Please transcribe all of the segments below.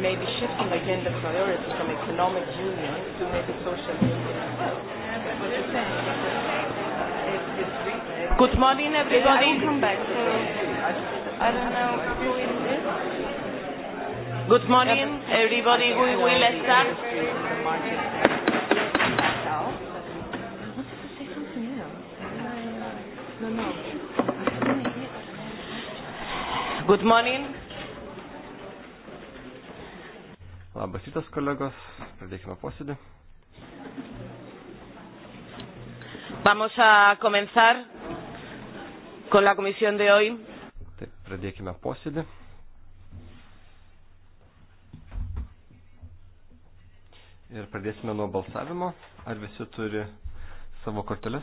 maybe shifting again the priority from economic union to maybe social union itself. That's what you're saying. It's, it's, it's Good morning, everybody. Yeah, I will come back to I don't know who is this. Good morning, everybody. We will start. Good morning. Labas rytas, kolegos. Pradėkime posėdį. Vamos a comenzar con la comisión de hoy. Taip, pradėkime posėdį. Ir pradėsime nuo balsavimo. Ar visi turi savo korteles?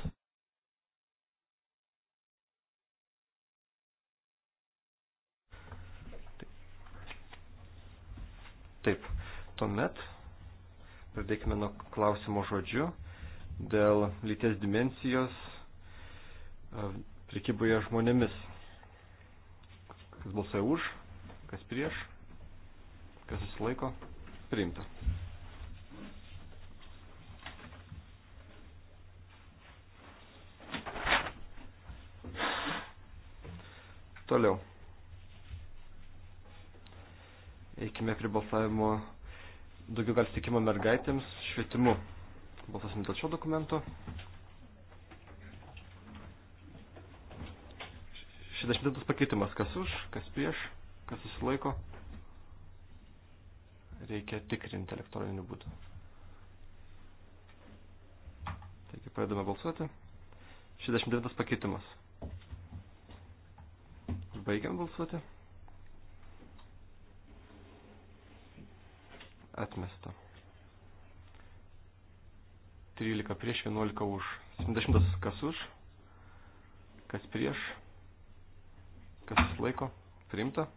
Taip. Tuomet pradėkime nuo klausimo žodžiu dėl lyties dimensijos prekyboje žmonėmis. Kas balsuoja už, kas prieš, kas susilaiko, priimta. Toliau. Eikime prie balsavimo daugiau gal stikimo mergaitėms švietimu. Balsasim dėl šio dokumento. 60 pakeitimas, kas už, kas prieš, kas susilaiko. Reikia tikrinti elektroniniu būdu. Taigi pradedame balsuoti. 69 pakeitimas. Baigiam balsuoti. atmesta. 13 prieš, 11 už. 70 kas už, kas prieš, kas laiko, priimta.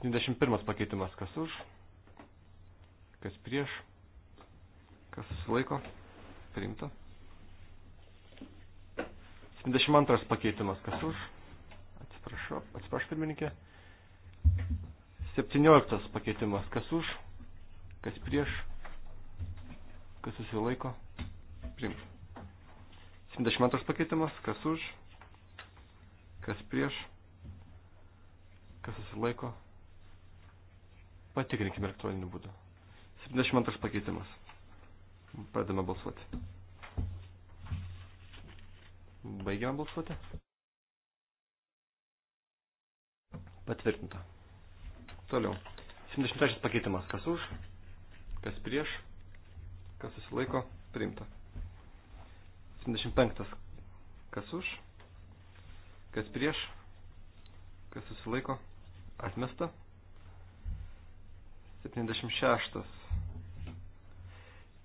71 pakeitimas kas už, kas prieš, kas laiko, priimta. 72 pakeitimas kas už, atsiprašau, atsiprašau pirmininkė, 17 pakeitimas. Kas už, kas prieš, kas susilaiko, priimta. 72 pakeitimas. Kas už, kas prieš, kas susilaiko. Patikrinkime elektroniniu būdu. 72 pakeitimas. Pradame balsuoti. Baigiame balsuoti. Patvirtinta. Toliau. 106 pakeitimas. Kas už? Kas prieš? Kas susilaiko? Priimta. 75. Kas už? Kas prieš? Kas susilaiko? Atmesta. 76.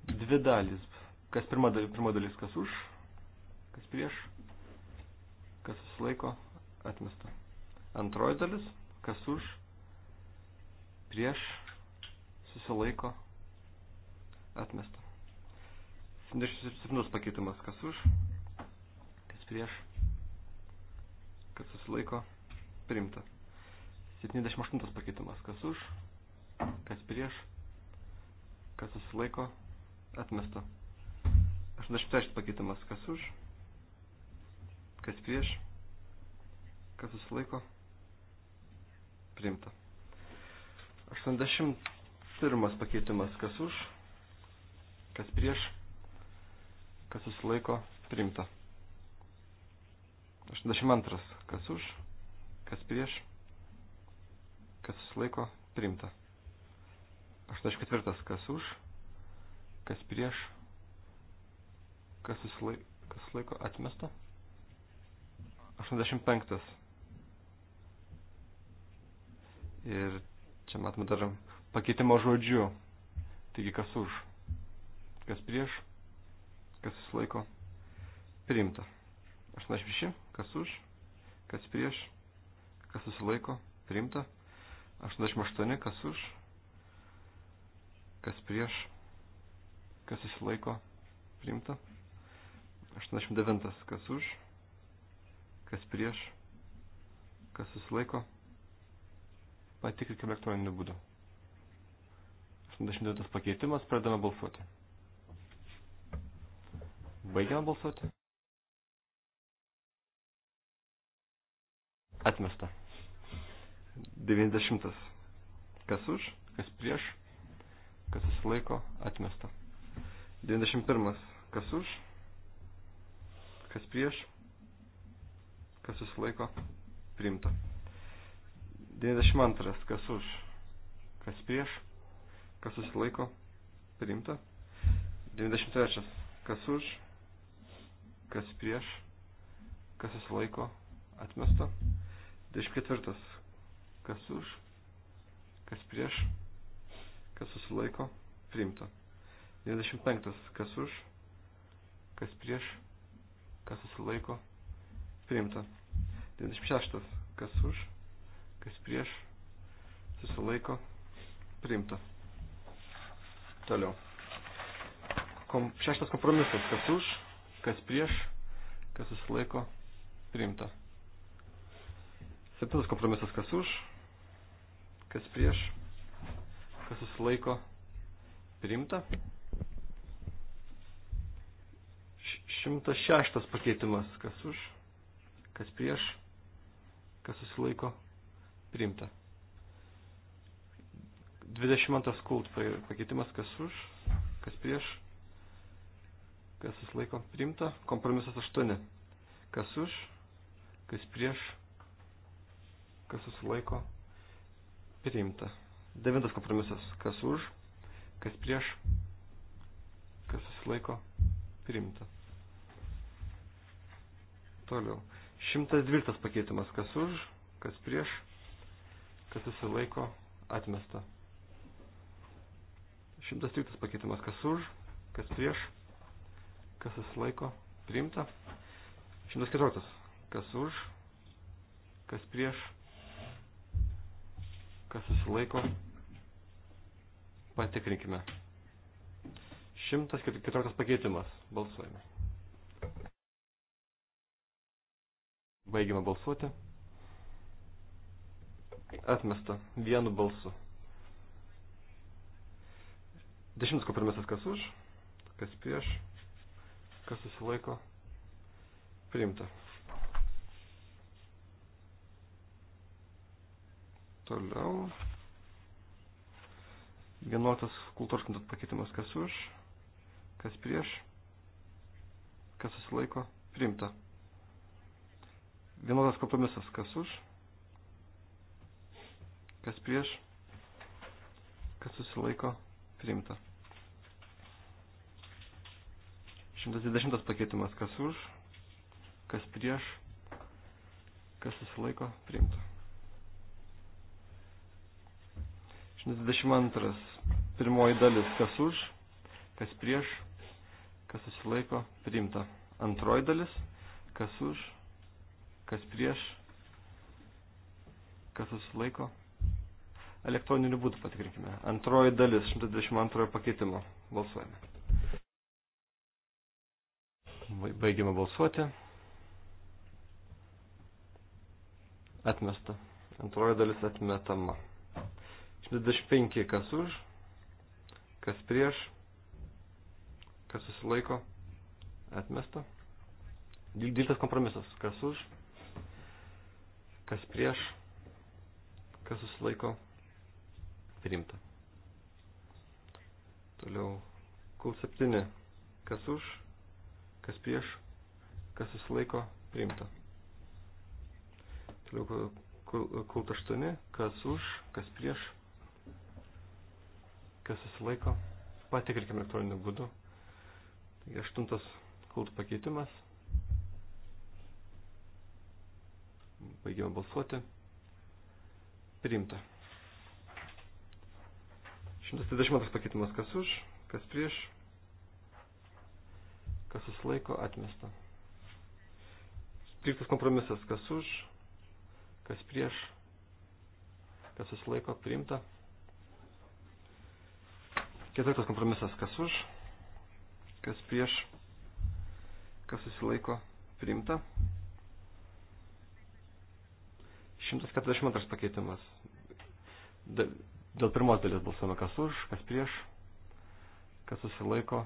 Dvi dalys. Kas pirma, pirma dalis? Kas už? Kas prieš? Kas susilaiko? Atmesta. Antroji dalis. Kas už? prieš, susilaiko, atmesta. 77 pakeitimas, kas už, kas prieš, kas susilaiko, priimta. 78 pakeitimas, kas už, kas prieš, kas susilaiko, atmesta. 86 pakeitimas, kas už, kas prieš, kas susilaiko, priimta. 81 pakeitimas, kas už, kas prieš, kas susilaiko, priimta. 82, kas už, kas prieš, kas susilaiko, priimta. 84, kas už, kas prieš, kas susilaiko, kas laiko atmesta. 85. Ir Čia matome dar pakeitimo žodžiu. Taigi kas už? Kas prieš? Kas susilaiko? Priimta. 86. Kas už? Kas prieš? Kas susilaiko? Priimta. 88. Kas už? Kas prieš? Kas susilaiko? Priimta. 89. Kas už? Kas prieš? Kas susilaiko? Priimta Patikrinkime elektroniniu būdu. 89 pakeitimas, pradame balsuoti. Baigiame balsuoti. Atmesta. 90. Kas už, kas prieš, kas susilaiko, atmesta. 91. Kas už, kas prieš, kas susilaiko, priimta. 92. Kas už? Kas prieš? Kas susilaiko? Priimta. 93. Kas už? Kas prieš? Kas susilaiko? Atmesta. 24. Kas už? Kas prieš? Kas susilaiko? Priimta. 95. Kas už? Kas prieš? Kas susilaiko? Priimta. 96. Kas už? kas prieš, susilaiko, priimta. Toliau. Kom, šeštas kompromisas, kas už, kas prieš, kas susilaiko, priimta. Septintas kompromisas, kas už, kas prieš, kas susilaiko, priimta. 106 pakeitimas, kas už, kas prieš, kas susilaiko, priimta Priimta. 22 kult pakeitimas, kas už, kas prieš, kas susilaiko, priimta. Kompromisas 8. Kas už, kas prieš, kas susilaiko, priimta. Devintas kompromisas, kas už, kas prieš, kas susilaiko, priimta. Toliau. 112 pakeitimas, kas už, kas prieš, kad susilaiko atmesta. 113 pakeitimas, kas už, kas prieš, kas susilaiko, priimta. 114, kas už, kas prieš, kas susilaiko, patikrinkime. 114 pakeitimas, balsuojame. Baigime balsuoti. Atmesta. Vienu balsu. Dešimtas kompromisas kas už, kas prieš, kas susilaiko. Priimta. Toliau. Vienotas kultūros kontot pakeitimas kas už, kas prieš, kas susilaiko. Priimta. Vienotas kompromisas kas už, kas prieš, kas susilaiko, priimta. 120 pakeitimas, kas už, kas prieš, kas susilaiko, priimta. 122. Pirmoji dalis, kas už, kas prieš, kas susilaiko, priimta. Antroji dalis, kas už, kas prieš, kas susilaiko, elektroniniu būdu patikrinkime. Antroji dalis 122 pakeitimo. Balsuojame. Baigiame balsuoti. Atmesta. Antroji dalis atmetama. 125 kas už, kas prieš, kas susilaiko. Atmesta. Dyltas kompromisas. Kas už, kas prieš, kas susilaiko priimta. Toliau, kul 7, kas už, kas prieš, kas susilaiko, priimta. Toliau, kul 8, kas už, kas prieš, kas susilaiko, patikrinkime elektroniniu būdu. Taigi, aštuntas kultų pakeitimas. Baigėme balsuoti. Priimta. 120 pakeitimas kas už, kas prieš, kas susilaiko atmesta. 13 kompromisas kas už, kas prieš, kas susilaiko priimta. 4 kompromisas kas už, kas prieš, kas susilaiko priimta. 142 pakeitimas Dėl pirmos dalies balsuojame kas už, kas prieš, kas susilaiko,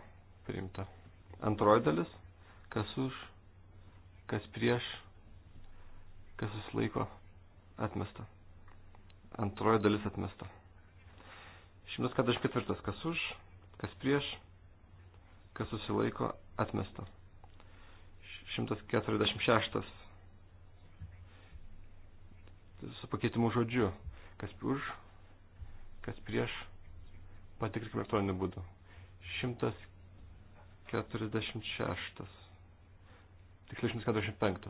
priimta. Antroji dalis, kas už, kas prieš, kas susilaiko, atmesta. Antroji dalis atmesta. 144. Kas už, kas prieš, kas susilaiko, atmesta. 146. Su pakeitimu žodžiu. Kas už, kas prieš, patikrinkime elektroniniu būdu. 146. Tiksliai 145.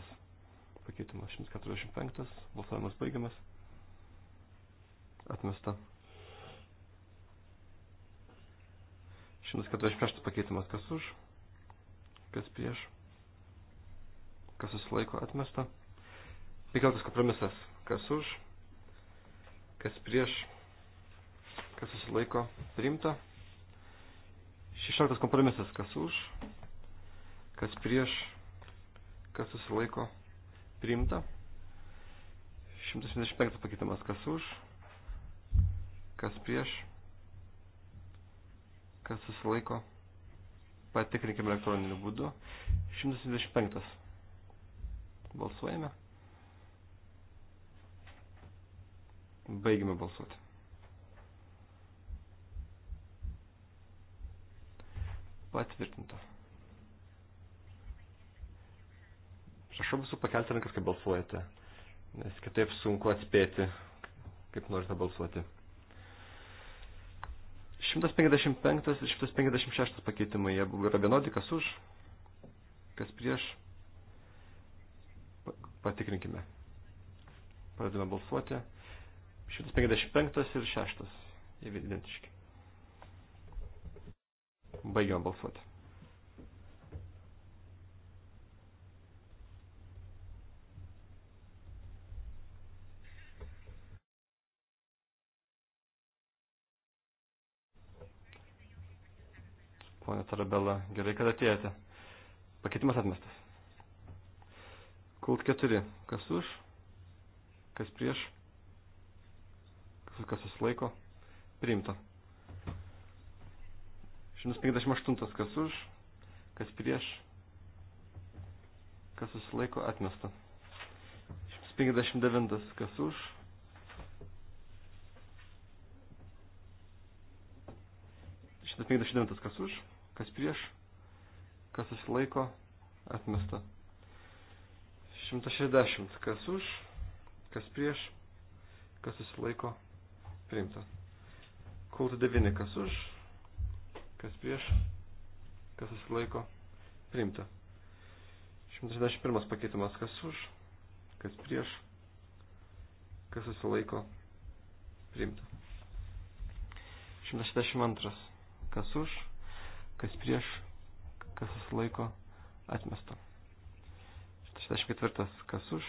Pakeitimas 145. Balsavimas baigiamas. Atmesta. 146 pakeitimas kas už, kas prieš, kas susilaiko atmesta. 15 kompromisas kas už, kas prieš, kas susilaiko priimta. 16 kompromisas, kas už, kas prieš, kas susilaiko priimta. 175 pakeitimas, kas už, kas prieš, kas susilaiko. Patikrinkime elektroniniu būdu. 175. Balsuojame. Baigime balsuoti. Patvirtinta. Prašau visų pakelti rankas, kai balsuojate, nes kitaip sunku atspėti, kaip norite balsuoti. 155 ir 156 pakeitimai, jie yra vienodi, kas už, kas prieš. Patikrinkime. Pradedame balsuoti. 155 ir 6. Jie identiški. Baigiam balsuoti. Pone Tarabela, gerai, kad atėjote. Pakeitimas atmestas. Kult 4. Kas už? Kas prieš? Kas susilaiko? Priimta. 158 kas už, kas prieš, kas susilaiko atmesta. 159 kas už. Šitas 59 kas už, kas prieš, kas susilaiko atmesta. 160 kas už, kas prieš, kas susilaiko priimta. Kultų 9 kas už, kas prieš, kas susilaiko, priimta. 161 pakeitimas, kas už, kas prieš, kas susilaiko, priimta. 162, kas už, kas prieš, kas susilaiko, atmesta. 64, kas už,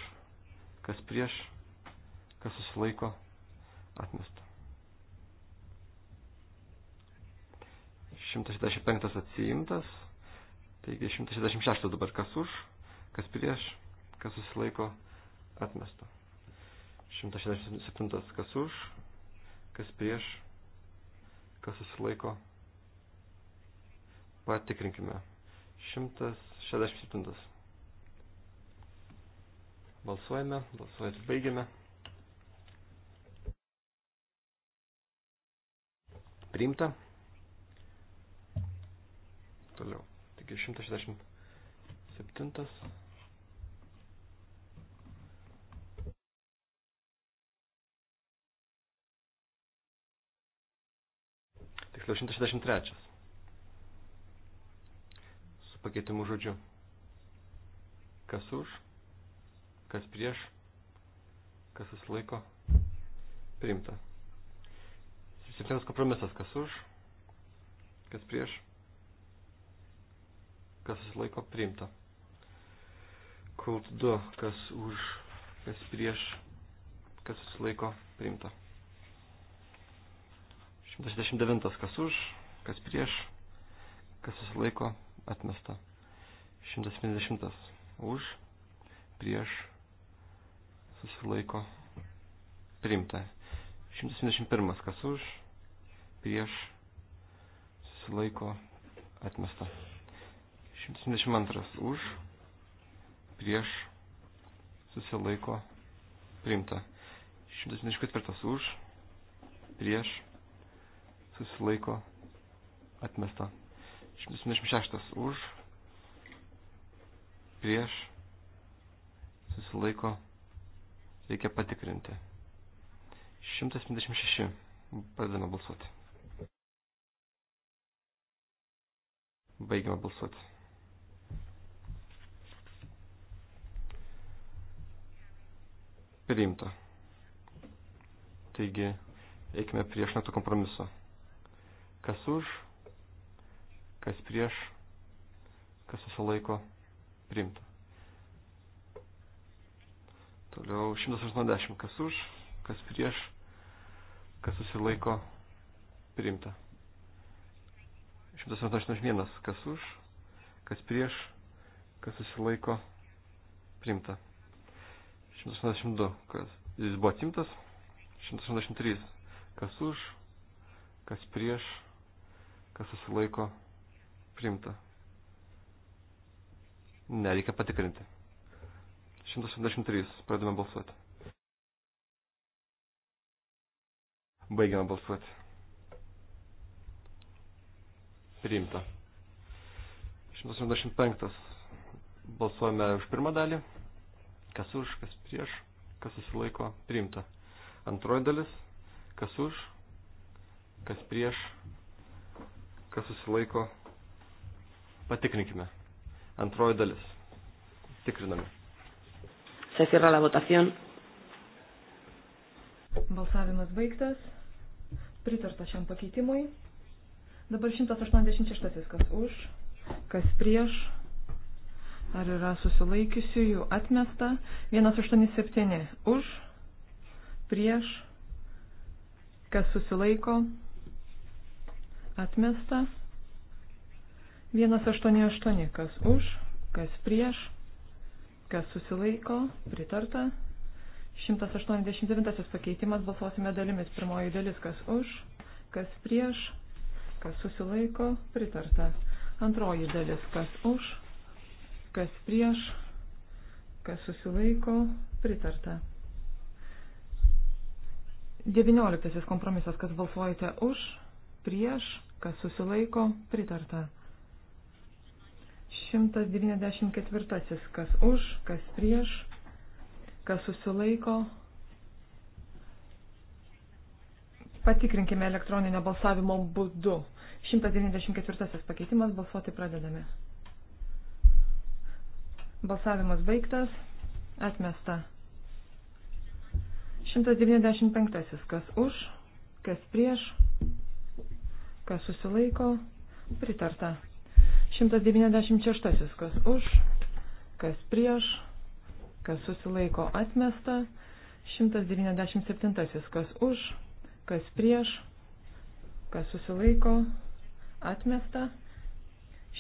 kas prieš, kas susilaiko, atmesta. 165 atsiimtas. Taigi 166 dabar kas už, kas prieš, kas susilaiko atmesta. 167 kas už, kas prieš, kas susilaiko. Patikrinkime. 167. Balsuojame, balsuojate baigiame. Priimta toliau. Taigi 167. Tiksliau 163. Su pakeitimu žodžiu. Kas už, kas prieš, kas susilaiko, priimta. Septintas kompromisas. Kas už, kas prieš, kas laiko priimta. Kult 2, kas už, kas prieš, kas laiko priimta. 169, kas už, kas prieš, kas laiko atmesta. 170, už, prieš, susilaiko priimta. 171, kas už, prieš, susilaiko atmesta. 172 už, prieš, susilaiko, priimta. 174 už, prieš, susilaiko, atmesta. 176 už, prieš, susilaiko, reikia patikrinti. 176, pradedame balsuoti. Baigiame balsuoti. Priimta. Taigi, eikime prieš neto kompromiso. Kas už, kas prieš, kas susilaiko, priimta. Toliau 180. Kas už, kas prieš, kas susilaiko, priimta. 181. Kas už, kas prieš, kas susilaiko, priimta. 182, kas jis buvo atsimtas, 183, kas už, kas prieš, kas susilaiko, primta. Nereikia patikrinti. 183, pradame balsuoti. Baigiame balsuoti. Priimta. 185. Balsuojame už pirmą dalį kas už, kas prieš, kas susilaiko, priimta. Antroji dalis, kas už, kas prieš, kas susilaiko, patikrinkime. Antroji dalis. Tikriname. Se cierra la votación. Balsavimas baigtas. Pritarta šiam pakeitimui. Dabar 186 kas už, kas prieš, Ar yra susilaikiusiųjų atmesta? 187. Už, prieš, kas susilaiko, atmesta. 188. Kas už, kas prieš, kas susilaiko, pritarta. 189 pakeitimas balsuosime dalimis. Pirmoji dalis, kas už, kas prieš, kas susilaiko, pritarta. Antroji dalis, kas už, kas prieš, kas susilaiko, pritarta. 19 kompromisas, kas balsuojate už, prieš, kas susilaiko, pritarta. 194, kas už, kas prieš, kas susilaiko. Patikrinkime elektroninio balsavimo būdu. 194 pakeitimas balsuoti pradedame. Balsavimas baigtas. Atmesta. 195. Kas už, kas prieš, kas susilaiko. Pritarta. 196. Kas už, kas prieš, kas susilaiko. Atmesta. 197. Kas už, kas prieš, kas susilaiko. Atmesta.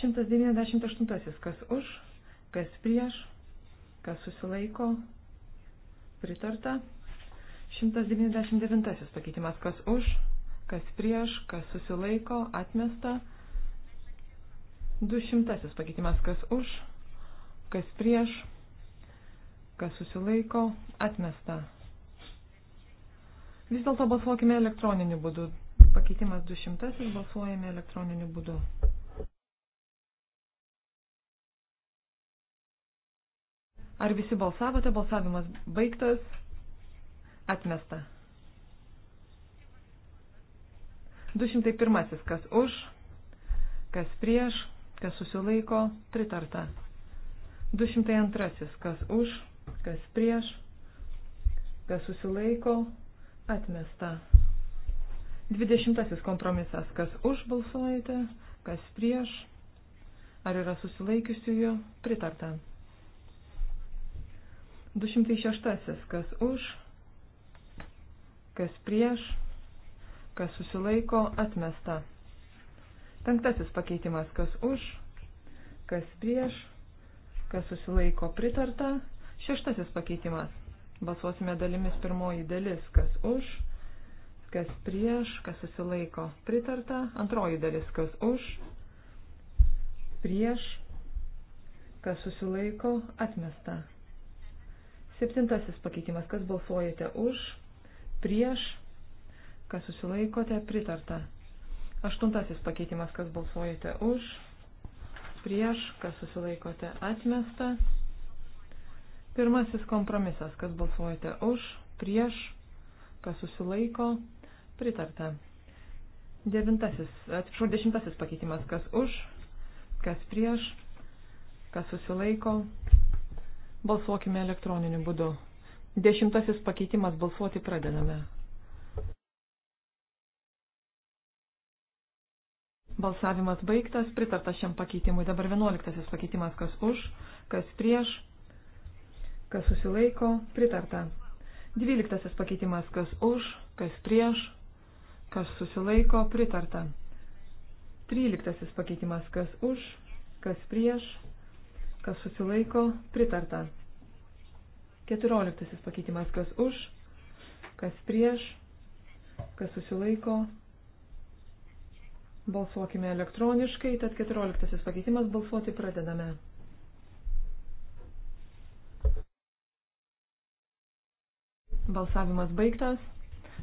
198. Kas už, kas prieš, kas susilaiko, pritarta. 199 pakeitimas, kas už, kas prieš, kas susilaiko, atmesta. 200 pakeitimas, kas už, kas prieš, kas susilaiko, atmesta. Vis dėlto balsuokime elektroniniu būdu. Pakeitimas 200 balsuojame elektroniniu būdu. Ar visi balsavote? Balsavimas baigtas. Atmesta. 201. Kas už, kas prieš, kas susilaiko, pritarta. 202. Kas už, kas prieš, kas susilaiko, atmesta. 20. Kompromisas. Kas už balsuojate, kas prieš, ar yra susilaikiusiųjų, pritarta. 206. Kas už, kas prieš, kas susilaiko, atmesta. Penktasis pakeitimas. Kas už, kas prieš, kas susilaiko, pritarta. Šeštasis pakeitimas. Balsuosime dalimis pirmoji dalis. Kas už, kas prieš, kas susilaiko, pritarta. Antroji dalis. Kas už, prieš, kas susilaiko, atmesta. Septintasis pakeitimas. Kas balsuojate už, prieš, kas susilaikote, pritarta. Aštuntasis pakeitimas. Kas balsuojate už, prieš, kas susilaikote, atmesta. Pirmasis kompromisas. Kas balsuojate už, prieš, kas susilaiko, pritarta. Devintasis, atsiprašau, dešimtasis pakeitimas. Kas už, kas prieš, kas susilaiko, pritarta Balsuokime elektroniniu būdu. Dešimtasis pakeitimas balsuoti pradedame. Balsavimas baigtas, pritarta šiam pakeitimui. Dabar vienuoliktasis pakeitimas, kas už, kas prieš, kas susilaiko, pritarta. Dvyliktasis pakeitimas, kas už, kas prieš, kas susilaiko, pritarta. Tryliktasis pakeitimas, kas už, kas prieš, kas susilaiko, pritarta. 14 pakeitimas, kas už, kas prieš, kas susilaiko. Balsuokime elektroniškai, tad 14 pakeitimas balsuoti pradedame. Balsavimas baigtas.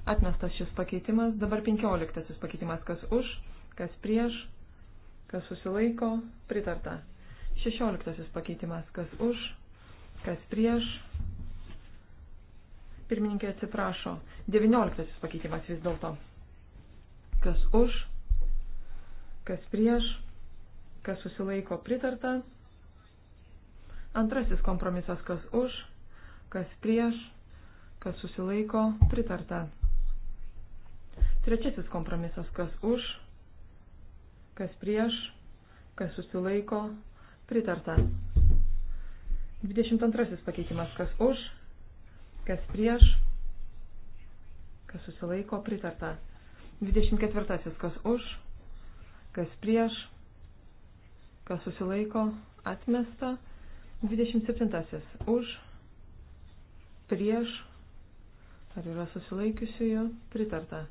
Atmestas šis pakeitimas. Dabar 15 pakeitimas, kas už, kas prieš, kas susilaiko, pritarta. Šešioliktasis pakeitimas, kas už, kas prieš. Pirmininkė atsiprašo. Devynioliktasis pakeitimas vis dėlto. Kas už, kas prieš, kas susilaiko pritarta. Antrasis kompromisas, kas už, kas prieš, kas susilaiko pritarta. Trečiasis kompromisas, kas už, kas prieš, kas susilaiko Pritarta. 22 pakeitimas. Kas už, kas prieš, kas susilaiko. Pritarta. 24. Kas už, kas prieš, kas susilaiko. Atmesta. 27. Už, prieš, ar yra susilaikiusiųjų. Pritarta.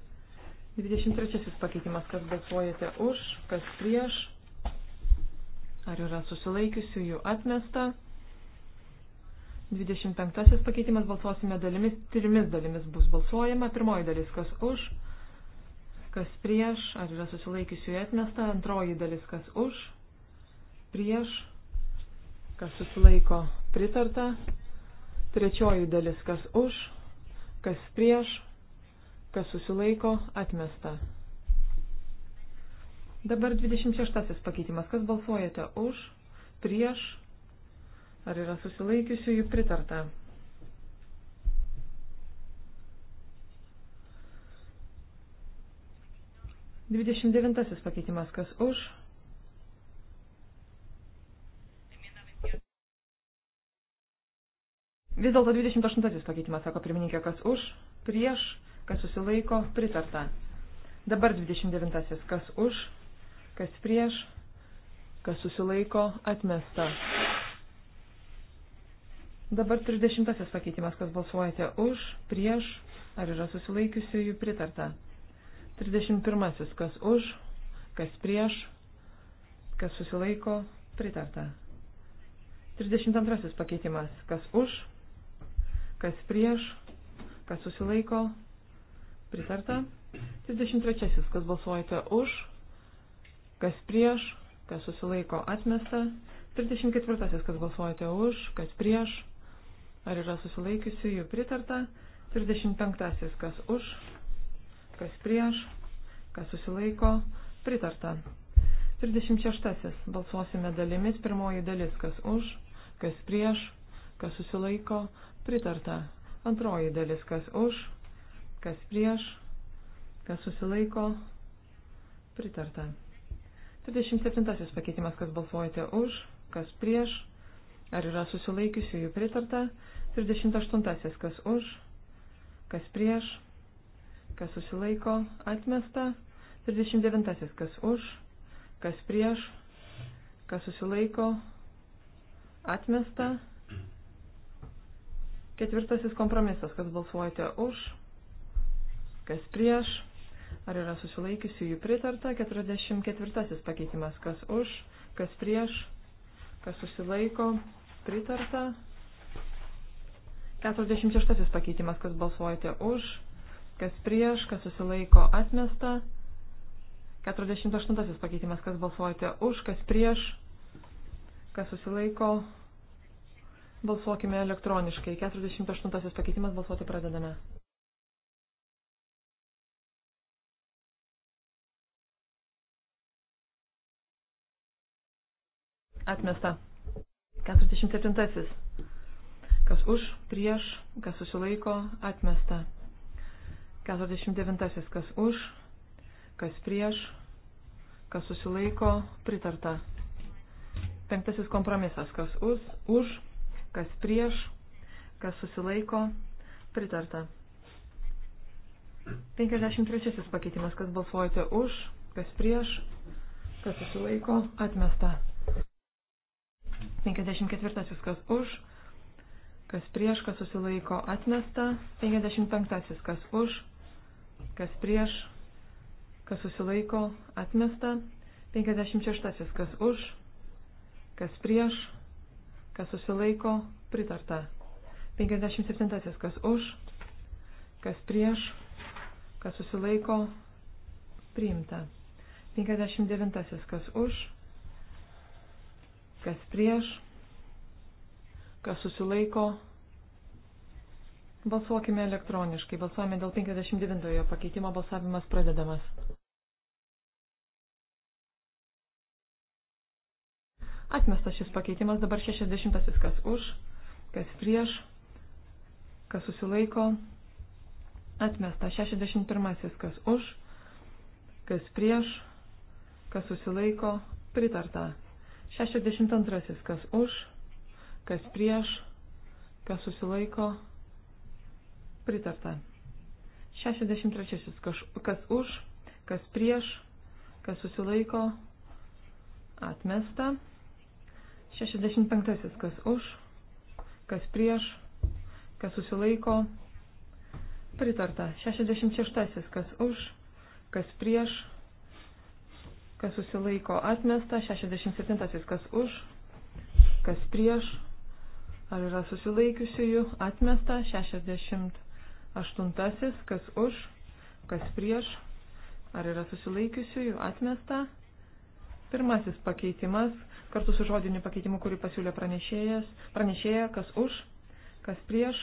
23. pakeitimas. Kas balsuojate už, kas prieš Ar yra susilaikiusiųjų atmesta? 25 pakeitimas balsuosime dalimis, trimis dalimis bus balsuojama. Pirmoji dalis, kas už, kas prieš, ar yra susilaikiusiųjų atmesta. Antroji dalis, kas už, prieš, kas susilaiko pritarta. Trečioji dalis, kas už, kas prieš, kas susilaiko atmesta. Dabar 26 pakeitimas. Kas balsuojate už, prieš, ar yra susilaikiusiųjų pritarta? Dvidešimt devintasis pakeitimas, kas už? Vis dėlto 28 pakeitimas, sako pirmininkė, kas už, prieš, kas susilaiko, pritarta. Dabar 29, kas už, kas prieš, kas susilaiko, atmesta. Dabar 30 pakeitimas, kas balsuojate už, prieš, ar yra susilaikiusiųjų pritarta. 31 kas už, kas prieš, kas susilaiko, pritarta. 32 pakeitimas, kas už, kas prieš, kas susilaiko, pritarta. 33 kas balsuojate už, kas prieš, kas susilaiko atmesta. 34. Kas balsuojate už, kas prieš, ar yra susilaikiusių jų pritarta. 35. Kas už, kas prieš, kas susilaiko, pritarta. 36. Balsuosime dalimis. Pirmoji dalis, kas už, kas prieš, kas susilaiko, pritarta. Antroji dalis, kas už, kas prieš, kas susilaiko, pritarta. 27 pakeitimas, kas balsuojate už, kas prieš, ar yra susilaikiusiųjų pritarta. 38 kas už, kas prieš, kas susilaiko, atmesta. 39 kas už, kas prieš, kas susilaiko, atmesta. Ketvirtasis kompromisas, kas balsuojate už, kas prieš Ar yra susilaikiusių jų pritarta? 44 pakeitimas. Kas už, kas prieš, kas susilaiko, pritarta. 46 pakeitimas. Kas balsuojate už, kas prieš, kas susilaiko, atmesta. 48 pakeitimas. Kas balsuojate už, kas prieš, kas susilaiko. Balsuokime elektroniškai. 48 pakeitimas. Balsuoti pradedame. Atmesta. 47. Kas už, prieš, kas susilaiko, atmesta. 49. Kas už, kas prieš, kas susilaiko, pritarta. Penktasis kompromisas. Kas už, už kas prieš, kas susilaiko, pritarta. 53 pakeitimas, kas balsuojate už, kas prieš, kas susilaiko, atmesta. 54 kas už, kas prieš, kas susilaiko atmesta, 55 kas už, kas prieš, kas susilaiko atmesta, 56 kas už, kas prieš, kas susilaiko pritarta, 57 kas už, kas prieš, kas susilaiko priimta, 59 kas už, kas prieš, kas susilaiko. Balsuokime elektroniškai. Balsuojame dėl 59 pakeitimo. Balsavimas pradedamas. Atmestas šis pakeitimas. Dabar 60 kas už, kas prieš, kas susilaiko. Atmestas 61 kas už, kas prieš, kas susilaiko. Pritarta. 62. Kas už, kas prieš, kas susilaiko, pritarta. 63. Kas už, kas prieš, kas susilaiko, atmesta. 65. Kas už, kas prieš, kas susilaiko, pritarta. 66. Kas už, kas prieš, kas susilaiko atmesta, 67 kas už, kas prieš, ar yra susilaikiusiųjų atmesta, 68 kas už, kas prieš, ar yra susilaikiusiųjų atmesta. Pirmasis pakeitimas, kartu su žodiniu pakeitimu, kurį pasiūlė pranešėjas, pranešėja, kas už, kas prieš,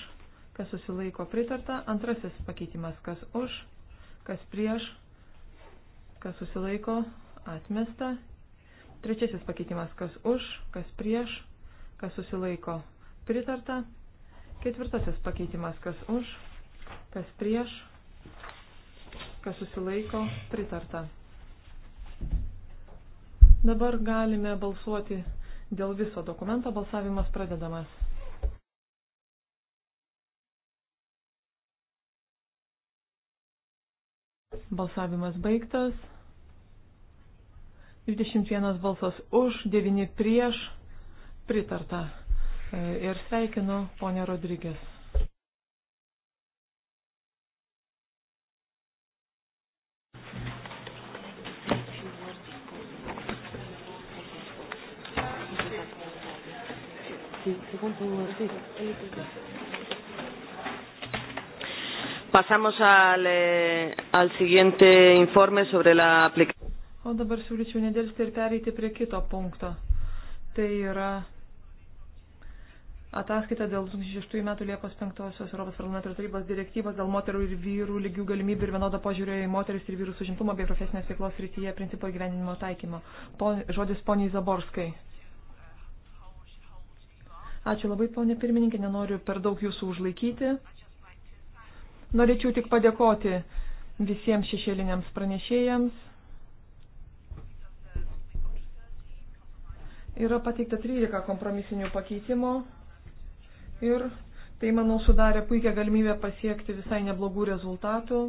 kas susilaiko pritarta. Antrasis pakeitimas, kas už, kas prieš, kas susilaiko atmesta. Trečiasis pakeitimas, kas už, kas prieš, kas susilaiko, pritarta. Ketvirtasis pakeitimas, kas už, kas prieš, kas susilaiko, pritarta. Dabar galime balsuoti dėl viso dokumento. Balsavimas pradedamas. Balsavimas baigtas. 21 balsas už, 9 prieš, pritarta. E, ir sveikinu ponę Rodrygės. Pasamos al, eh, al siguiente informe sobre la aplicación. O dabar siūlyčiau nedėlsti ir pereiti prie kito punkto. Tai yra ataskaita dėl 2006 metų Liepos 5 Europos parlamento tarybos direktyvos dėl moterų ir vyrų lygių galimybių ir vienodo požiūrio į moteris ir vyrus užimtumo bei profesinės veiklos rytyje principo gyvenimo taikymo. Pon, žodis poniai Zaborskai. Ačiū labai, ponė pirmininkė, nenoriu per daug jūsų užlaikyti. Norėčiau tik padėkoti visiems šešėliniams pranešėjams, Yra pateikta 13 kompromisinių pakeitimų ir tai, manau, sudarė puikią galimybę pasiekti visai neblogų rezultatų.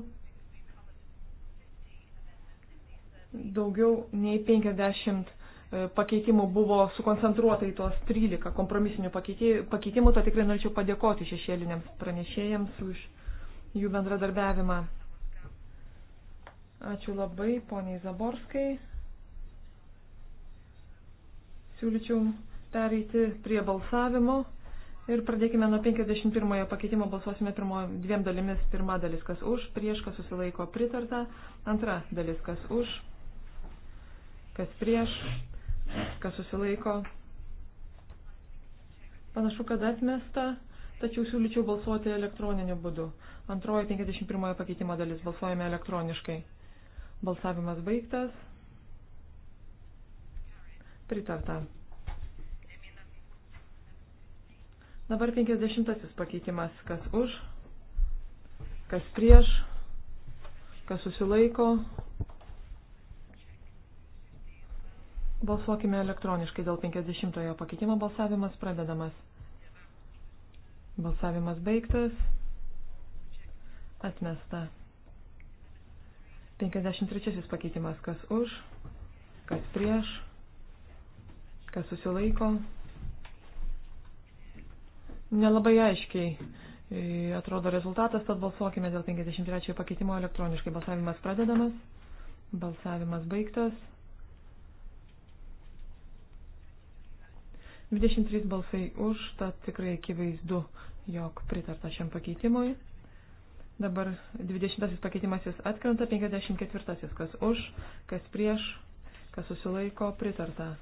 Daugiau nei 50 e, pakeitimų buvo sukoncentruota į tuos 13 kompromisinių pakeitimų, to tikrai norėčiau padėkoti šešėliniams pranešėjams už jų bendradarbiavimą. Ačiū labai, poniai Zaborskai. Siūlyčiau pereiti prie balsavimo ir pradėkime nuo 51 pakeitimo balsuosime pirmo, dviem dalimis. Pirma dalis, kas už, prieš, kas susilaiko pritarta. Antra dalis, kas už, kas prieš, kas susilaiko. Panašu, kad atmesta, tačiau siūlyčiau balsuoti elektroniniu būdu. Antroji 51 pakeitimo dalis balsuojame elektroniškai. Balsavimas baigtas. Pritarta. Dabar 50 pakeitimas, kas už, kas prieš, kas susilaiko. Balsuokime elektroniškai dėl 50 pakeitimo. Balsavimas pradedamas. Balsavimas baigtas. Atmesta. 53 pakeitimas, kas už, kas prieš kas susilaiko. Nelabai aiškiai e, atrodo rezultatas, tad balsuokime dėl 53 pakeitimo elektroniškai. Balsavimas pradedamas, balsavimas baigtas. 23 balsai už, tad tikrai akivaizdu, jog pritarta šiam pakeitimui. Dabar 20 pakeitimas jis atkrenta, 54 kas už, kas prieš, kas susilaiko, pritarta.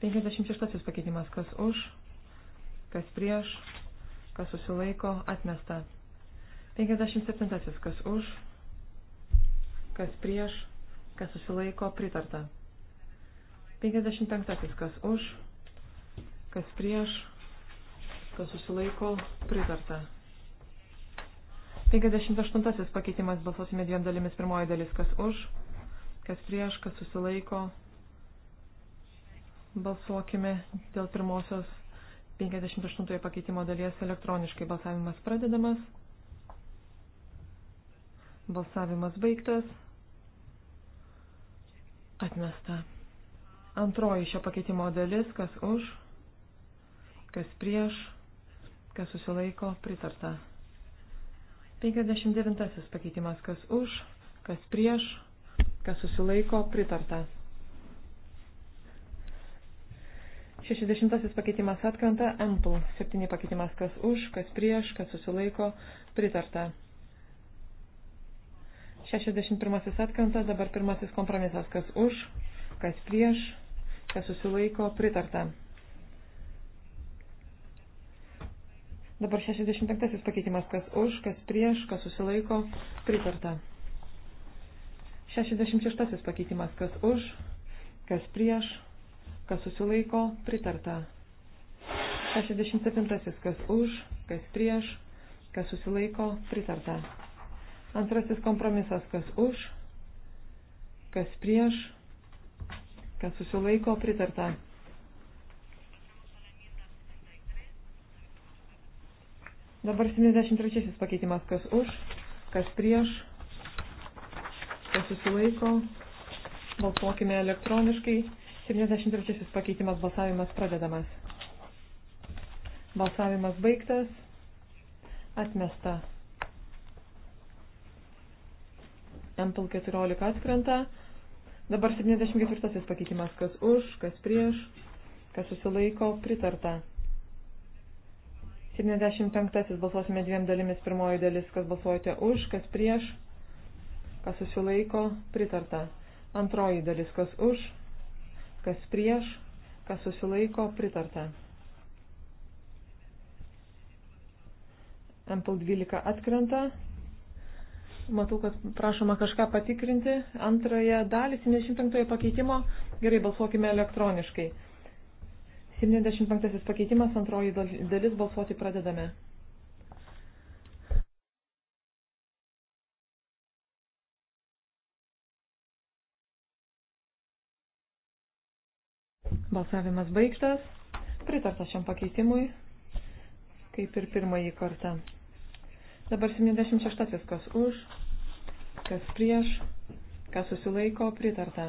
56 pakeitimas, kas už, kas prieš, kas susilaiko, atmesta. 57 kas už, kas prieš, kas susilaiko, pritarta. 55 kas už, kas prieš, kas susilaiko, pritarta. 58 pakeitimas balsuosime dviem dalimis. Pirmoji dalis, kas už, kas prieš, kas susilaiko, pritarta. Balsuokime dėl pirmosios 58 pakeitimo dalies elektroniškai. Balsavimas pradedamas. Balsavimas baigtas. Atmesta. Antroji šio pakeitimo dalis, kas už, kas prieš, kas susilaiko, pritarta. 59 pakeitimas, kas už, kas prieš, kas susilaiko, pritarta. 60 pakeitimas atkrenta, ampl 7 pakeitimas kas už, kas prieš, kas susilaiko, pritarta. 61 atkrenta, dabar pirmasis kompromisas kas už, kas prieš, kas susilaiko, pritarta. Dabar 65 pakeitimas kas už, kas prieš, kas susilaiko, pritarta. 66 pakeitimas kas už, kas prieš, kas susilaiko, pritarta. 67. Kas už, kas prieš, kas susilaiko, pritarta. Antrasis kompromisas, kas už, kas prieš, kas susilaiko, pritarta. Dabar 73 pakeitimas, kas už, kas prieš, kas susilaiko. Balsuokime elektroniškai. 73 pakeitimas balsavimas pradedamas. Balsavimas baigtas. Atmesta. Ampl 14 atkrenta. Dabar 74 pakeitimas. Kas už, kas prieš, kas susilaiko, pritarta. 75 balsuosime dviem dalimis. Pirmoji dalis, kas balsuojate už, kas prieš, kas susilaiko, pritarta. Antroji dalis, kas už, kas prieš, kas susilaiko, pritarta. Ampel 12 atkrenta. Matau, kad prašoma kažką patikrinti. Antrąją dalį 75 pakeitimo. Gerai, balsuokime elektroniškai. 75 pakeitimas, antroji dalis, balsuoti pradedame. Balsavimas baigtas. Pritarta šiam pakeitimui, kaip ir pirmąjį kartą. Dabar 76 kas už, kas prieš, kas susilaiko, pritarta.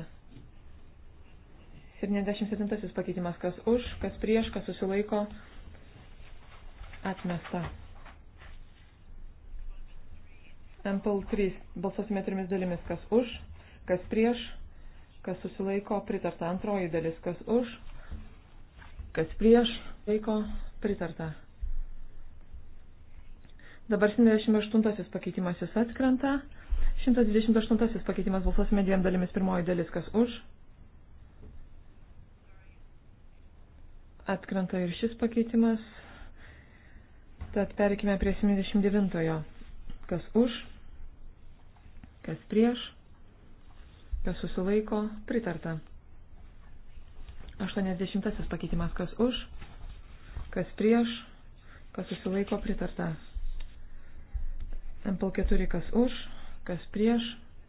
77 pakeitimas kas už, kas prieš, kas susilaiko, atmesta. MPL 3 balsuosime trimis dalimis kas už, kas prieš, kas susilaiko, pritarta. Antroji dalis, kas už, kas prieš, laiko, pritarta. Dabar 78 pakeitimas jis atkrenta. 128 pakeitimas balsuosime dviem dalimis. Pirmoji dalis, kas už. Atkrenta ir šis pakeitimas. Tad perikime prie 79. -ojo. Kas už, kas prieš kas susilaiko, pritarta. 80 pakeitimas, kas už, kas prieš, kas susilaiko, pritarta. MPL 4, kas už, kas prieš,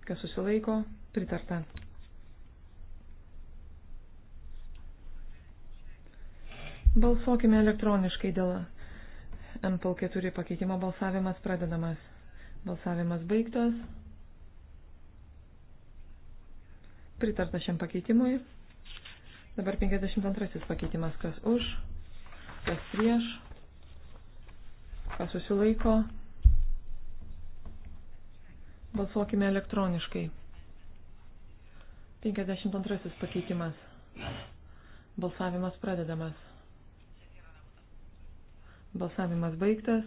kas susilaiko, pritarta. Balsuokime elektroniškai dėl MPL 4 pakeitimo balsavimas pradedamas. Balsavimas baigtas. Pritarta šiam pakeitimui. Dabar 52 pakeitimas, kas už, kas prieš, kas susilaiko. Balsuokime elektroniškai. 52 pakeitimas. Balsavimas pradedamas. Balsavimas baigtas.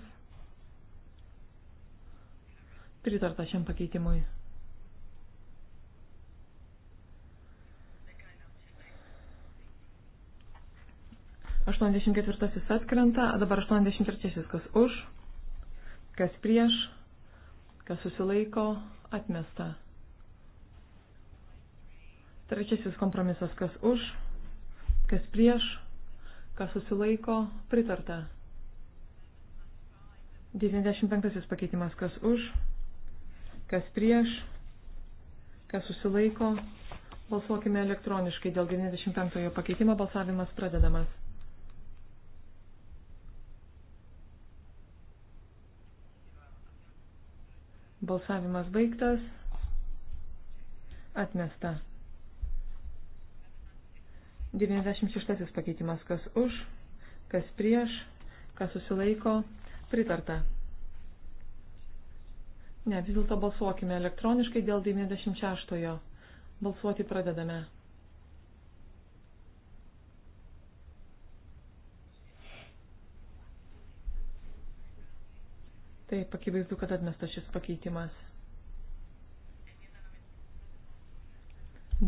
Pritarta šiam pakeitimui. 84 atkrenta, dabar 83 kas už, kas prieš, kas susilaiko, atmesta. Trečiasis kompromisas kas už, kas prieš, kas susilaiko, pritarta. 95 pakeitimas kas už, kas prieš, kas susilaiko, Balsuokime elektroniškai dėl 95 pakeitimo. Balsavimas pradedamas. Balsavimas baigtas. Atmesta. 96 pakeitimas. Kas už, kas prieš, kas susilaiko. Pritarta. Ne, vis dėlto balsuokime elektroniškai dėl 96. -ojo. Balsuoti pradedame. Taip, akivaizdu, kad atmestas šis pakeitimas.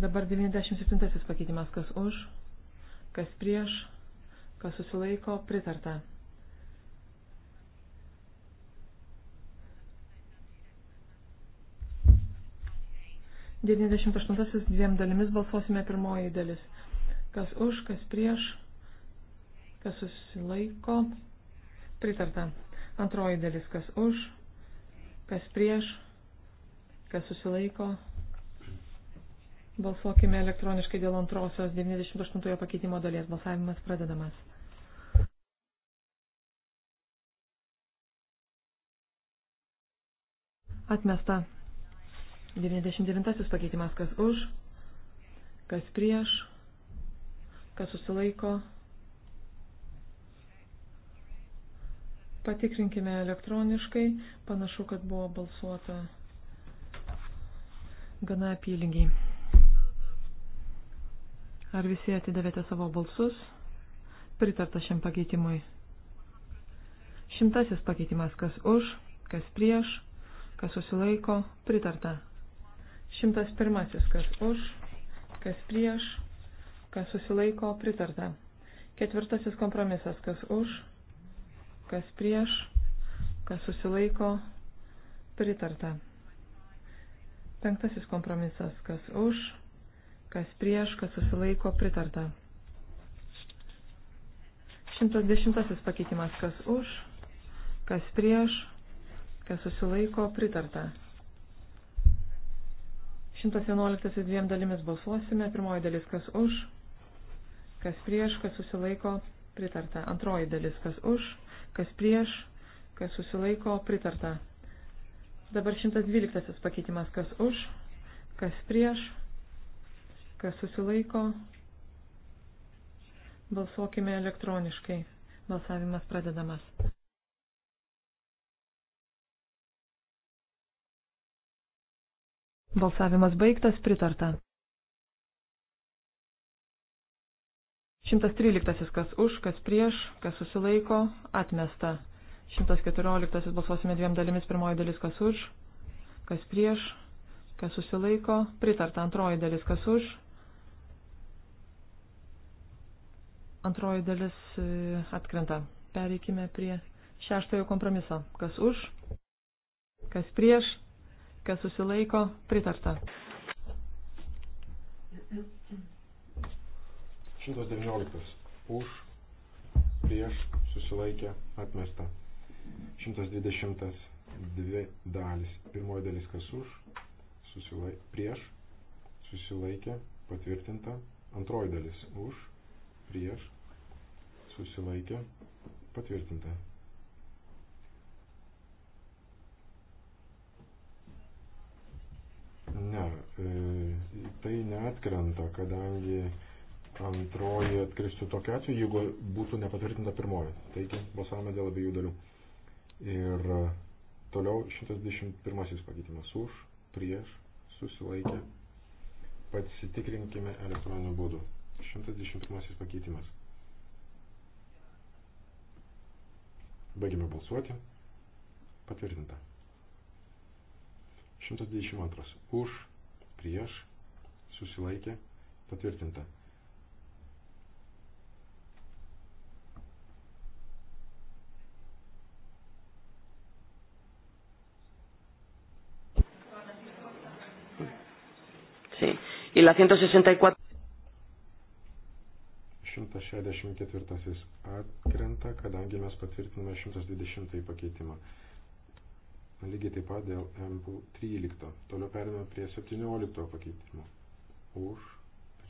Dabar 97 pakeitimas, kas už, kas prieš, kas susilaiko, pritarta. Devyniasdešimt aštuntasis dviem dalimis balsuosime pirmoji dalis. Kas už, kas prieš, kas susilaiko, pritarta. Antroji dalis, kas už, kas prieš, kas susilaiko. Balsuokime elektroniškai dėl antrosios 98 pakeitimo dalies. Balsavimas pradedamas. Atmesta. 99 pakeitimas, kas už, kas prieš, kas susilaiko. Patikrinkime elektroniškai. Panašu, kad buvo balsuota gana apylygiai. Ar visi atidavėte savo balsus? Pritarta šiam pakeitimui. Šimtasis pakeitimas, kas už, kas prieš, kas susilaiko, pritarta. Šimtas pirmasis, kas už, kas prieš, kas susilaiko, pritarta. Ketvirtasis kompromisas, kas už, kas prieš, kas susilaiko, pritarta. Penktasis kompromisas, kas už, kas prieš, kas susilaiko, pritarta. 110 pakeitimas, kas už, kas prieš, kas susilaiko, pritarta. 111 dviem dalimis balsuosime. Pirmoji dalis, kas už, kas prieš, kas susilaiko, pritarta. Antroji dalis, kas už, kas prieš, kas susilaiko, pritarta. Dabar 112 pakeitimas, kas už, kas prieš, kas susilaiko. Balsuokime elektroniškai. Balsavimas pradedamas. Balsavimas baigtas, pritarta. 113 kas už, kas prieš, kas susilaiko, atmesta. 114 balsuosime dviem dalimis, pirmoji dalis kas už, kas prieš, kas susilaiko, pritarta antroji dalis kas už. Antroji dalis e, atkrenta. Pereikime prie šeštojo kompromiso. Kas už, kas prieš, kas susilaiko, pritarta. 119. Už, prieš, susilaikė, atmesta. 120. Dvi dalis. Pirmoji dalis kas už, susilai, prieš, susilaikė, patvirtinta. Antroji dalis už, prieš, susilaikė, patvirtinta. Ne, e, tai neatkrenta, kadangi Antroji atkristų tokiu atveju, jeigu būtų nepatvirtinta pirmoji. Taigi, balsavome dėl abiejų dalių. Ir e, toliau 121 pakeitimas už, prieš, susilaikė. Pasitikrinkime elektroniniu būdu. 121 pakeitimas. Baigime balsuoti. Patvirtinta. 122. Už, prieš, susilaikė, patvirtinta. y la 164. 164 atkrenta, kadangi mes patvirtiname 120 pakeitimą. Lygiai taip pat dėl M13. Toliau perėmė prie 17 pakeitimo. Už,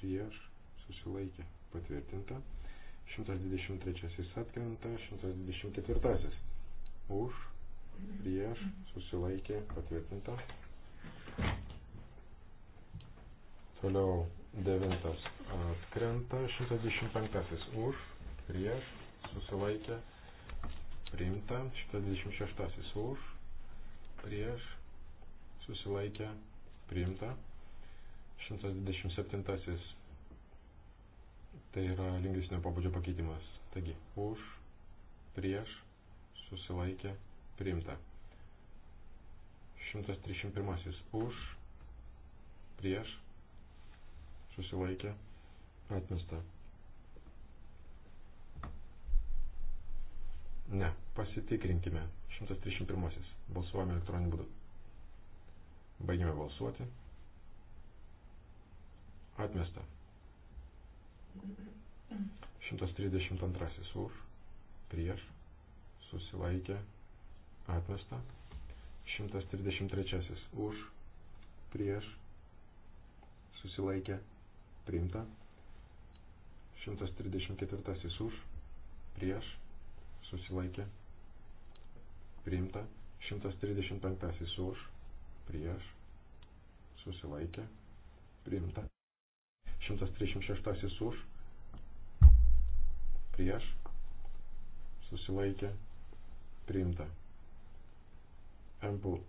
prieš, susilaikė, patvirtinta. 123 atkrenta, 124. Už, prieš, susilaikė, patvirtinta. Toliau devintas atkrenta, 125 už, prieš, susilaikė, priimta, 126 už, prieš, susilaikė, priimta, 127 tai yra lingvistinio pobūdžio pakeitimas. Taigi, už, prieš, susilaikė, priimta. 131 už, prieš, susilaikė, atmesta. Ne, pasitikrinkime. 131. Balsuojame elektroniniu būdu. Baigime balsuoti. Atmesta. 132 už, prieš, susilaikė, atmesta. 133 už, prieš, susilaikė, priimta. 134 už, prieš, susilaikė, priimta. 135 už, prieš, susilaikė, priimta. 136 už, prieš, susilaikė, priimta. Ample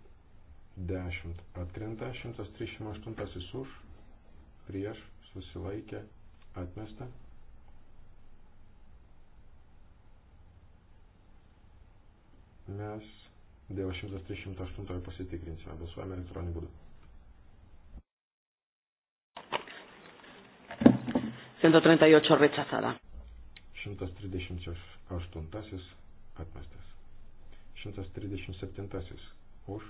10 atkrenta, 138 už, prieš, susilaikė, atmesta. Mes dėl 138 pasitikrinsime, balsuojame elektroniniu būdu. rechazada. 138 atmestas. 137 už,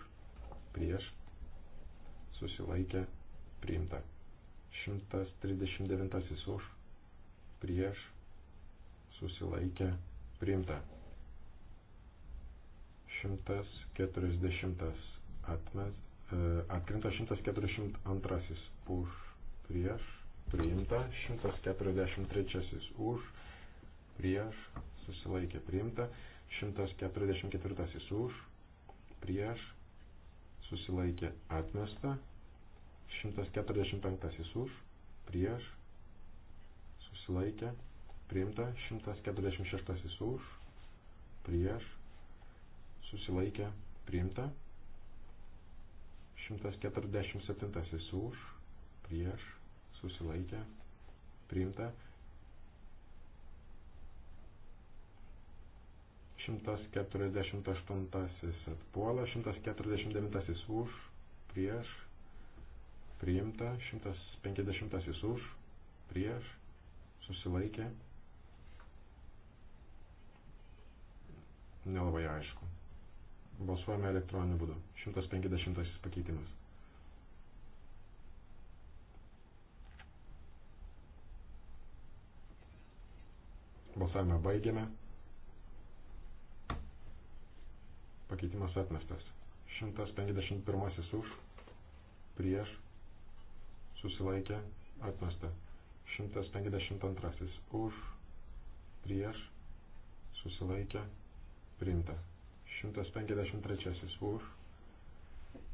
prieš, susilaikė, priimta. 139 už, prieš, susilaikė, priimta. 140 atmes, e, atkrinta 142 už, prieš, priimta, 143 už, prieš, susilaikė, priimta, 144 už, prieš, susilaikė, atmesta, 145 už, prieš, susilaikė, priimta, 146 už, prieš, susilaikė, priimta, 147 už, prieš, susilaikė, priimta, 148 atpuola, 149 už, prieš, priimta, 150 už, prieš, susilaikė. Nelabai aišku. Balsuojame elektroniniu būdu. 150 pakeitimas. Balsavimą baigiame. Pakeitimas atmestas. 151 už, prieš, susilaikė atmesta. 152 už, prieš, susilaikė priimta. 153 už,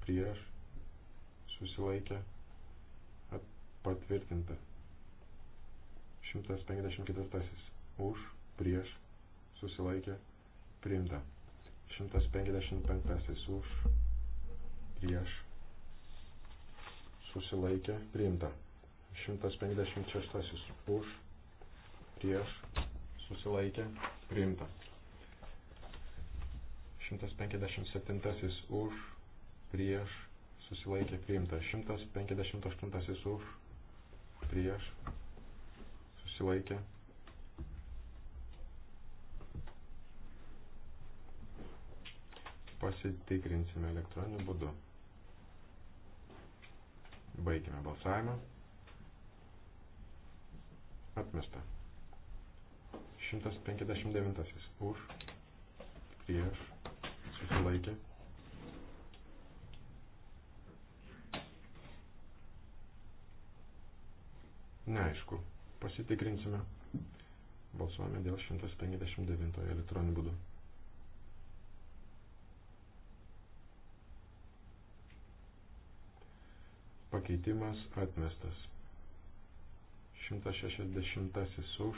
prieš, susilaikė patvirtinta. 154 už, prieš, susilaikė priimta. 155 už, prieš, susilaikė priimta. 156 už, prieš, susilaikė priimta. 157 už, prieš, susilaikė priimta. 158 už, prieš, susilaikė pasitikrinsime elektroniniu būdu. Baigime balsavimą. Atmesta. 159 už, prieš, susilaikė. Neaišku, pasitikrinsime. Balsuojame dėl 159 elektroninių būdų. pakeitimas atmestas. 160 už,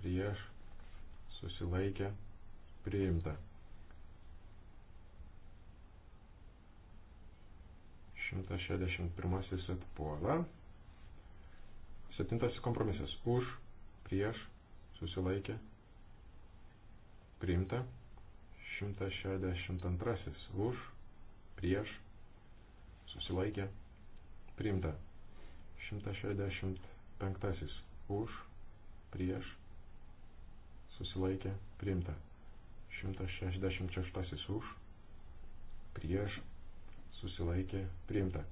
prieš, susilaikė, priimta. 161 atpuola. 7 kompromisas už, prieš, susilaikė, priimta. 162 už, prieš, susilaikė, priimta Priimta. 165 už, prieš, susilaikė, priimta. 166 už, prieš, susilaikė, priimta.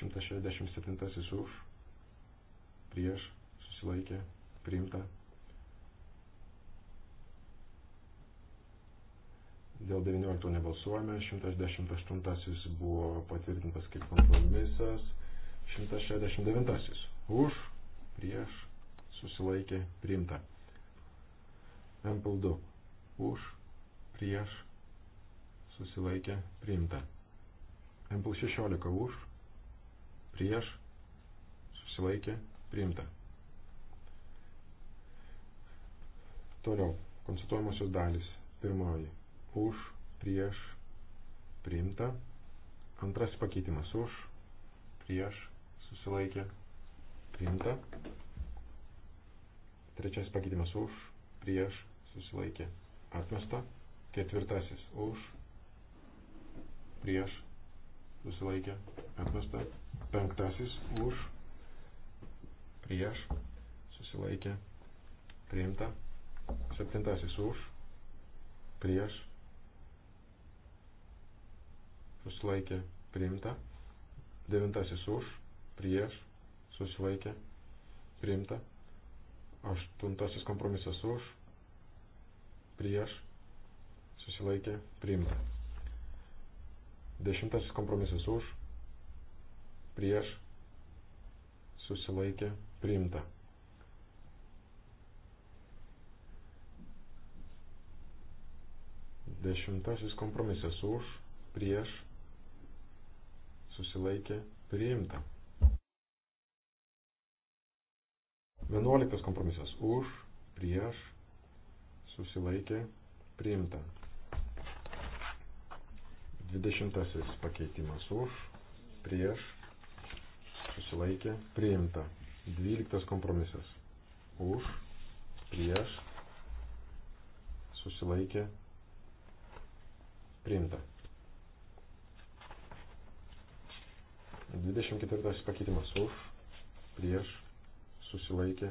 167 už, prieš, susilaikė, priimta. Dėl 19 nebalsuojame, 118 buvo patvirtintas kaip kompromisas. 169. Už, prieš, susilaikė, priimta. Ample 2. Už, prieš, susilaikė, priimta. Ample 16. Už, prieš, susilaikė, priimta. Toliau. Konstatuojamosios dalys. Pirmoji. Už, prieš, priimta. Antrasis pakeitimas. Už, prieš, susilaikė, priimta. Trečias pakeitimas už, prieš, susilaikė, atmesta. Ketvirtasis už, prieš, susilaikė, atmesta. Penktasis už, prieš, susilaikė, priimta. Septintasis už, prieš, susilaikė, priimta. Devintasis už, prieš, susilaikė, priimta. Aštuntasis kompromisas už, prieš, susilaikė, priimta. Dešimtasis kompromisas už, prieš, susilaikė, priimta. Dešimtasis kompromisas už, prieš, susilaikė, priimta. 11 kompromisas už, prieš, susilaikė, priimta. 20 pakeitimas už, prieš, susilaikė, priimta. 12 kompromisas už, prieš, susilaikė, priimta. 24 pakeitimas už, prieš, susilaikė.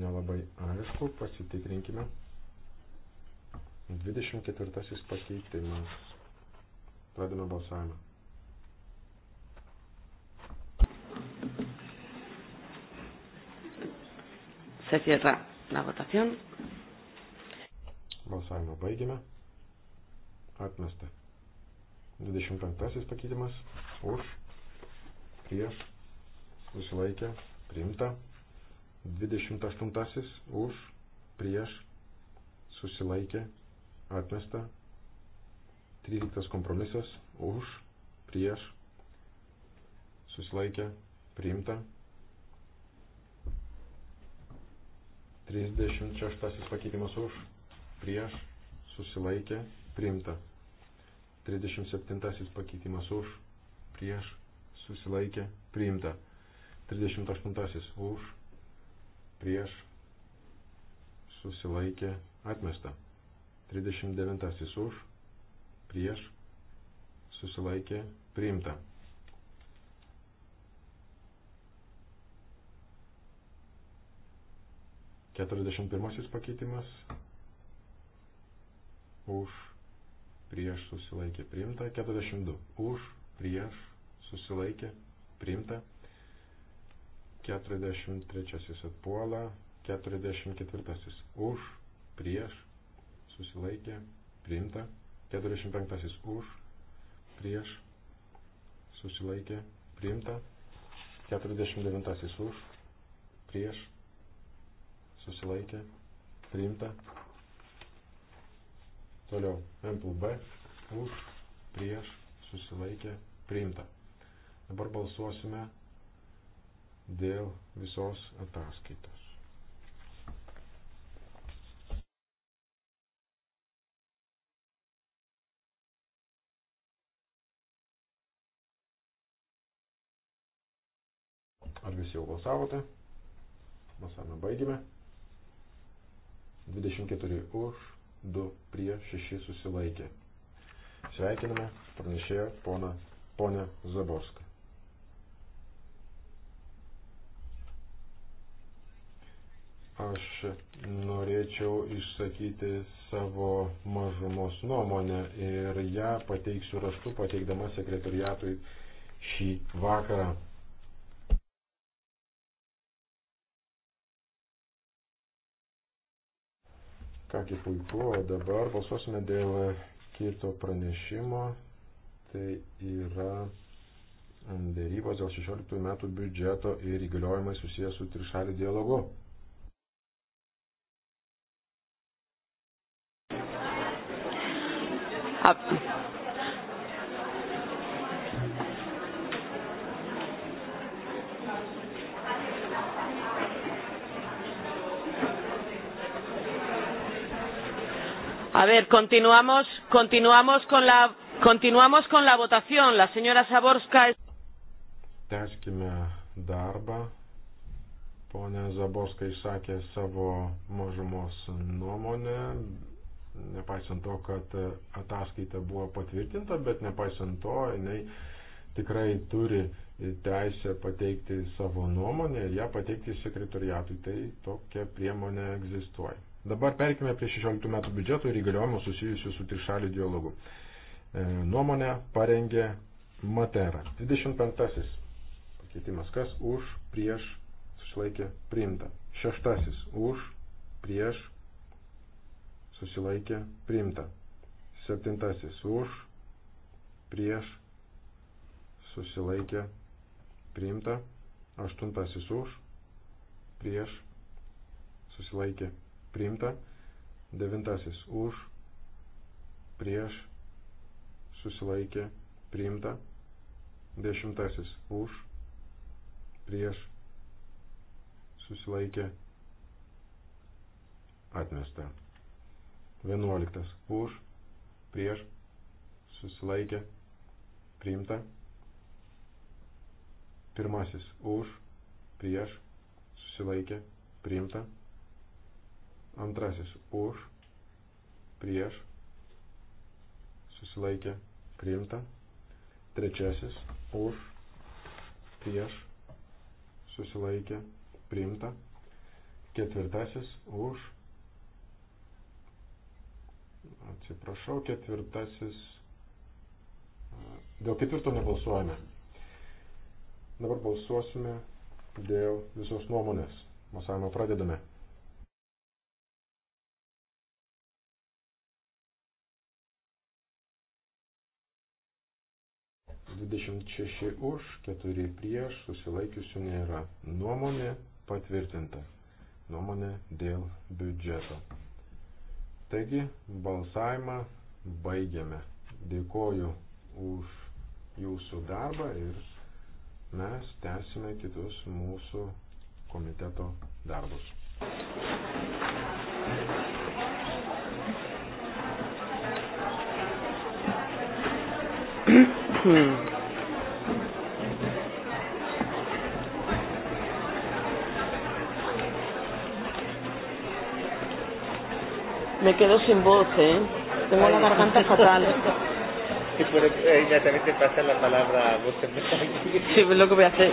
Nelabai aišku, pasitikrinkime. 24 pakeitimas. Pradame balsavimą. Se cierra la votación. Balsavimą baigime. Atmesta. 25 pakeitimas. Už. Prieš susilaikė, priimta. 28 už, prieš, susilaikė, atmesta. 13 kompromisas už, prieš, susilaikė, priimta. 36 pakeitimas už, prieš, susilaikė, priimta. 37 pakeitimas už, prieš, susilaikė, priimta. 38 už, prieš, susilaikė, atmesta. 39 už, prieš, susilaikė, priimta. Keturiasdešimt pirmasis pakeitimas už, prieš, susilaikė, priimta. Keturiasdešimt du už, prieš, susilaikė, priimta. 43 atpuola, 44 už, prieš, susilaikė, priimta, 45 už, prieš, susilaikė, priimta, 49 už, prieš, susilaikė, priimta. Toliau, MPB už, prieš, susilaikė, priimta. Dabar balsuosime dėl visos ataskaitos. Ar visi jau balsavote? Balsavimą baigime. 24 už, 2 prie, 6 susilaikė. Sveikiname pranešėją ponę Zaborską. Aš norėčiau išsakyti savo mažumos nuomonę ir ją pateiksiu raštu, pateikdama sekretariatui šį vakarą. Kągi puiku, o dabar balsuosime dėl kito pranešimo. Tai yra dėrybos dėl 16 metų biudžeto ir įgaliojimai susijęs su trišaliu dialogu. Ab A ver, continuamos, continuamos con la continuamos con la votación. La señora Zaborska es... Tęskime darbą. Pone Zaborska išsakė savo mažumos nuomonę, nepaisant to, kad e, ataskaita buvo patvirtinta, bet nepaisant to, jinai tikrai turi teisę pateikti savo nuomonę ir ją pateikti sekretoriatui. Tai tokia priemonė egzistuoja. Dabar perkime prie 16 metų biudžeto ir įgaliojimų susijusių su trišaliu dialogu. E, nuomonę parengė Matera. 25. Pakeitimas. Kas už, prieš, susilaikė, priimta. 6. Už, prieš, susilaikė priimta. Septintasis už, prieš, susilaikė priimta. Aštuntasis už, prieš, susilaikė priimta. Devintasis už, prieš, susilaikė priimta. Dešimtasis už, prieš, susilaikė atmesta. 11. Už, prieš, susilaikė, priimta. Pirmasis. Už, prieš, susilaikė, priimta. Antrasis. Už, prieš, susilaikė, priimta. Trečiasis. Už, prieš, susilaikė, priimta. Ketvirtasis. Už, Atsiprašau, ketvirtasis. Dėl ketvirto nebalsuojame. Dabar balsuosime dėl visos nuomonės. Masavimą pradedame. Dvidešimt šeši už, keturi prieš, susilaikiusių nėra. Nuomonė patvirtinta. Nuomonė dėl biudžeto. Taigi balsavimą baigiame. Dėkoju už jūsų darbą ir mes tęsime kitus mūsų komiteto darbus. Hmm. Me quedo sin voz, ¿eh? Tengo Ay. la garganta fatal. Y por, eh, inmediatamente pasa la palabra a vos. Sí, es lo que voy a hacer.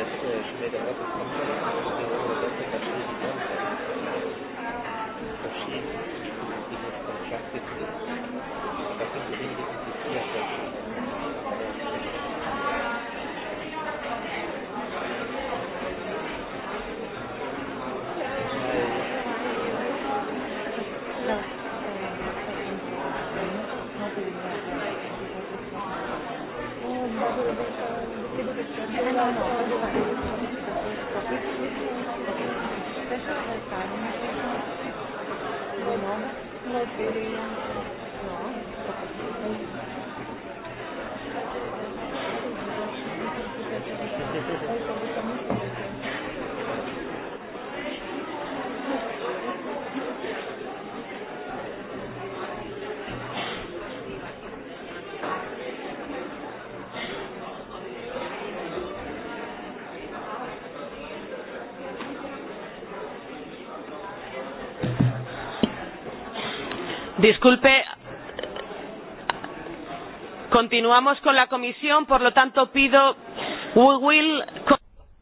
dass äh, später was kommt, oder dass wir verschiedene Länder verschiedene Kontakte gibt. Da sind Dinge, die sich hier verschieden. Syria Disculpe, continuamos con la comisión, por lo tanto pido, we will.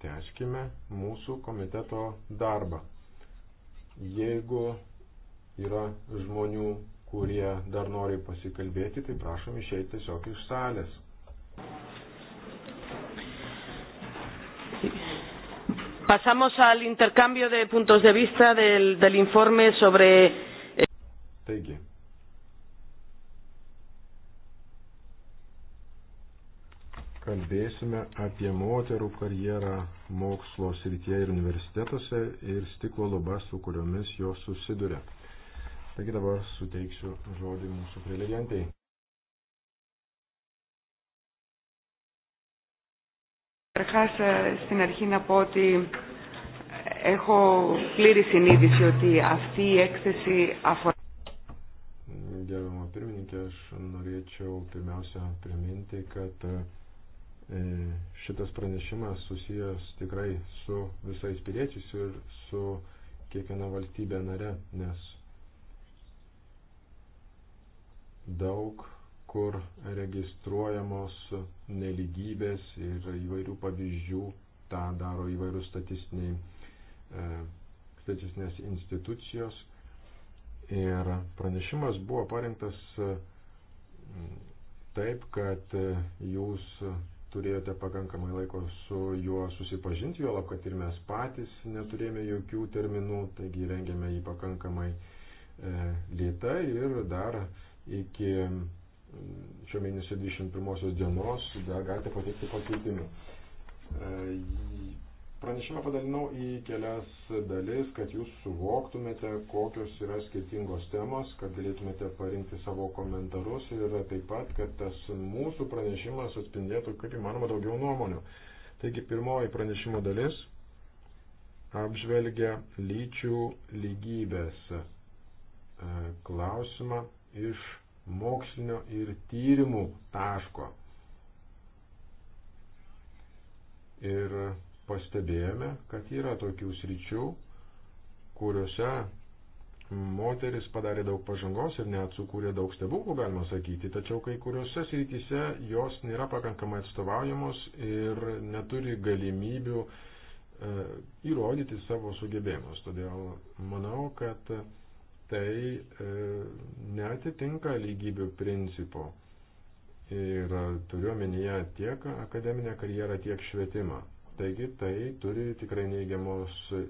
Tęskime mūsų komiteto darbą. Jeigu yra žmonių, kurie dar nori pasikalbėti, tai prašom išeiti tiesiog iš salės. Pasamos al intercambio de puntos de vista del, del informe sobre. Eh, Taigi, kalbėsime apie moterų karjerą mokslo srityje ir universitetuose ir stiklo lubas, su kuriomis jos susiduria. Taigi dabar suteiksiu žodį mūsų prelegentai. Καταρχάς στην αρχή να πω ότι έχω πλήρη συνείδηση ότι αυτή η έκθεση αφορά... Gerbiamą pirmininkę, aš norėčiau pirmiausia priminti, kad uh, E, šitas pranešimas susijęs tikrai su visais piliečiais ir su kiekviena valstybė nare, nes daug kur registruojamos neligybės ir įvairių pavyzdžių, tą daro įvairių statistiniai, e, statistinės institucijos. Ir pranešimas buvo parengtas taip, kad e, jūs turėjote pakankamai laiko su juo susipažinti, jo lab, kad ir mes patys neturėjome jokių terminų, taigi rengėme jį pakankamai e, lėtai ir dar iki mm, šio mėnesio 21 dienos dar galite pateikti pakeitimų. E, Pranešimą padalinau į kelias dalis, kad jūs suvoktumėte, kokios yra skirtingos temos, kad galėtumėte parinkti savo komentarus ir taip pat, kad tas mūsų pranešimas atspindėtų kaip įmanoma daugiau nuomonių. Taigi pirmoji pranešimo dalis apžvelgia lyčių lygybės e, klausimą iš mokslinio ir tyrimų taško. Ir pastebėjome, kad yra tokių sričių, kuriuose moteris padarė daug pažangos ir net sukūrė daug stebuklų, galima sakyti, tačiau kai kuriuose srityse jos nėra pakankamai atstovaujamos ir neturi galimybių e, įrodyti savo sugebėjimus. Todėl manau, kad tai e, netitinka lygybių principo. Ir turiu omenyje tiek akademinę karjerą, tiek švietimą. Taigi tai turi tikrai neigiamos e,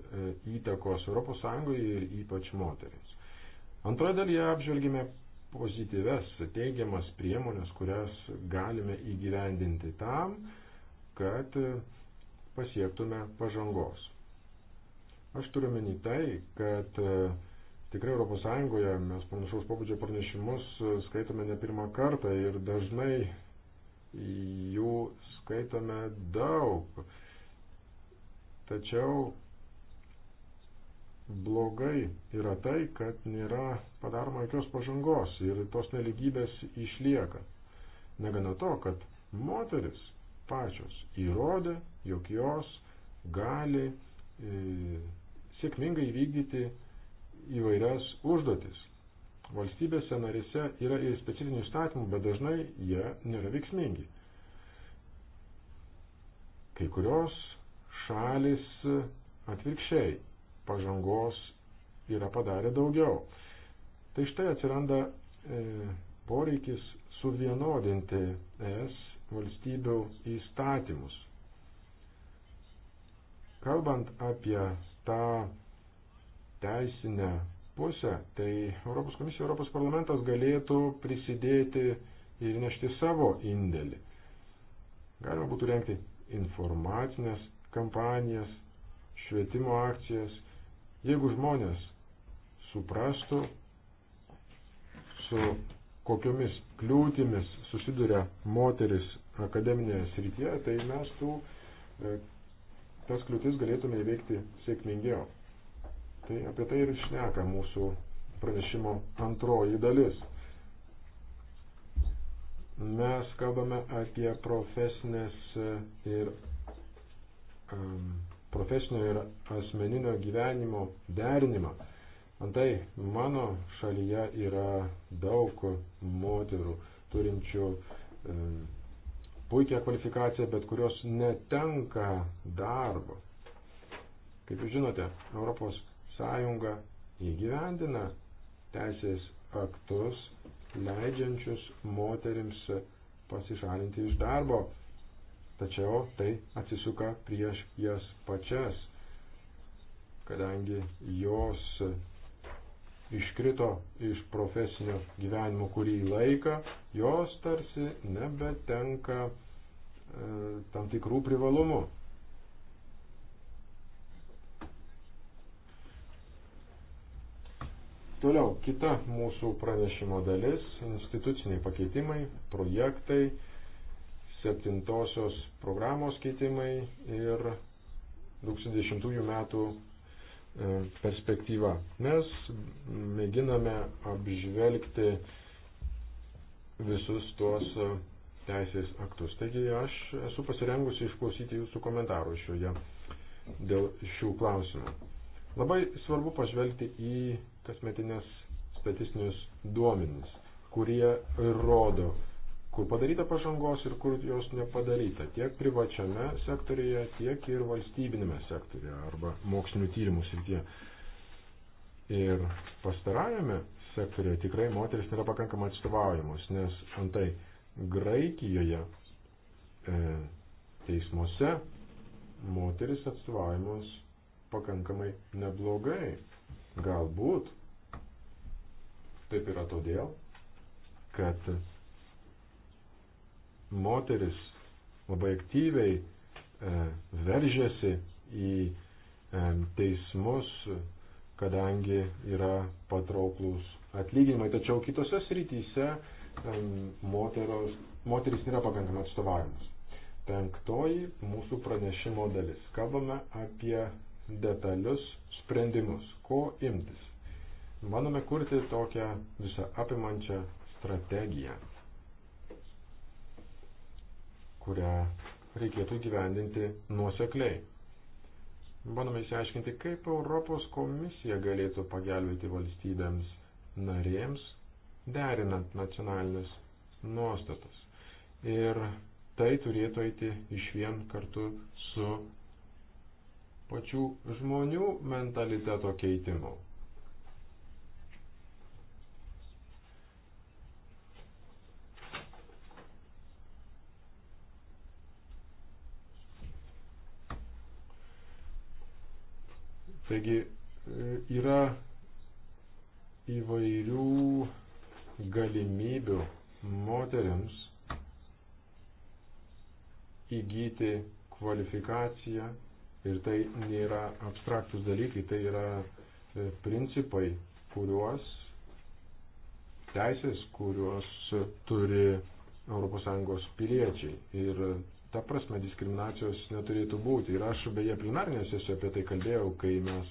įtakos ES ir ypač moteriams. Antroje dalyje apžvelgime pozityves, teigiamas priemonės, kurias galime įgyvendinti tam, kad e, pasiektume pažangos. Aš turiu meni tai, kad e, tikrai ES mes panašaus pobūdžio pranešimus skaitome ne pirmą kartą ir dažnai jų skaitome daug Tačiau blogai yra tai, kad nėra padaroma jokios pažangos ir tos neligybės išlieka. Negana to, kad moteris pačios įrodė, jog jos gali e, sėkmingai vykdyti įvairias užduotis. Valstybėse narise yra ir specifinių statymų, bet dažnai jie nėra veiksmingi. Kai kurios šalis e, atvirkščiai pažangos yra padarę daugiau. Tai štai atsiranda e, poreikis suvienodinti es valstybių įstatymus. Kalbant apie tą teisinę pusę, tai Europos komisija, Europos parlamentas galėtų prisidėti ir nešti savo indėlį. Galima būtų renkti informacinės kampanijas, švietimo akcijas. Jeigu žmonės suprastų, su kokiomis kliūtimis susiduria moteris akademinėje srityje, tai mes tų, e, tas kliūtis galėtume įveikti sėkmingiau. Tai apie tai ir šneka mūsų pranešimo antroji dalis. Mes kalbame apie profesinės e, ir Um, profesinio ir asmeninio gyvenimo derinimą. Antai mano šalyje yra daug moterų turinčių e, puikią kvalifikaciją, bet kurios netenka darbo. Kaip jūs žinote, Europos Sąjunga įgyvendina teisės aktus, leidžiančius moterims pasišalinti iš darbo tačiau tai atsisuka prieš jas pačias, kadangi jos iškrito iš profesinio gyvenimo kurį laiką, jos tarsi nebetenka e, tam tikrų privalumų. Toliau, kita mūsų pranešimo dalis - instituciniai pakeitimai, projektai, septintosios programos keitimai ir 2010 metų e, perspektyva. Mes mėginame apžvelgti visus tuos e, teisės aktus. Taigi aš esu pasirengusi išklausyti jūsų komentarų šioje dėl šių klausimų. Labai svarbu pažvelgti į kasmetinės statistinius duomenis, kurie rodo, kur padaryta pažangos ir kur jos nepadaryta, tiek privačiame sektorėje, tiek ir valstybinėme sektorėje arba mokslinių tyrimų srityje. Ir pastarajame sektorėje tikrai moteris nėra pakankamai atstovaujamos, nes antai Graikijoje e, teismuose moteris atstovaujamos pakankamai neblogai. Galbūt taip yra todėl, kad moteris labai aktyviai e, veržiasi į e, teismus, kadangi yra patrauklus atlyginimai, tačiau kitose srityse e, moteros, moteris nėra pakankamai atstovavimas. Penktoji mūsų pranešimo dalis. Kalbame apie detalius sprendimus, ko imtis. Manome kurti tokią visą apimančią strategiją kurią reikėtų gyvendinti nuosekliai. Bandome įsiaiškinti, kaip Europos komisija galėtų pagelbėti valstybėms narėms, derinant nacionalinės nuostatas. Ir tai turėtų eiti iš vien kartu su pačių žmonių mentaliteto keitimu. Taigi e, yra įvairių galimybių moteriams įgyti kvalifikaciją ir tai nėra abstraktus dalykai, tai yra e, principai, kuriuos teisės, kuriuos turi ES piliečiai ir Ta prasme, diskriminacijos neturėtų būti. Ir aš beje plenarnės esu apie tai kalbėjau, kai mes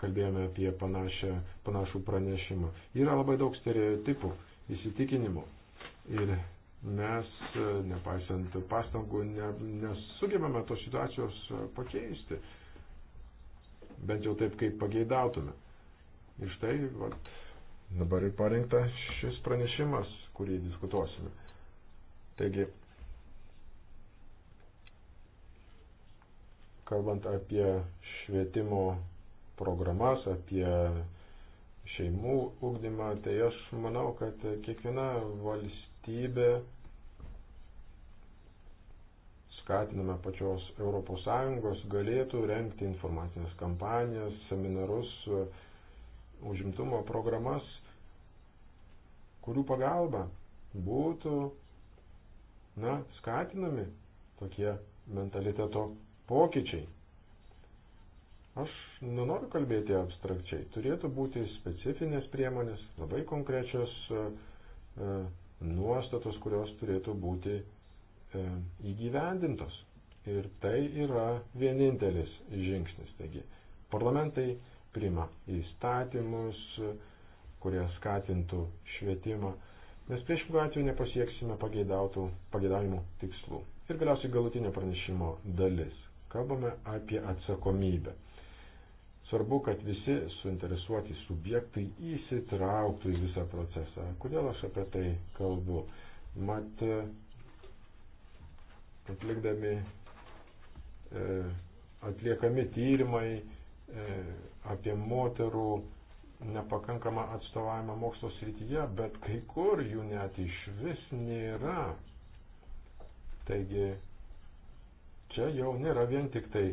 kalbėjome apie panašią, panašų pranešimą. Yra labai daug stereotipų, įsitikinimų. Ir mes, nepaisant pastangų, ne, nesugebame tos situacijos pakeisti. Bent jau taip, kaip pageidautume. Ir štai, vat, dabar ir parinkta šis pranešimas, kurį diskutuosime. Taigi, kalbant apie švietimo programas, apie šeimų ūkdymą, tai aš manau, kad kiekviena valstybė skatinama pačios ES galėtų renkti informacinės kampanijas, seminarus, užimtumo programas, kurių pagalba būtų na, skatinami tokie mentaliteto pokyčiai. Aš nenoriu kalbėti abstrakčiai. Turėtų būti specifinės priemonės, labai konkrečios e, e, nuostatos, kurios turėtų būti e, įgyvendintos. Ir tai yra vienintelis žingsnis. Taigi, parlamentai priima įstatymus, kurie skatintų švietimą, nes priešingų atveju nepasieksime pageidavimų tikslų. Ir galiausiai galutinė pranešimo dalis. Kalbame apie atsakomybę. Svarbu, kad visi suinteresuoti subjektai įsitrauktų į visą procesą. Kodėl aš apie tai kalbu? Mat, e, atlikdami, e, atliekami tyrimai e, apie moterų nepakankamą atstovavimą mokslo srityje, bet kai kur jų net iš vis nėra. Taigi Čia jau nėra vien tik tai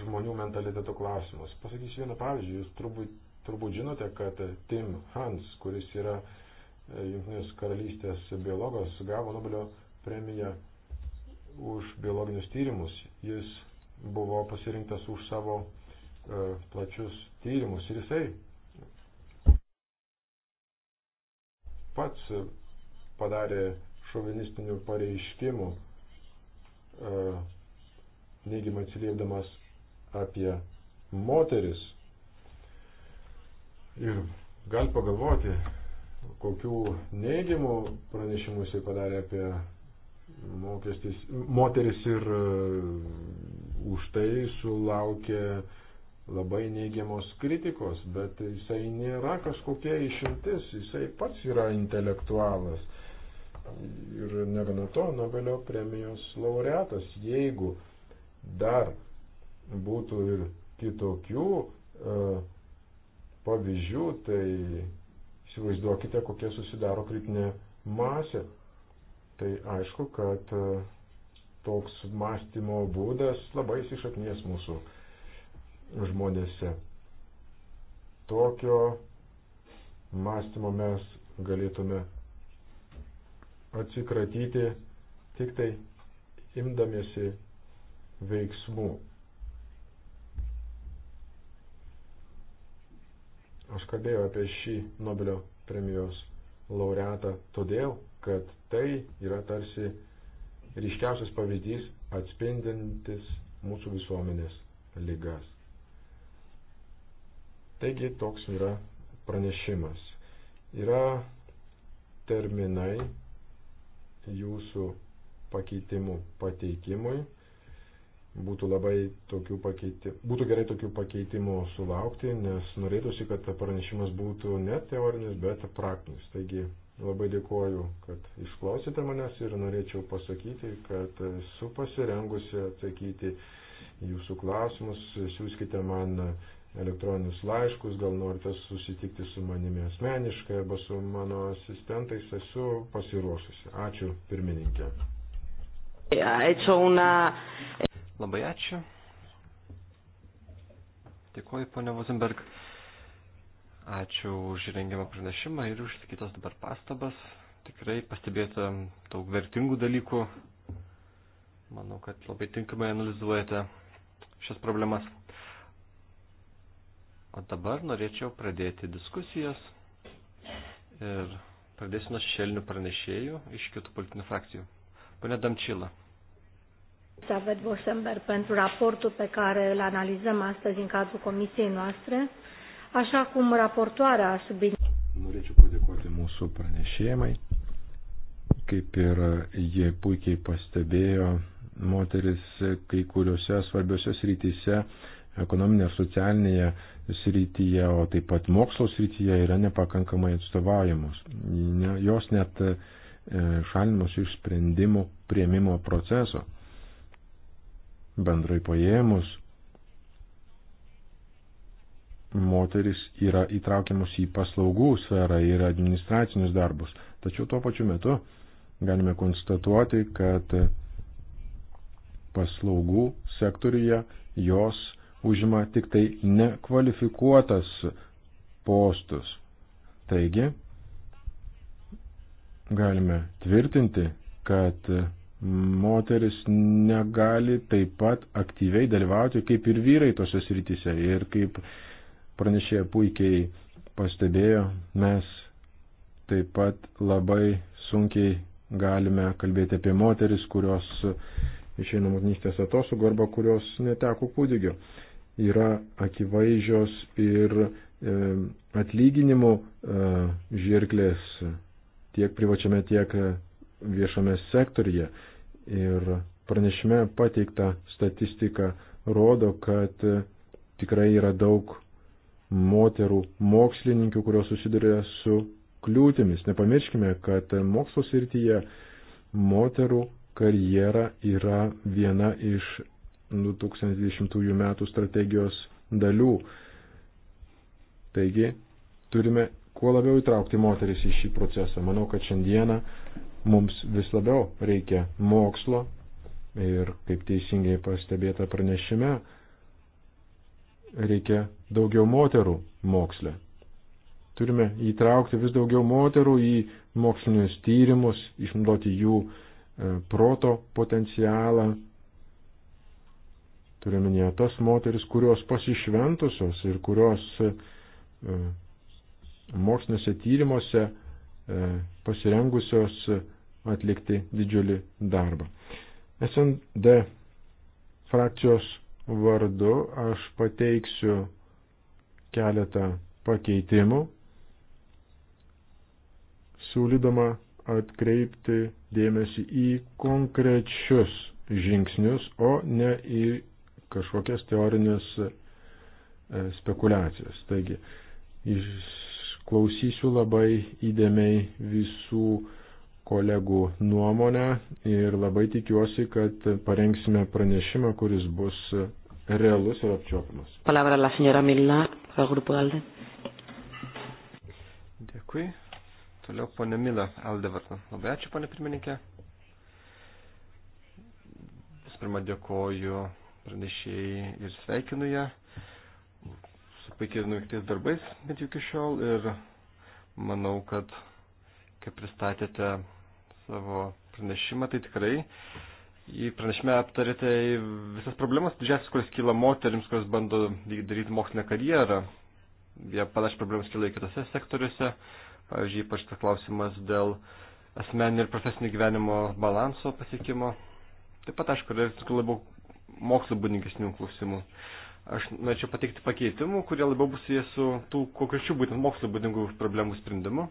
žmonių mentaliteto klausimas. Pasakysiu vieną pavyzdį. Jūs turbūt, turbūt žinote, kad Tim Hans, kuris yra e, Junktinės karalystės biologas, gavo Nobelio premiją už biologinius tyrimus. Jis buvo pasirinktas už savo e, plačius tyrimus ir jisai pats padarė šovinistinių pareiškimų E, neigiamai atsiliepdamas apie moteris. Ir gal pagalvoti, kokių neigiamų pranešimų jisai padarė apie mokestis, moteris ir e, už tai sulaukė labai neigiamos kritikos, bet jisai nėra kažkokia išimtis, jisai pats yra intelektualas ir negana to Nobelio premijos laureatas. Jeigu dar būtų ir kitokių e, pavyzdžių, tai įsivaizduokite, kokia susidaro kritinė masė. Tai aišku, kad e, toks mąstymo būdas labai įsišaknės mūsų žmonėse. Tokio mąstymo mes galėtume atsikratyti tik tai imdamiesi veiksmų. Aš kalbėjau apie šį Nobelio premijos laureatą todėl, kad tai yra tarsi ryškiausias pavyzdys atspindintis mūsų visuomenės lygas. Taigi toks yra pranešimas. Yra terminai, jūsų pakeitimų pateikimui. Būtų, labai tokių pakeiti, būtų gerai tokių pakeitimų sulaukti, nes norėtųsi, kad pranešimas būtų ne teorinis, bet praktinis. Taigi labai dėkoju, kad išklausėte manęs ir norėčiau pasakyti, kad esu pasirengusi atsakyti jūsų klausimus. Siūskite man elektroninius laiškus, gal norite susitikti su manimi asmeniškai arba su mano asistentais, esu pasiruošusi. Ačiū, pirmininkė. Labai ačiū. Dėkuoju, ponia Vozenberg. Ačiū už rengiamą pranešimą ir už kitas dabar pastabas. Tikrai pastebėta daug vertingų dalykų. Manau, kad labai tinkamai analizuojate šias problemas. O dabar norėčiau pradėti diskusijas ir pradėsiu nuo šešėlinių pranešėjų iš kitų politinių frakcijų. Pane Damčila. Savet Vosember pentru raportul pe care îl analizăm astăzi în cadrul comisiei noastre, așa cum raportoarea a subliniat. Norėčiau padėkoti mūsų pranešėjimai. Kaip ir jie puikiai pastebėjo, moteris kai kuriuose svarbiuose srityse ekonominėje, socialinėje srityje, o taip pat mokslo srityje yra nepakankamai atstovaujamos. Jos net e, šalinamos iš sprendimų prieimimo proceso. Bendrai paėmus, moteris yra įtraukiamos į paslaugų sferą ir administracinius darbus. Tačiau tuo pačiu metu galime konstatuoti, kad paslaugų sektoriuje jos užima tik tai nekvalifikuotas postus. Taigi, galime tvirtinti, kad moteris negali taip pat aktyviai dalyvauti kaip ir vyrai tose srityse. Ir kaip pranešė puikiai pastebėjo, mes taip pat labai sunkiai galime kalbėti apie moteris, kurios išeina motinystės atostogų arba kurios neteko kūdikio yra akivaizdžios ir e, atlyginimų e, žirklės tiek privačiame, tiek viešame sektorije. Ir pranešime pateikta statistika rodo, kad tikrai yra daug moterų mokslininkių, kurios susiduria su kliūtimis. Nepamirškime, kad mokslo srityje moterų karjera yra viena iš 2020 m. strategijos dalių. Taigi, turime kuo labiau įtraukti moteris į šį procesą. Manau, kad šiandieną mums vis labiau reikia mokslo ir, kaip teisingai pastebėta pranešime, reikia daugiau moterų moksle. Turime įtraukti vis daugiau moterų į mokslinius tyrimus, išnaudoti jų e, proto potencialą, Turime ne tas moteris, kurios pasišventusios ir kurios e, moksliniuose tyrimuose e, pasirengusios atlikti didžiulį darbą. SND frakcijos vardu aš pateiksiu keletą pakeitimų, siūlydama atkreipti dėmesį į konkrečius žingsnius, o ne į kažkokias teorinės e, spekulacijas. Taigi, išklausysiu labai įdėmiai visų kolegų nuomonę ir labai tikiuosi, kad parengsime pranešimą, kuris bus realus ir apčiopimas. Palabra la señora Milnar, para el grupo Alde. Dėkui. Toliau ponė Mila Aldevarna. Labai ačiū, ponė pirmininkė. Vis pirma, dėkoju pranešėjai ir sveikinu ją su puikiai nuveiktais darbais, bet jau iki šiol ir manau, kad kaip pristatėte savo pranešimą, tai tikrai į pranešimą aptarėte visas problemas, didžiasias, kurios kyla moterims, kurios bando daryti mokslinę karjerą. Jie panašiai problemas kyla ir kitose sektoriuose, pavyzdžiui, ypač tas klausimas dėl asmeninio ir profesinio gyvenimo balanso pasiekimo. Taip pat, aišku, yra labiau mokslubininkesnių klausimų. Aš norėčiau pateikti pakeitimų, kurie labiau bus jie su tų kokių būtent mokslubininkų problemų sprendimu.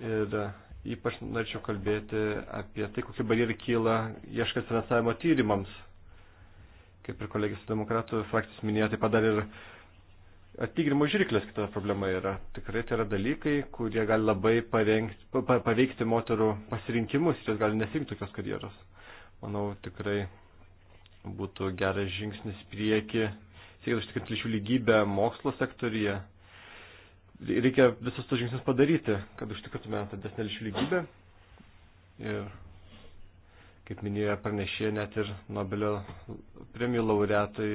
Ir e, ypač norėčiau kalbėti apie tai, kokie barjerai kyla ieškant finansavimo tyrimams. Kaip ir kolegis demokratų frakcijas minėjo, taip pat dar ir atlyginimo žirklės kita problema yra. Tikrai tai yra dalykai, kurie gali labai parengti, pa, paveikti moterų pasirinkimus ir jos gali nesirinkti tokios karjeros. Manau, tikrai būtų geras žingsnis prieki, siekiant užtikrinti lyčių lygybę mokslo sektorija. Reikia visus tos žingsnius padaryti, kad užtikrintume tą desnę lyčių lygybę. Ir, kaip minėjo pranešė, net ir Nobelio premijų laureatai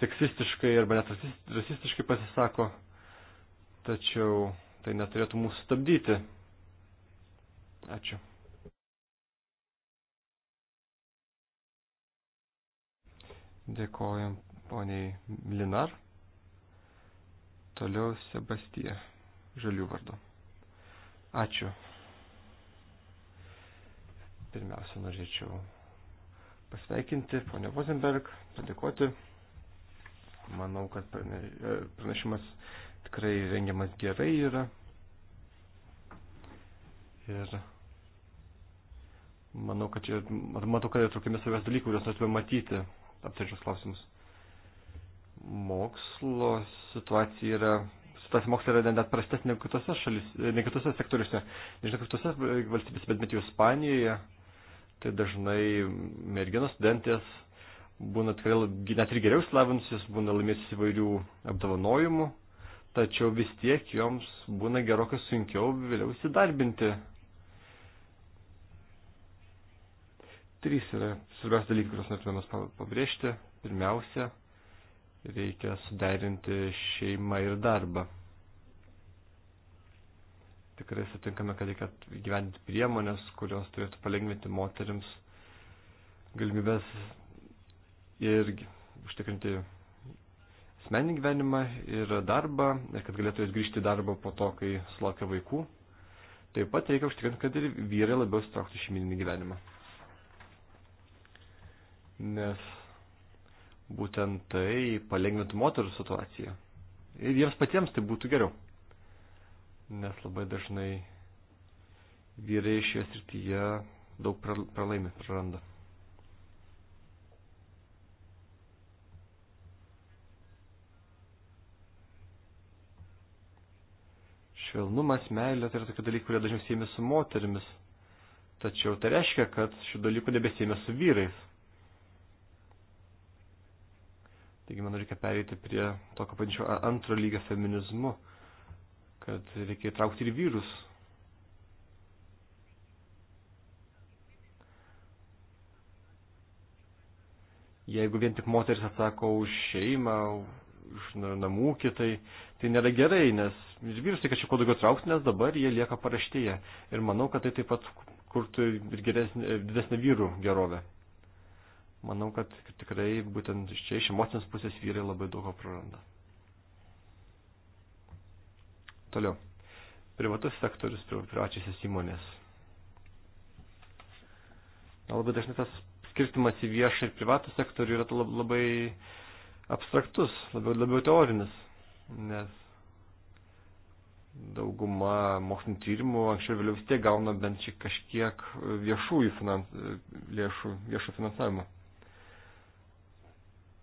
seksistiškai arba net rasistiškai pasisako, tačiau tai neturėtų mūsų stabdyti. Ačiū. Dėkojam poniai Linar. Toliau Sebastija, žalių vardu. Ačiū. Pirmiausia, norėčiau pasveikinti ponę Vozenberg, padėkoti. Manau, kad e, pranešimas tikrai rengiamas gerai yra. Ir manau, kad čia, matau, kad yra traukiami savęs dalykų, kuriuos norėtume matyti aptarinčios klausimus. Mokslo situacija yra situacija mokslo yra net prastesnė negu kitose, šalis, ne kitose sektoriuose. Nežinau, kitose valstybėse, bet net jau Ispanijoje, tai dažnai merginos studentės būna tikrai net ir geriau slavinusios, būna laimėjusios įvairių apdovanojimų, tačiau vis tiek joms būna gerokai sunkiau vėliau įsidarbinti Trys yra svarbiausia dalykai, kuriuos norėtume mes pabrėžti. Pirmiausia, reikia suderinti šeimą ir darbą. Tikrai sutinkame, kad reikia gyventi priemonės, kurios turėtų palengvinti moteriams galimybės ir užtikrinti asmeninį gyvenimą ir darbą, ir kad galėtų jis grįžti į darbą po to, kai sulaukia vaikų. Taip pat reikia užtikrinti, kad ir vyrai labiau įsitrauktų šeimininį gyvenimą nes būtent tai palengvintų moterų situaciją. Ir jiems patiems tai būtų geriau, nes labai dažnai vyrai šioje srityje daug pralaimi, praranda. švelnumas, meilė, tai yra tokie dalykai, kurie dažniausiai siejami su moterimis. Tačiau tai reiškia, kad šių dalykų nebesijame su vyrais. Taigi, man reikia pereiti prie to, ką pavadinčiau antro lygio feminizmu, kad reikia įtraukti ir vyrus. Jeigu vien tik moteris atsako už šeimą, už namų kitai, tai nėra gerai, nes ir vyrus reikia čia kuo daugiau traukti, nes dabar jie lieka paraštėje. Ir manau, kad tai taip pat kurtų ir geresnį, didesnį vyrų gerovę manau, kad tikrai būtent iš čia, iš emocinės pusės vyrai labai daug ko praranda. Toliau. Privatus sektorius, privačiasios įmonės. Na, labai dažnai tas skirtimas į viešą ir privatų sektorių yra labai abstraktus, labiau, labiau teorinis, nes dauguma mokslinio tyrimų anksčiau vėliau vis tiek gauna bent šiek kažkiek viešųjų finans, lėšų, viešų finansavimo.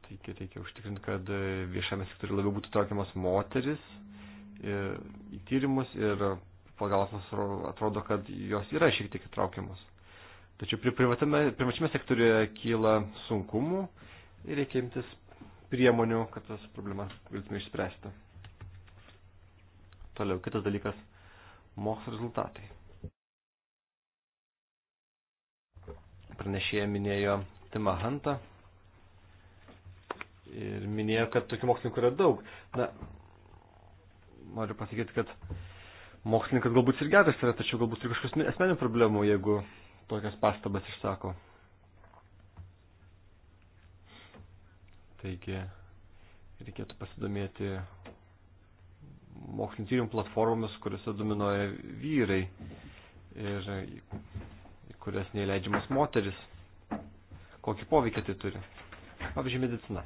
Taigi reikia užtikrinti, kad viešame sektoriu labiau būtų traukiamas moteris e, į tyrimus ir pagal atrodo, kad jos yra šiek tiek traukiamas. Tačiau pri privačiame sektoriuje kyla sunkumų ir reikia imtis priemonių, kad tas problemas galėtume išspręsti. Toliau, kitas dalykas – mokslo rezultatai. Pranešėja minėjo Tima Hanta, ir minėjo, kad tokių mokslininkų yra daug. Na, noriu pasakyti, kad mokslininkas galbūt ir geras yra, tačiau galbūt ir kažkokių asmeninių problemų, jeigu tokias pastabas išsako. Taigi, reikėtų pasidomėti mokslinio tyrimų platformomis, kuriuose dominuoja vyrai ir kurias neįleidžiamas moteris. Kokį poveikį tai turi? Pavyzdžiui, medicina.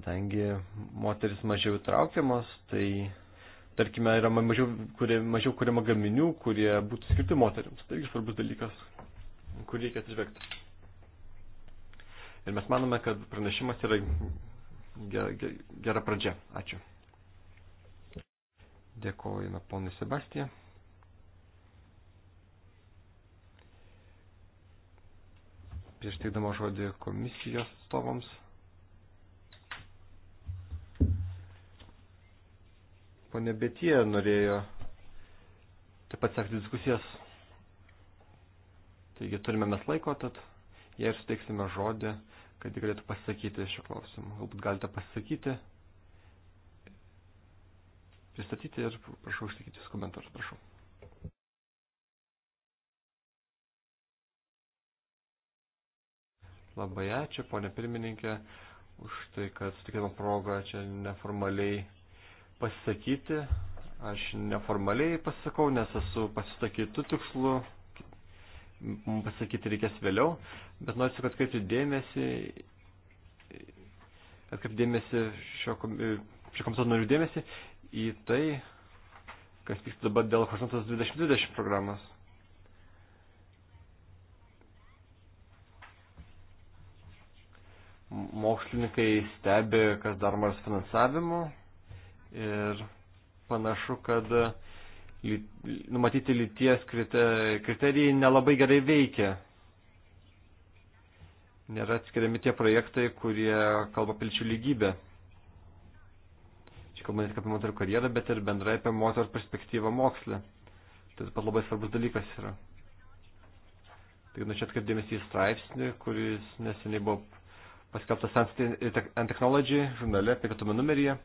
kadangi moteris mažiau įtraukiamos, tai tarkime yra mažiau, kurie, mažiau kuriama gaminių, kurie būtų skirti moteriams. Tai irgi svarbus dalykas, kurį reikia atsižvelgti. Ir mes manome, kad pranešimas yra gera, gera pradžia. Ačiū. Dėkojame ponui Sebastiją. Prieš teikdama žodį komisijos atstovams. Pone Betie norėjo taip pat sekti diskusijas. Taigi turime mes laiko, tad jai ir suteiksime žodį, kad jį galėtų pasakyti šio klausimu. Galbūt galite pasakyti, pristatyti ir prašau išsakyti jūsų komentarus, prašau. Labai ačiū, ponė pirmininkė, už tai, kad sutikėme progą čia neformaliai pasisakyti. Aš neformaliai pasisakau, nes esu pasisakytų tikslų. Mums pasakyti reikės vėliau, bet noriu, kad kreipti dėmesį, atkreipti dėmesį šio, e, šio komiteto norių dėmesį į tai, kas vyksta dabar dėl Horizontas 2020 programos. mokslininkai stebi, kas daromas finansavimu, ir panašu, kad numatyti lyties kriterijai nelabai gerai veikia. Nėra atskiriami tie projektai, kurie kalba pilčių lygybę. Čia kalba ne tik apie moterų karjerą, bet ir bendrai apie moterų perspektyvą mokslę. Tai taip pat labai svarbus dalykas yra. Tai nu čia atkreipdėmės į straipsnį, kuris neseniai buvo paskelbtas Ant Technology žurnale, 5 numeryje.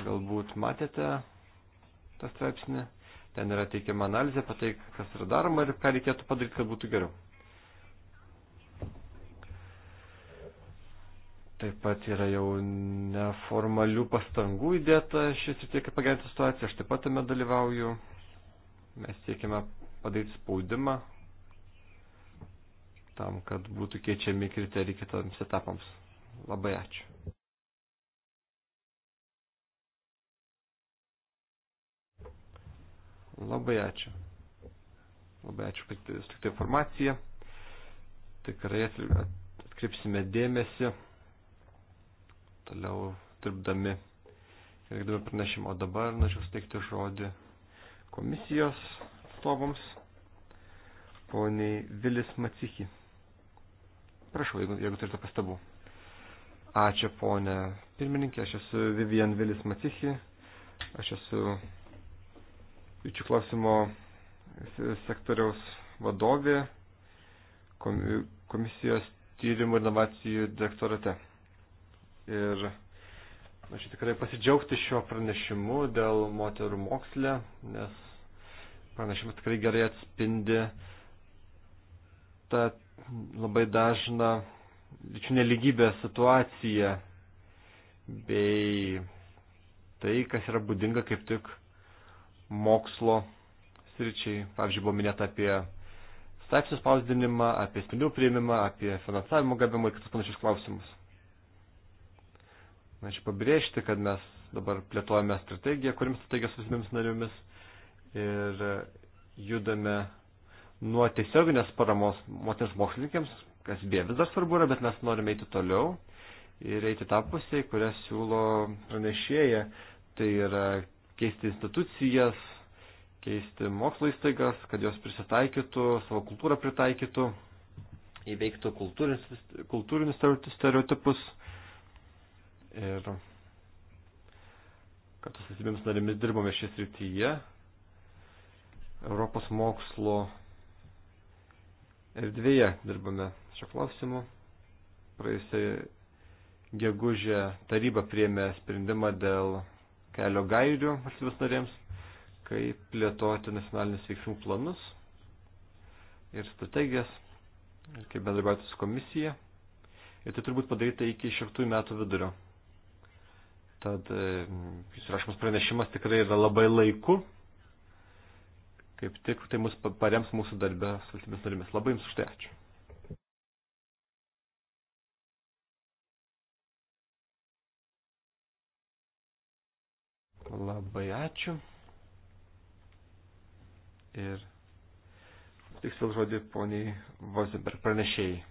Galbūt matėte tą straipsnį. Ten yra teikiama analizė apie tai, kas yra daroma ir ką reikėtų padaryti, kad būtų geriau. Taip pat yra jau neformalių pastangų įdėta šis ir tiek pagerinti situaciją. Aš taip pat tame dalyvauju. Mes siekime padaryti spaudimą tam, kad būtų keičiami kriterijai kitams etapams. Labai ačiū. Labai ačiū. Labai ačiū pateiktą informaciją. Tikrai atkreipsime dėmesį toliau dirbdami ir rengdami pranešimą. O dabar norėčiau steikti žodį komisijos atstovams, poniai Vilis Macichi. Prašau, jeigu, jeigu turite pastabų. Ačiū, ponė pirmininkė, aš esu Vivian Vilis Macichi, aš esu lyčių klausimo sektoriaus vadovė komisijos tyrimų ir inovacijų direktorate. Ir aš tikrai pasidžiaugti šiuo pranešimu dėl moterų mokslė, nes pranešimas tikrai gerai atspindi tą labai dažną lyčių neligybę situaciją bei tai, kas yra būdinga kaip tik mokslo sričiai. Pavyzdžiui, buvo minėta apie straipsnių spausdinimą, apie sprendimų prieimimą, apie finansavimo gavimą ir kitus panašius klausimus. Norėčiau pabrėžti, kad mes dabar plėtojame strategiją, kurim strategiją su visomis narėmis ir judame nuo tiesioginės paramos moters mokslininkėms, kas beje vis dar svarbu yra, bet mes norime eiti toliau ir eiti tą pusę, kurią siūlo pranešėja, tai yra keisti institucijas, keisti mokslo įstaigas, kad jos prisitaikytų, savo kultūrą pritaikytų, įveiktų kultūrinis, kultūrinius stereotipus ir kad su sesybėms narėmis dirbame šis rytyje. Europos mokslo erdvėje dirbame šio klausimu. Praėjusiai gegužė taryba priėmė sprendimą dėl kelio gairių valstybės narėms, kaip plėtoti nacionalinius veiksmų planus ir strategijas, ir kaip bendrabiauti su komisija. Ir tai turbūt padaryta iki šeštųjų metų vidurio. Tad e, jis rašymas pranešimas tikrai yra labai laiku. Kaip tik tai mus parems mūsų darbę su valstybės narimis. Labai jums už tai ačiū. Labai ačiū. Ir tiksliau žodį poniai Vozenberg pranešėjai.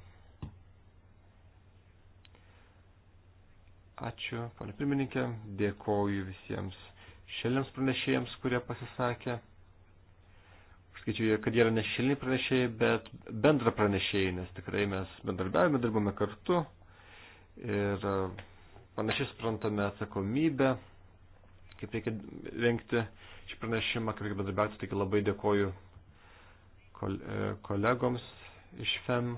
Ačiū, ponė pirmininkė, dėkoju visiems šiandiems pranešėjams, kurie pasisakė. Skaičiu, kad jie yra ne šilni pranešėjai, bet bendra pranešėjai, nes tikrai mes bendarbiavime, dirbame kartu ir panašiai suprantame atsakomybę kaip reikia rengti šį pranešimą, kaip reikia bendradarbiauti. Taigi labai dėkoju e, kolegoms iš FEM,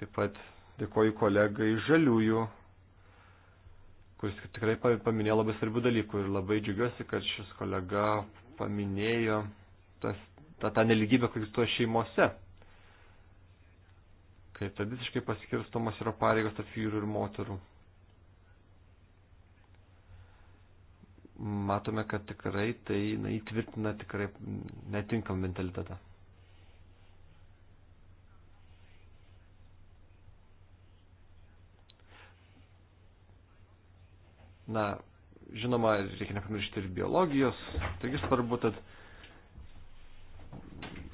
taip pat dėkoju kolegai Žaliųjų, kuris tikrai paminėjo labai svarbių dalykų ir labai džiugiuosi, kad šis kolega paminėjo tas, tą, tą neligybę, kuris tuo šeimose. Kaip tradiciškai paskirstomos yra pareigos tarp vyrų ir moterų. matome, kad tikrai tai na, įtvirtina tikrai netinkamą mentalitetą. na, žinoma, reikia nepamiršti ir biologijos, taigi svarbu, kad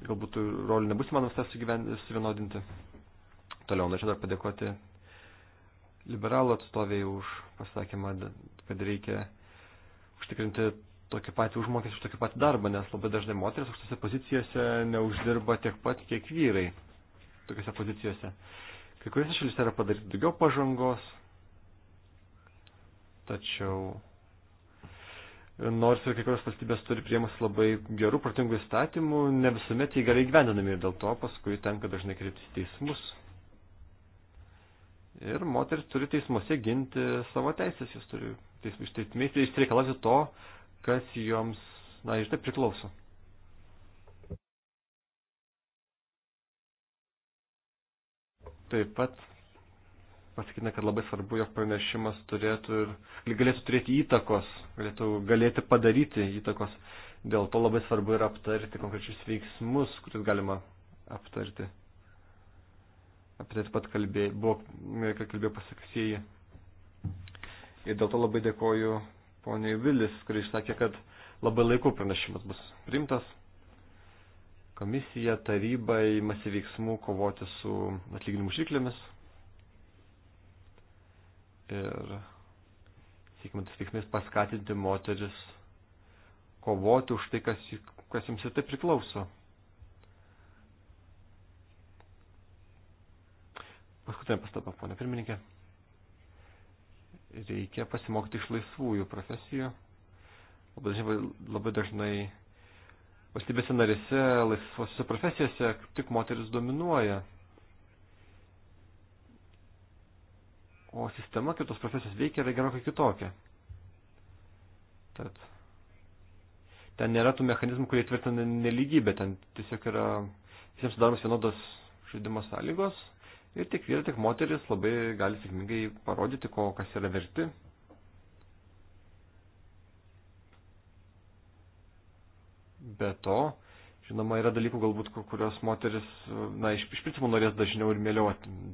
galbūt rolių nebus įmanomas tas suvienodinti. Toliau norėčiau dar padėkoti liberalų atstoviai už pasakymą, kad reikia užtikrinti tokį patį užmokestį už tokį patį darbą, nes labai dažnai moteris aukštose pozicijose neuždirba tiek pat, kiek vyrai tokiose pozicijose. Kai kuriuose šalyse yra padaryti daugiau pažangos, tačiau nors ir kai kurios valstybės turi priemas labai gerų, protingų įstatymų, ne visuomet jie gerai gyvendinami ir dėl to paskui tenka dažnai kreiptis teismus. Ir moteris turi teismuose ginti savo teisės, jis turi Tai iš teismės tai išsireikalauti to, kas joms, na, iš tai priklauso. Taip pat pasakytina, kad labai svarbu, jog pranešimas turėtų ir galėtų turėti įtakos, galėtų galėti padaryti įtakos. Dėl to labai svarbu yra aptarti konkrečius veiksmus, kuriuos galima aptarti. Apie tai taip pat kalbėjo, buvo, kalbėjo pasakasėjai. Ir dėl to labai dėkoju poniai Vilis, kuris sakė, kad labai laiku pranešimas bus priimtas. Komisija, taryba įmasi veiksmų kovoti su atlyginimų šiklėmis. Ir, siekime, tas veiksmės paskatinti moteris kovoti už tai, kas, kas jums ir tai priklauso. Paskutinė pastaba, ponė pirmininkė reikia pasimokti iš laisvųjų profesijų. Labai dažnai, labai dažnai valstybėse narėse, laisvosiuose profesijose tik moteris dominuoja. O sistema, kaip tos profesijos veikia, yra gerokai kitokia. Tad ten nėra tų mechanizmų, kurie tvirtina neligybę, ten tiesiog yra visiems sudaromas vienodos žaidimo sąlygos ir tiek vyrai, tiek moteris labai gali sėkmingai parodyti, ko kas yra verti. Be to, žinoma, yra dalykų galbūt, kurios moteris, na, iš, iš principų norės dažniau ir mėliau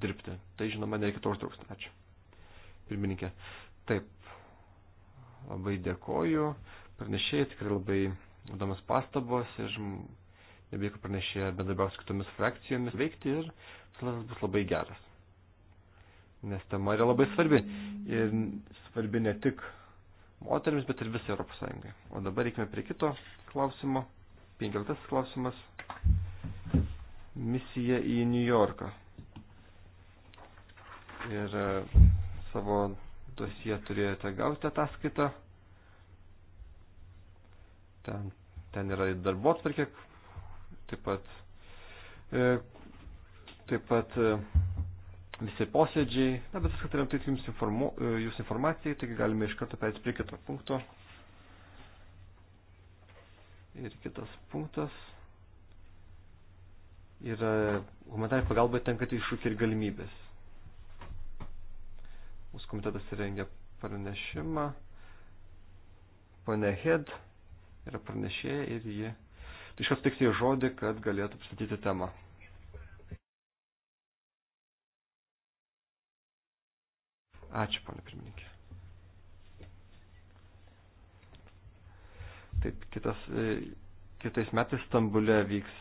dirbti. Tai, žinoma, nereikia to užtrukti. Ačiū. Pirmininkė. Taip. Labai dėkoju. Pranešėjai tikrai labai įdomios pastabos ir nebeiku pranešėjai bendrabiaus kitomis frakcijomis veikti ir Sutaras bus labai geras. Nes tema yra labai svarbi. Ir svarbi ne tik moteriams, bet ir visai Europos Sąjungai. O dabar reikime prie kito klausimo. Penkiltas klausimas. Misija į New Yorką. Ir e, savo dosiją turėjote gauti ataskaitą. Ten, ten yra darbo atvarkė, taip pat e, taip pat e, visi posėdžiai. Na, bet viską turėjom tai tik jums informu, e, jūs informacijai, taigi galime iš karto perėti prie kito punkto. Ir kitas punktas yra humanitarinė pagalba tenkantį iššūkį ir galimybės. Mūsų komitetas rengia pranešimą. Pane Hed yra pranešėja ir ji. Tai šios tiksliai žodį, kad galėtų pristatyti temą. Ačiū, ponė pirmininkė. Taip, kitas, e, kitais metais Stambule vyks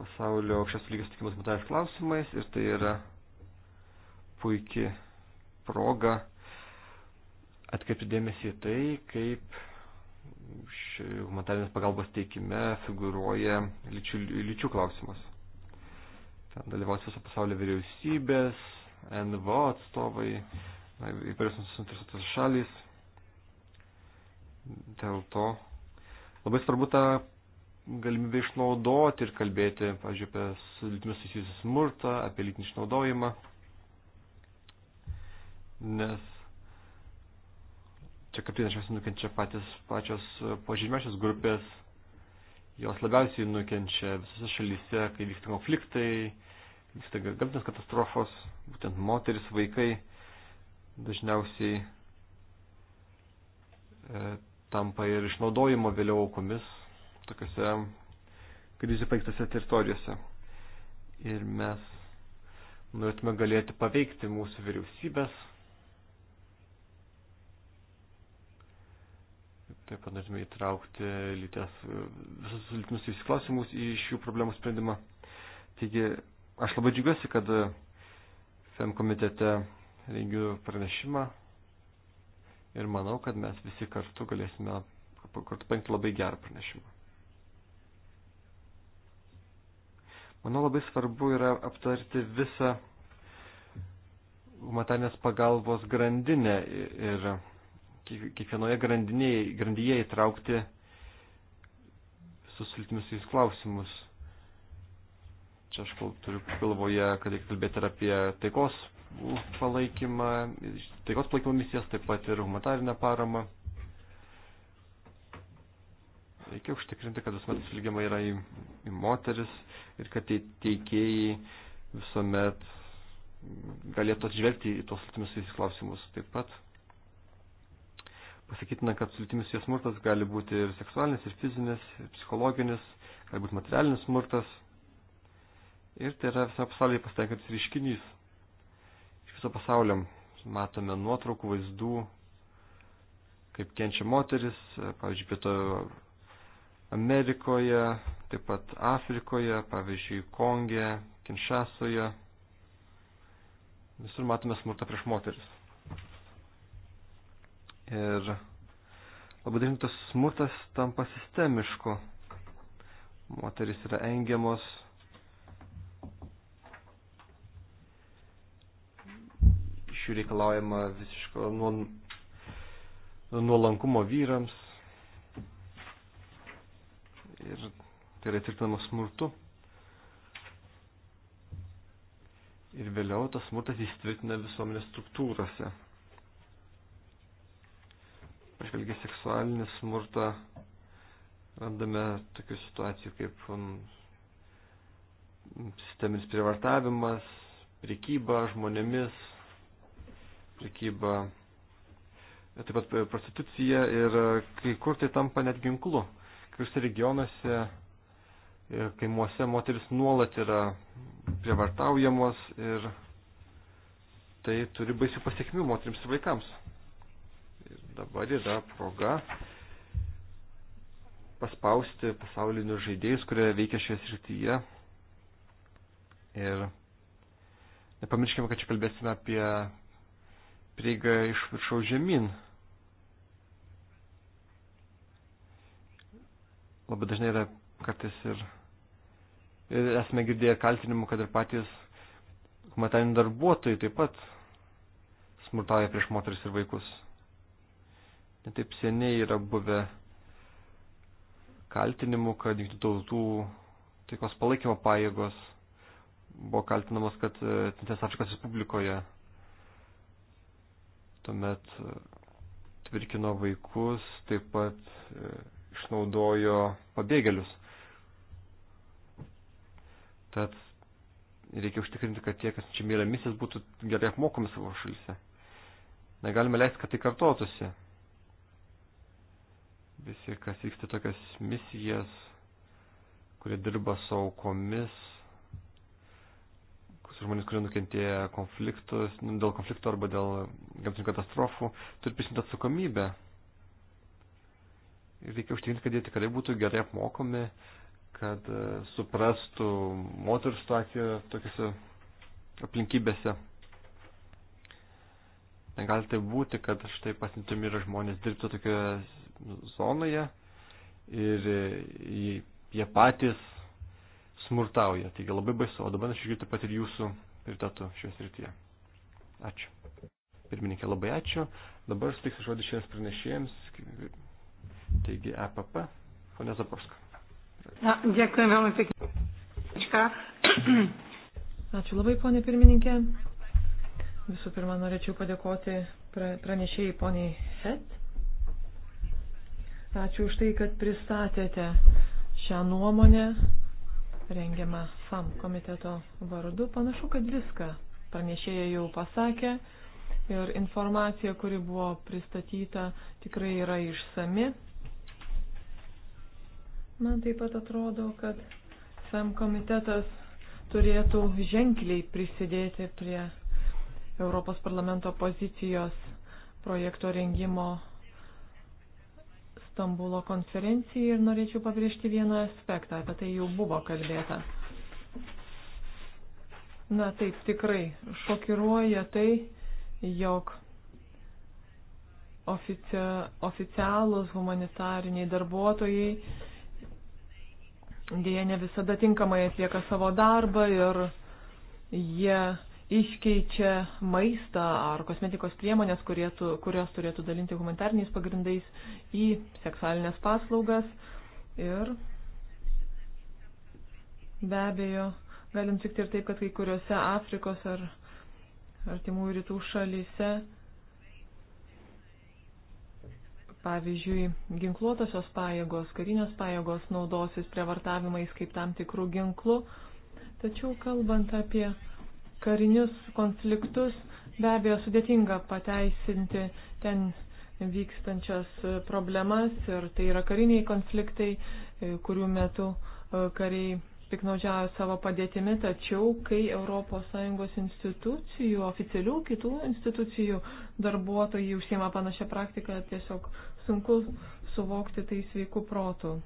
pasaulio aukščios lygos tikimas matavęs klausimais ir tai yra puikia proga atkreipti dėmesį į tai, kaip humanitarinės pagalbos teikime figuruoja lyčių, lyčių klausimas. Ten dalyvaus viso pasaulio vyriausybės, NVO atstovai, įvairios suinteresuotos šalys. Dėl to labai svarbu tą galimybę išnaudoti ir kalbėti, pavyzdžiui, apie su lytimi susijusią smurtą, apie lytinį išnaudojimą. Nes čia kaip dažniausiai nukenčia patys pačios pažymiausios grupės, jos labiausiai nukenčia visose šalyse, kai vyksta konfliktai, vyksta gamtinės katastrofos būtent moteris, vaikai dažniausiai e, tampa ir išnaudojimo vėliau aukomis tokiuose krizių paiktose teritorijose. Ir mes norėtume galėti paveikti mūsų vyriausybės. Taip pat norėtume įtraukti lytės, visus lytinius įsiklausimus į šių problemų sprendimą. Taigi, aš labai džiugiuosi, kad FEM komitete rengiu pranešimą ir manau, kad mes visi kartu galėsime kartu paimti labai gerą pranešimą. Manau, labai svarbu yra aptarti visą humanitarnės pagalbos grandinę ir kiekvienoje grandinėje, grandyje įtraukti susiltimus į klausimus. Čia aš turiu galvoje, kad reikia kalbėti ir apie taikos palaikymą, taikos palaikymo misijas, taip pat ir humanitarinę paramą. Reikia užtikrinti, kad visuomet atsilygiama yra į, į moteris ir kad teikėjai visuomet galėtų atžvelgti į tos lytimis visus klausimus. Taip pat pasakytina, kad lytimis jos smurtas gali būti ir seksualinis, ir fizinis, ir psichologinis, gali būti materialinis smurtas Ir tai yra viso pasaulyje pastaikantis ryškinys. Iš viso pasaulio matome nuotraukų, vaizdų, kaip kenčia moteris, pavyzdžiui, Pieto Amerikoje, taip pat Afrikoje, pavyzdžiui, Konge, Kinšasoje. Visur matome smurtą prieš moteris. Ir labai dažnai tas smurtas tampa sistemišku. Moteris yra engiamos, jų reikalaujama visiško nuolankumo vyrams ir tai yra tvirtinama smurtu. Ir vėliau tas smurtas įsitvirtina visuomenės struktūrose. Pažvelgia seksualinį smurtą, randame tokių situacijų kaip um, sisteminis privartavimas, prekyba žmonėmis, prekyba, taip pat prostitucija ir kai kur tai tampa net ginklu. Kai kuriuose regionuose ir kaimuose moteris nuolat yra prievartaujamos ir tai turi baisių pasiekmių moteriams ir vaikams. Ir dabar yra proga paspausti pasaulinius žaidėjus, kurie veikia šioje srityje. Ir nepamirškime, kad čia kalbėsime apie prieiga iš viršaus žemyn. Labai dažnai yra kartais ir, ir esame girdėję kaltinimų, kad ir patys humanitariniai darbuotojai taip pat smurtauja prieš moteris ir vaikus. Netaip seniai yra buvę kaltinimų, kad jungtinių tautų taikos palaikymo pajėgos buvo kaltinamos, kad Centrinės Afrikos Respublikoje tuomet e, tvirkino vaikus, taip pat e, išnaudojo pabėgėlius. Tad reikia užtikrinti, kad tie, kas čia mėlė misijas, būtų gerai apmokomi savo šalyse. Negalime leisti, kad tai kartotųsi. Visi, kas vyksta tokias misijas, kurie dirba su aukomis, žmonės, kurie nukentėjo konfliktus, dėl konflikto arba dėl gamtinių katastrofų, turi prisimti atsakomybę. Ir reikia užtikrinti, kad jie tikrai būtų gerai apmokomi, kad e, suprastų moterų situaciją tokiuose aplinkybėse. Negali tai būti, kad štai pasintumi yra žmonės dirbti tokioje zonoje ir e, jie patys smurtauja. Taigi labai baisu. O dabar aš išgirti pat ir jūsų prioritetų šioje srityje. Ačiū. Pirmininkė, labai ačiū. Dabar sutiksiu žodį šiems pranešėjams. Taigi, EPP, ponė Zaborska. Ja, dėkui, vėlai, pėkišką. Ačiū labai, ponė pirmininkė. Visų pirma, norėčiau padėkoti pranešėjai poniai Het. Ačiū už tai, kad pristatėte šią nuomonę rengiama FAM komiteto vardu. Panašu, kad viską pranešėja jau pasakė ir informacija, kuri buvo pristatyta, tikrai yra išsami. Man taip pat atrodo, kad FAM komitetas turėtų ženkliai prisidėti prie Europos parlamento pozicijos projekto rengimo Stambulo konferencijai ir norėčiau pabrėžti vieną aspektą, apie tai jau buvo kalbėta. Na taip, tikrai šokiruoja tai, jog ofici oficialūs humanitariniai darbuotojai dėja ne visada tinkamai atlieka savo darbą ir jie iškeičia maistą ar kosmetikos priemonės, tu, kurios turėtų dalinti humanitarniais pagrindais į seksualinės paslaugas. Ir be abejo, galim tikti ir taip, kad kai kuriuose Afrikos ar artimųjų rytų šalyse, pavyzdžiui, ginkluotosios pajėgos, karinės pajėgos naudosis prievartavimais kaip tam tikrų ginklų. Tačiau kalbant apie karinius konfliktus be abejo sudėtinga pateisinti ten vykstančias e, problemas ir tai yra kariniai konfliktai, e, kurių metu e, kariai piknaudžiavo savo padėtimi, tačiau kai ES institucijų, oficialių kitų institucijų darbuotojai užsiema panašią praktiką, tiesiog sunku suvokti tai sveikų protų.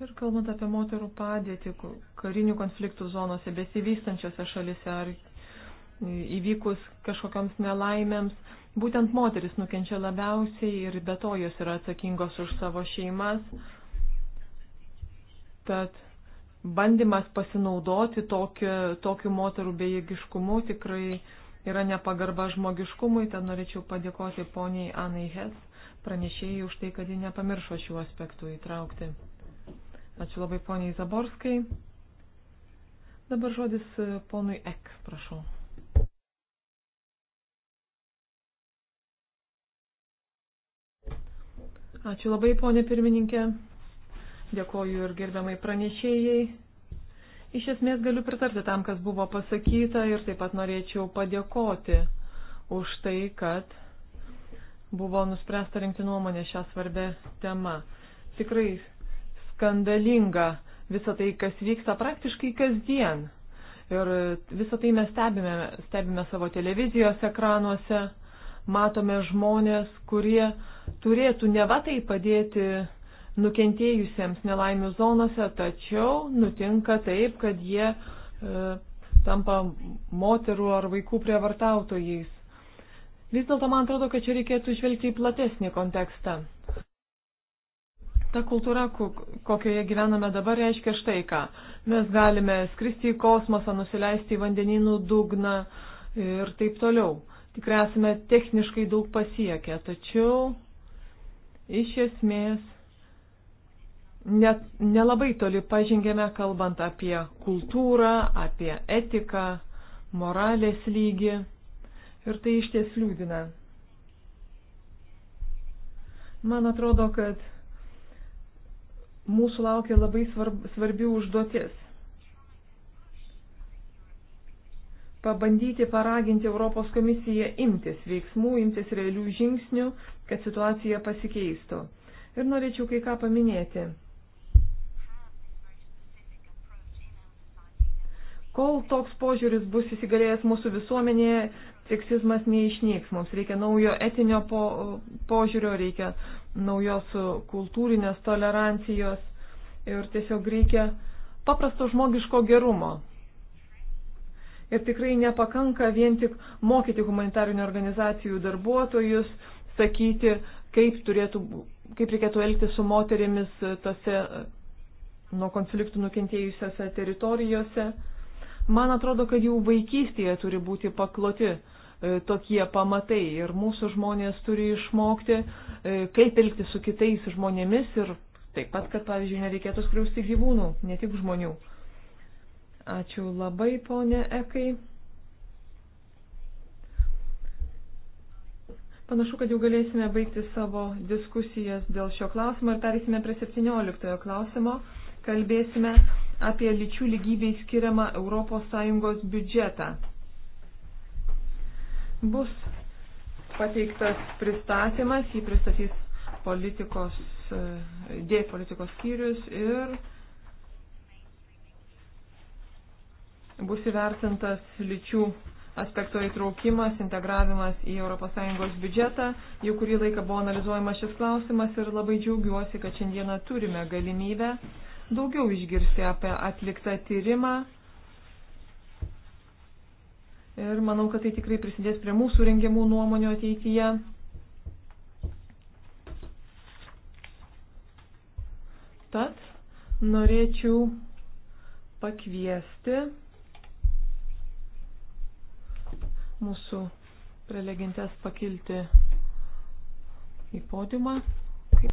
Ir kalbant apie moterų padėtį karinių konfliktų zonose, besivystančiose šalise ar įvykus kažkokiams nelaimėms, būtent moteris nukenčia labiausiai ir be to jos yra atsakingos už savo šeimas. Tad bandymas pasinaudoti tokiu, tokiu moterų bejėgiškumu tikrai yra nepagarba žmogiškumui. Tad norėčiau padėkoti poniai Anai Hes pranešėjai už tai, kad ji nepamiršo šių aspektų įtraukti. Ačiū labai poniai Zaborskai. Dabar žodis e, ponui Ek, prašau. Ačiū labai, ponė pirmininkė. Dėkoju ir gerbiamai pranešėjai. Iš esmės galiu pritarti tam, kas buvo pasakyta ir taip pat norėčiau padėkoti už tai, kad buvo nuspręsta rinkti nuomonę šią svarbę temą. Tikrai skandalinga visą tai, kas vyksta praktiškai kasdien. Ir visą tai mes stebime, stebime savo televizijos ekranuose, matome žmonės, kurie turėtų neva tai padėti nukentėjusiems nelaimių zonose, tačiau nutinka taip, kad jie e, tampa moterų ar vaikų prievartautojais. Vis dėlto man atrodo, kad čia reikėtų žvelgti į platesnį kontekstą. Ta kultūra, kokioje gyvename dabar, reiškia štai ką. Mes galime skristi į kosmosą, nusileisti į vandeninų dugną ir taip toliau. Tikrai esame techniškai daug pasiekę, tačiau iš esmės net, nelabai toli pažengėme, kalbant apie kultūrą, apie etiką, moralės lygį. Ir tai iš ties liūdina. Man atrodo, kad mūsų laukia labai svarb, svarbi užduotis. Pabandyti paraginti Europos komisiją imtis veiksmų, imtis realių žingsnių, kad situacija pasikeistų. Ir norėčiau kai ką paminėti. Kol toks požiūris bus įsigalėjęs mūsų visuomenėje, seksizmas neišnyks. Mums reikia naujo etinio po, požiūrio, reikia naujos kultūrinės tolerancijos ir tiesiog reikia paprasto žmogiško gerumo. Ir tikrai nepakanka vien tik mokyti humanitarinių organizacijų darbuotojus, sakyti, kaip, turėtų, kaip reikėtų elgtis su moterimis tose nuo konfliktų nukentėjusiose teritorijose. Man atrodo, kad jau vaikystėje turi būti pakloti E, tokie pamatai ir mūsų žmonės turi išmokti, e, kaip elgti su kitais žmonėmis ir taip pat, kad, pavyzdžiui, nereikėtų skriausti gyvūnų, ne tik žmonių. Ačiū labai, ponė Ekai. Panašu, kad jau galėsime baigti savo diskusijas dėl šio klausimo ir perėsime prie 17 klausimo. Kalbėsime apie lyčių lygybei skiriamą ES biudžetą bus pateiktas pristatymas, jį pristatys politikos, e, dėj politikos skyrius ir bus įvertintas lyčių aspekto įtraukimas, integravimas į ES biudžetą. Jau kurį laiką buvo analizuojamas šis klausimas ir labai džiaugiuosi, kad šiandieną turime galimybę daugiau išgirsti apie atliktą tyrimą ir manau, kad tai tikrai prisidės prie mūsų rengiamų nuomonių ateityje. Tad norėčiau pakviesti mūsų prelegentes pakilti į podiumą. Kaip...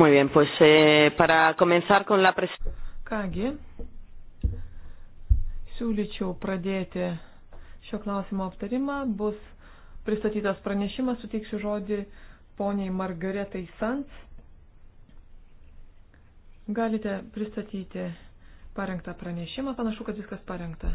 Muy bien, pues eh, para comenzar con la presentación. Kągi, siūlyčiau pradėti šio klausimo aptarimą. Bus pristatytas pranešimas, suteiksiu žodį poniai Margaretai Sans. Galite pristatyti parengtą pranešimą, panašu, kad viskas parengta.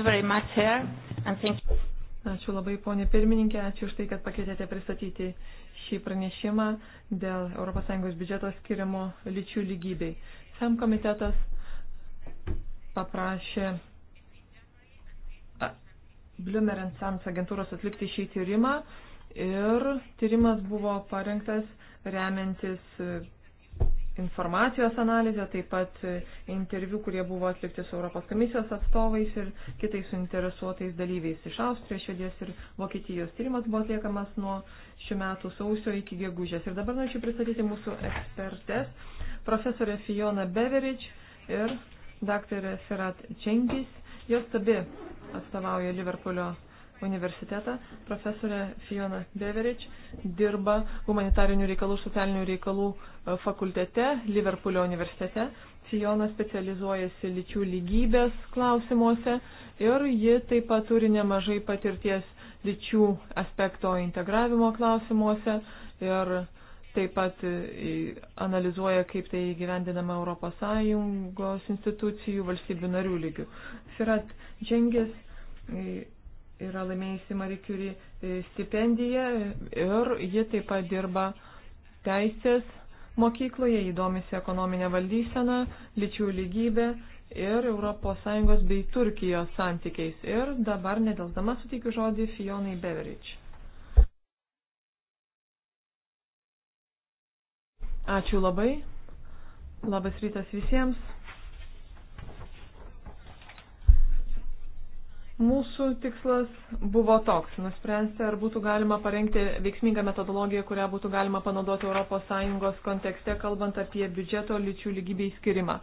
much, sir, ačiū labai, ponė pirmininkė, ačiū už tai, kad pakvietėte pristatyti šį pranešimą dėl ES biudžeto skiriamo lyčių lygybei. SEM komitetas paprašė Bloomer Sons agentūros atlikti šį tyrimą ir tyrimas buvo parengtas remiantis informacijos analizę, taip pat e, interviu, kurie buvo atlikti su Europos komisijos atstovais ir kitais suinteresuotais dalyviais iš Austrijos, Švedijos ir Vokietijos. Tyrimas buvo atliekamas nuo šių metų sausio iki gegužės. Ir dabar norėčiau pristatyti mūsų ekspertes, profesorę Fiona Beveridge ir daktarę Serat Čengis. Jos abi atstovauja Liverpoolio universitetą. Profesorė Fiona Beverič dirba humanitarinių reikalų, socialinių reikalų e, fakultete Liverpoolio universitete. Fiona specializuojasi lyčių lygybės klausimuose ir ji taip pat turi nemažai patirties lyčių aspekto integravimo klausimuose ir taip pat e, analizuoja, kaip tai įgyvendinama ES institucijų valstybių narių lygių. Firat Džengis e, yra laimėjusi Marie Curie e, stipendiją ir ji taip pat dirba teisės mokykloje, įdomisi ekonominė valdysena, lyčių lygybė ir ES bei Turkijos santykiais. Ir dabar nedelsdama suteikiu žodį Fionai Beverič. Ačiū labai. Labas rytas visiems. Mūsų tikslas buvo toks - nuspręsti, ar būtų galima parengti veiksmingą metodologiją, kurią būtų galima panaudoti ES kontekste, kalbant apie biudžeto lyčių lygybę įskirimą.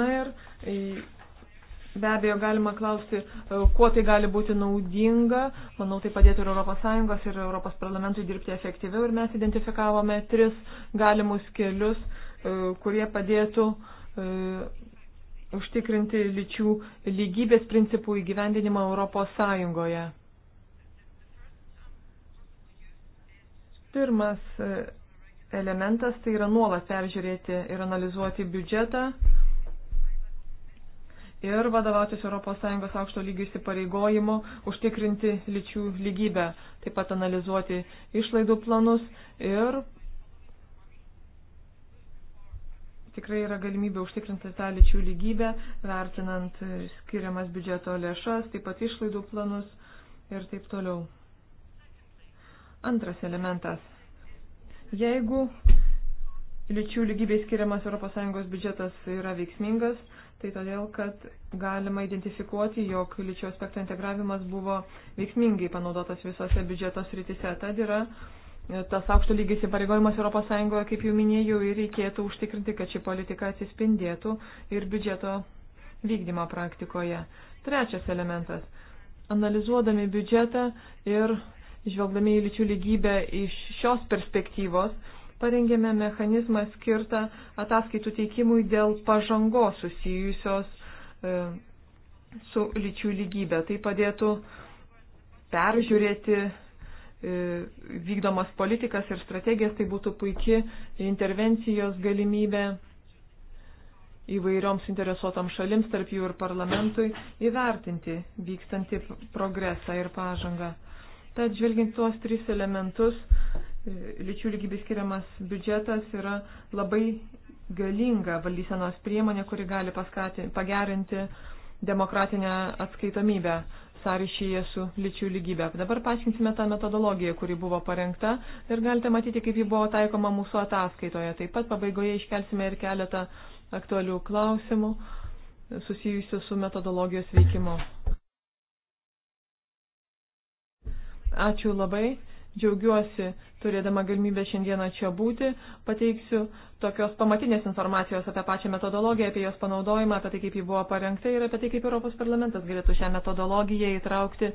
Na ir e, be abejo galima klausti, e, kuo tai gali būti naudinga. Manau, tai padėtų ir ES, ir ES parlamentui dirbti efektyviau. Ir mes identifikavome tris galimus kelius, e, kurie padėtų užtikrinti lyčių lygybės principų įgyvendinimą Europos Sąjungoje. Pirmas e, elementas tai yra nuolat peržiūrėti ir analizuoti biudžetą ir vadovautis ES aukšto lygio įsipareigojimo užtikrinti lyčių lygybę, taip pat analizuoti išlaidų planus ir tikrai yra galimybė užtikrinti tą lyčių lygybę, vertinant skiriamas biudžeto lėšas, taip pat išlaidų planus ir taip toliau. Antras elementas. Jeigu lyčių lygybei skiriamas ES biudžetas yra veiksmingas, tai todėl, kad galima identifikuoti, jog lyčių aspekto integravimas buvo veiksmingai panaudotas visose biudžeto srityse. Tad yra uh, tas aukšto lygio įsipareigojimas ES, kaip jau minėjau, ir reikėtų užtikrinti, kad ši politika atsispindėtų ir biudžeto vykdymo praktikoje. Trečias elementas. Analizuodami biudžetą ir žvelgdami į lyčių lygybę iš šios perspektyvos, parengėme mechanizmą skirtą ataskaitų teikimui dėl pažangos susijusios e, su lyčių lygybė. Tai padėtų peržiūrėti E, vykdomas politikas ir strategijas, tai būtų puikia intervencijos galimybė įvairioms interesuotam šalims, tarp jų ir parlamentui, įvertinti vykstantį progresą ir pažangą. Tad žvelgiant tuos tris elementus, e, lyčių lygybės skiriamas biudžetas yra labai galinga valdysenos priemonė, kuri gali paskati, pagerinti demokratinę atskaitomybę sąryšyje su lyčių lygybė. Dabar paaiškinsime tą metodologiją, kuri buvo parengta ir galite matyti, kaip ji buvo taikoma mūsų ataskaitoje. Taip pat pabaigoje iškelsime ir keletą aktualių klausimų susijusių su metodologijos veikimu. Ačiū labai, džiaugiuosi turėdama galimybę šiandieną čia būti, pateiksiu tokios pamatinės informacijos apie pačią metodologiją, apie jos panaudojimą, apie tai, kaip ji buvo parengta ir apie tai, kaip Europos parlamentas galėtų šią metodologiją įtraukti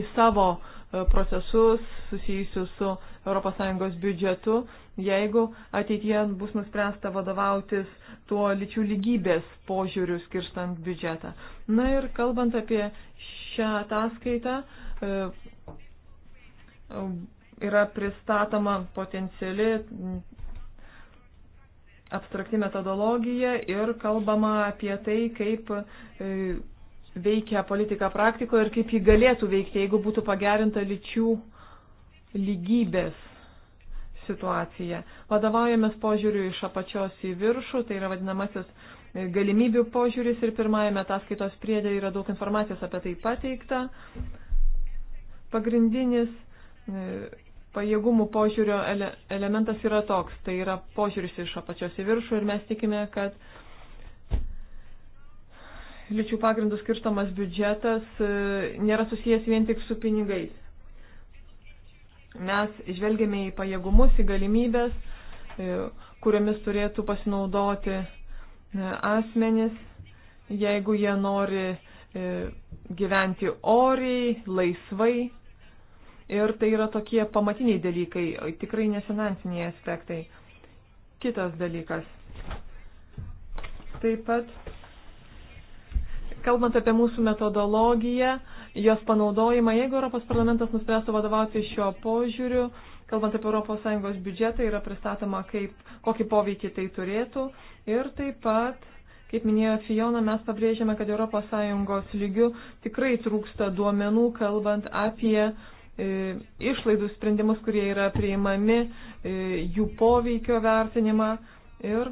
į savo e, procesus susijusius su ES biudžetu, jeigu ateityje bus nuspręsta vadovautis tuo lyčių lygybės požiūriu skirstant biudžetą. Na ir kalbant apie šią ataskaitą, e, yra pristatoma potenciali abstrakti metodologija ir kalbama apie tai, kaip e, veikia politika praktikoje ir kaip ji galėtų veikti, jeigu būtų pagerinta lyčių lygybės situacija. Vadovaujamės požiūriu iš apačios į viršų, tai yra vadinamasis e, galimybių požiūris ir pirmajame ataskaitos priedė yra daug informacijos apie tai pateikta. Pagrindinis e, pajėgumų požiūrio ele, elementas yra toks, tai yra požiūris iš apačios į viršų ir mes tikime, kad lyčių pagrindų skirstamas biudžetas e, nėra susijęs vien tik su pinigais. Mes žvelgiame į pajėgumus, į galimybės, e, kuriomis turėtų pasinaudoti e, asmenis, jeigu jie nori gyventi oriai, laisvai Ir tai yra tokie pamatiniai dalykai, tikrai nefinansiniai aspektai. Kitas dalykas. Taip pat, kalbant apie mūsų metodologiją, jos panaudojimą, jeigu Europos parlamentas nuspręstų vadovauti šiuo požiūriu, kalbant apie ES biudžetą, yra pristatoma, kaip, kokį poveikį tai turėtų. Ir taip pat Kaip minėjo Fiona, mes pabrėžiame, kad ES lygių tikrai trūksta duomenų, kalbant apie E, išlaidų sprendimus, kurie yra priimami, e, jų poveikio vertinimą ir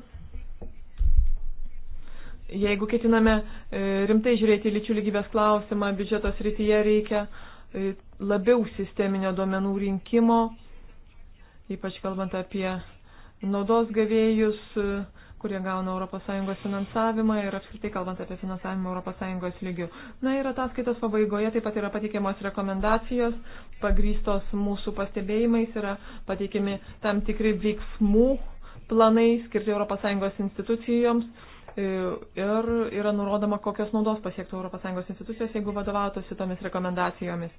jeigu ketiname e, rimtai žiūrėti lyčių lygybės klausimą, biudžetos rytyje reikia labiau sisteminio duomenų rinkimo, ypač kalbant apie naudos gavėjus, kurie gauna ES finansavimą ir apskritai kalbant apie finansavimą ES lygių. Na ir ataskaitos pabaigoje taip pat yra pateikiamos rekomendacijos, pagrystos mūsų pastebėjimais, yra pateikiami tam tikri veiksmų planai skirti ES institucijoms e, ir yra nurodoma, kokios naudos pasiektų ES institucijos, jeigu vadovautųsi tomis rekomendacijomis.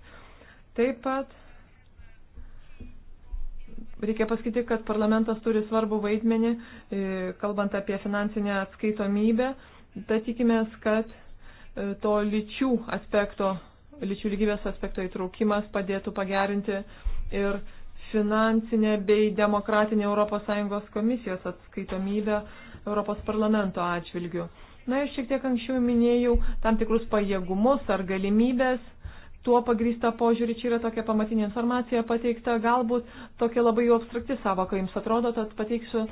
Taip pat Reikia pasakyti, kad parlamentas turi svarbų vaidmenį, e, kalbant apie finansinę atskaitomybę. Tad tikimės, kad e, to lyčių aspekto, lyčių lygybės aspekto įtraukimas padėtų pagerinti ir finansinę bei demokratinę ES komisijos atskaitomybę Europos parlamento atžvilgiu. Na ir šiek tiek anksčiau minėjau tam tikrus pajėgumus ar galimybės tuo pagrįsta požiūrį, čia yra tokia pamatinė informacija pateikta, galbūt tokia labai jau abstrakti savoka jums atrodo, tad pateiksiu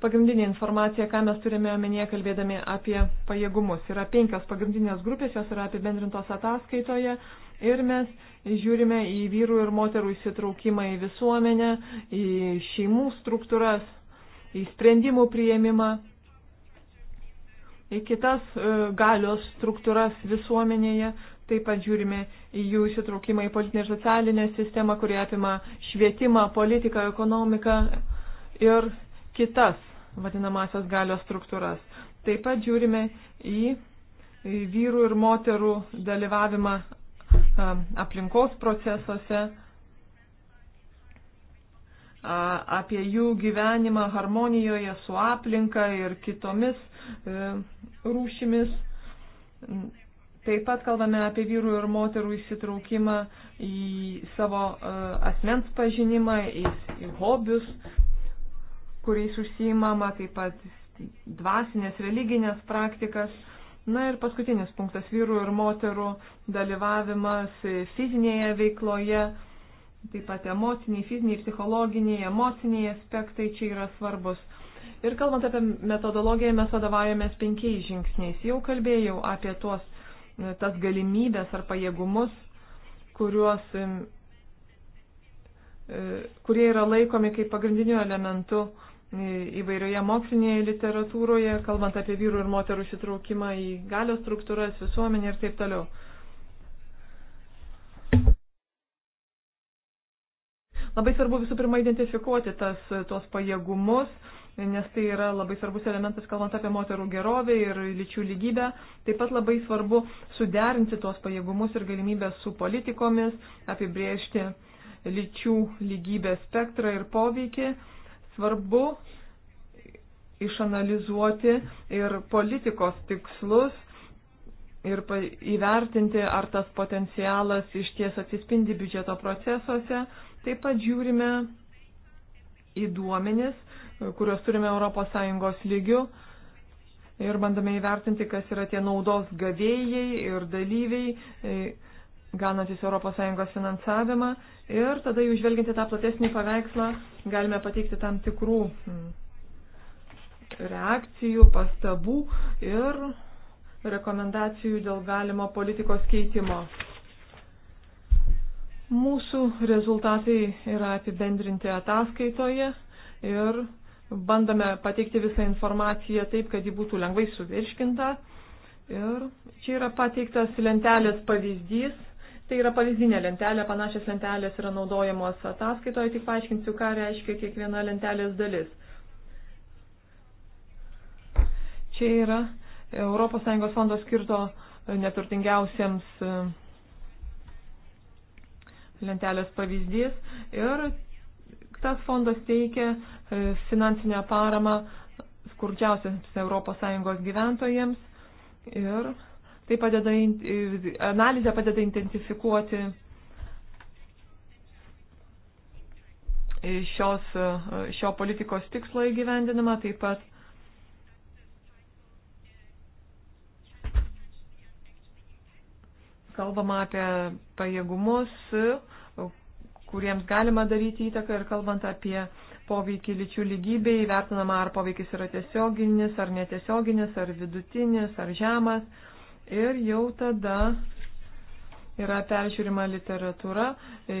pagrindinė informacija, ką mes turime omenyje kalbėdami apie pajėgumus. Yra penkios pagrindinės grupės, jos yra apibendrintos ataskaitoje ir mes žiūrime į vyrų ir moterų įsitraukimą į visuomenę, į šeimų struktūras, į sprendimų prieimimą, į kitas e, galios struktūras visuomenėje. Taip pat žiūrime į jų įsitraukimą į politinę ir socialinę sistemą, kurie apima švietimą, politiką, ekonomiką ir kitas vadinamasias galios struktūras. Taip pat žiūrime į vyrų ir moterų dalyvavimą aplinkos procesuose, apie jų gyvenimą harmonijoje su aplinka ir kitomis e, rūšimis. Taip pat kalbame apie vyrų ir moterų įsitraukimą į savo e, asmens pažinimą, į, į hobius, kuriais užsiimama, taip pat dvasinės, religinės praktikas. Na ir paskutinis punktas - vyrų ir moterų dalyvavimas fizinėje veikloje, taip pat emociniai, fiziniai, psichologiniai, emociniai aspektai čia yra svarbus. Ir kalbant apie metodologiją, mes vadovaujamės penkiais žingsniais. Jau kalbėjau apie tuos tas galimybės ar pajėgumus, kuriuos, e, kurie yra laikomi kaip pagrindiniu elementu e, įvairioje mokslinėje literatūroje, kalbant apie vyrų ir moterų įsitraukimą į galios struktūras, visuomenę ir taip toliau. Labai svarbu visų pirma identifikuoti tas, e, tuos pajėgumus, nes tai yra labai svarbus elementas, kalbant apie moterų gerovę ir lyčių lygybę. Taip pat labai svarbu suderinti tuos pajėgumus ir galimybės su politikomis, apibriežti lyčių lygybės spektrą ir poveikį. Svarbu išanalizuoti ir politikos tikslus ir įvertinti, ar tas potencialas iš ties atsispindi biudžeto procesuose. Taip pat žiūrime į duomenis kuriuos turime ES lygių ir bandome įvertinti, kas yra tie naudos gavėjai ir dalyviai, e, gaunantis ES finansavimą. Ir tada jau žvelginti tą platesnį paveikslą galime pateikti tam tikrų reakcijų, pastabų ir rekomendacijų dėl galimo politikos keitimo. Mūsų rezultatai yra apibendrinti ataskaitoje ir bandome pateikti visą informaciją taip, kad ji būtų lengvai suvirškinta. Ir čia yra pateiktas lentelės pavyzdys. Tai yra pavyzdinė lentelė, panašias lentelės yra naudojamos ataskaitoje, tik paaiškinsiu, ką reiškia kiekviena lentelės dalis. Čia yra ES fondo skirto neturtingiausiems e, lentelės pavyzdys ir Tas fondas teikia e, finansinę paramą skurdžiausiams ES gyventojams ir tai padeda, e, analizė padeda intensifikuoti šios, e, šio politikos tikslo įgyvendinimą, taip pat kalbama apie pajėgumus kuriems galima daryti įtaką ir kalbant apie poveikį lyčių lygybei, vertinama, ar poveikis yra tiesioginis, ar netiesioginis, ar vidutinis, ar žemas. Ir jau tada yra peržiūrima literatūra e,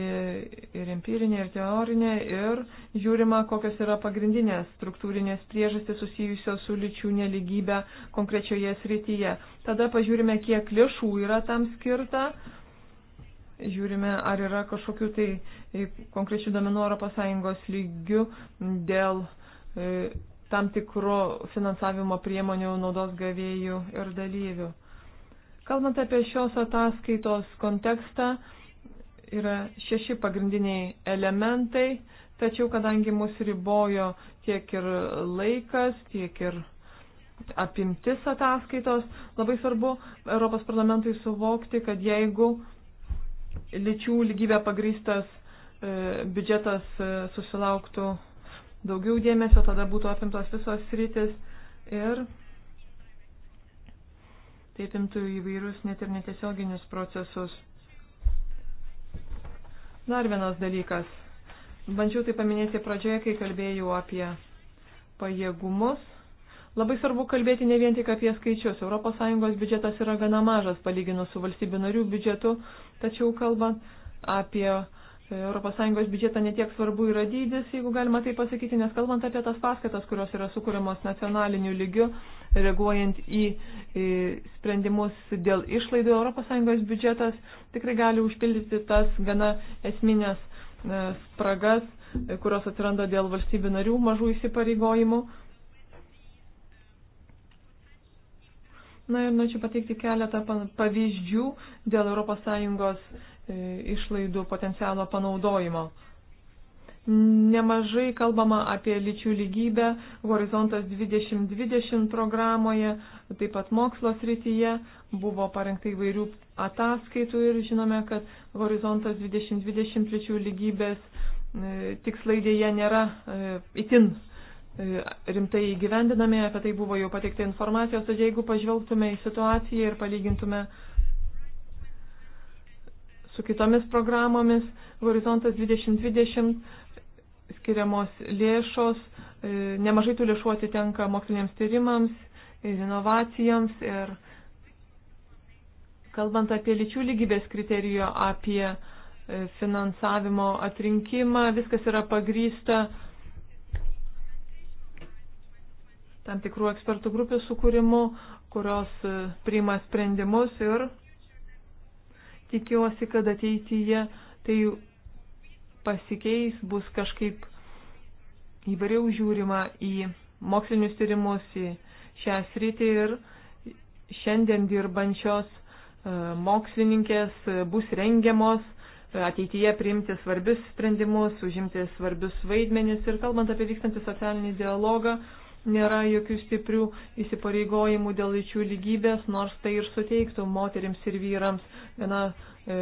ir empirinė, ir teorinė, ir žiūrima, kokios yra pagrindinės struktūrinės priežastys susijusios su lyčių neligybė konkrečioje srityje. Tada pažiūrime, kiek lėšų yra tam skirta žiūrime, ar yra kažkokių tai e, konkrečių domenų ES lygių dėl e, tam tikrų finansavimo priemonių naudos gavėjų ir dalyvių. Kalbant apie šios ataskaitos kontekstą, yra šeši pagrindiniai elementai, tačiau kadangi mus ribojo tiek ir laikas, tiek ir apimtis ataskaitos, labai svarbu Europos parlamentui suvokti, kad jeigu lyčių lygybė pagrįstas e, biudžetas e, susilauktų daugiau dėmesio, tada būtų apimtos visos sritis ir tai apimtų įvairius net ir netiesioginius procesus. Dar vienas dalykas. Bandžiau tai paminėti pradžioje, kai kalbėjau apie pajėgumus Labai svarbu kalbėti ne vien tik apie skaičius. ES biudžetas yra gana mažas palyginus su valstybių narių biudžetu, tačiau kalbant apie ES biudžetą netiek svarbu yra dydis, jeigu galima tai pasakyti, nes kalbant apie tas paskatas, kurios yra sukūriamos nacionaliniu lygiu, reaguojant į, į sprendimus dėl išlaidų, ES biudžetas tikrai gali užpildyti tas gana esminės e, spragas, kurios atsiranda dėl valstybių narių mažų įsipareigojimų. Na ir norėčiau pateikti keletą pavyzdžių dėl ES e, išlaidų potencialo panaudojimo. Nemažai kalbama apie lyčių lygybę Horizontas 2020 programoje, taip pat mokslo srityje buvo parengta įvairių ataskaitų ir žinome, kad Horizontas 2020 lyčių lygybės e, tikslai dėje nėra e, itin E, rimtai įgyvendinami, apie tai buvo jau pateikta informacijos, tad jeigu pažvelgtume į situaciją ir palygintume su kitomis programomis, Horizontas 2020 skiriamos lėšos, e, nemažai tų lėšų atitenka moksliniams tyrimams ir inovacijams ir kalbant apie lyčių lygybės kriterijo, apie e, finansavimo atrinkimą, viskas yra pagrysta tam tikrų ekspertų grupių sukūrimu, kurios e, priima sprendimus ir tikiuosi, kad ateityje tai pasikeis, bus kažkaip įvairiau žiūrima į mokslinius tyrimus, į šią sritį ir šiandien dirbančios e, mokslininkės e, bus rengiamos ateityje priimti svarbius sprendimus, užimti svarbius vaidmenis ir kalbant apie vykstantį socialinį dialogą, nėra jokių stiprių įsipareigojimų dėl lyčių lygybės, nors tai ir suteiktų moteriams ir vyrams vieną e,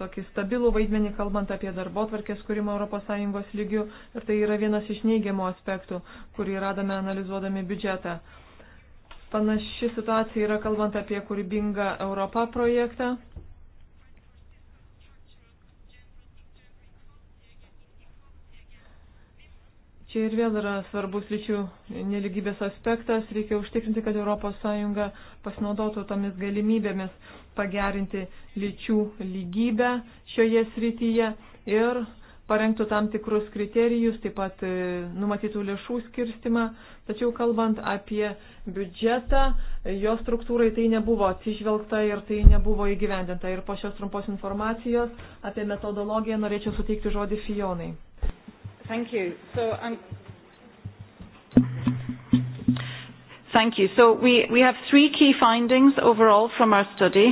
tokį stabilų vaidmenį, kalbant apie darbo tvarkės kūrimą ES lygių. Ir tai yra vienas iš neigiamų aspektų, kurį radome analizuodami biudžetą. Panaši situacija yra kalbant apie kūrybingą Europą projektą. Čia ir vėl yra svarbus lyčių neligybės aspektas. Reikia užtikrinti, kad ES pasinaudotų tomis galimybėmis pagerinti lyčių lygybę šioje srityje ir parengtų tam tikrus kriterijus, taip pat e, numatytų lėšų skirstimą. Tačiau kalbant apie biudžetą, jo struktūrai tai nebuvo atsižvelgta ir tai nebuvo įgyvendinta. Ir po šios trumpos informacijos apie metodologiją norėčiau suteikti žodį Fijonai. Thank you. So I'm um, Thank you. So we, we have three key findings overall from our study.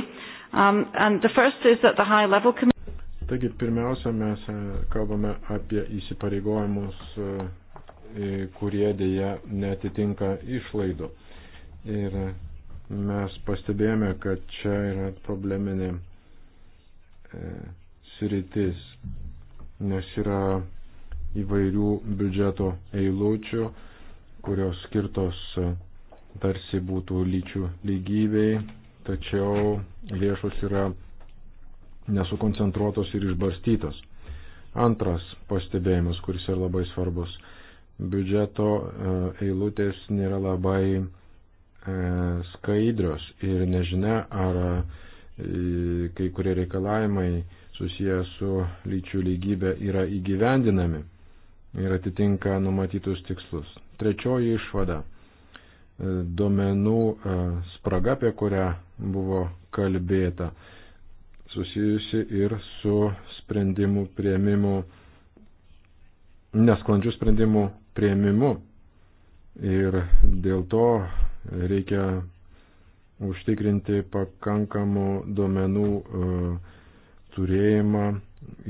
Um, and the first is that the high level committee. Taigi pirmiausia, mes e, kalbame apie įsipareigojimus, e, e, kurie dėja netitinka išlaidų. Ir mes pastebėjome, kad čia yra probleminė sritis, nes yra įvairių biudžeto eilučių, kurios skirtos e, tarsi būtų lyčių lygybei, tačiau lėšos yra nesukoncentruotos ir išbarstytos. Antras pastebėjimas, kuris yra labai svarbus. Biudžeto e, eilutės nėra labai e, skaidrios ir nežinia, ar kai kurie reikalavimai susiję su lyčių lygybė yra įgyvendinami ir atitinka numatytus tikslus. Trečioji išvada e, - duomenų e, spraga, apie kurią buvo kalbėta, susijusi ir su sprendimų prieimimu, nesklandžių sprendimų prieimimu. Ir dėl to reikia užtikrinti pakankamų duomenų e, turėjimą,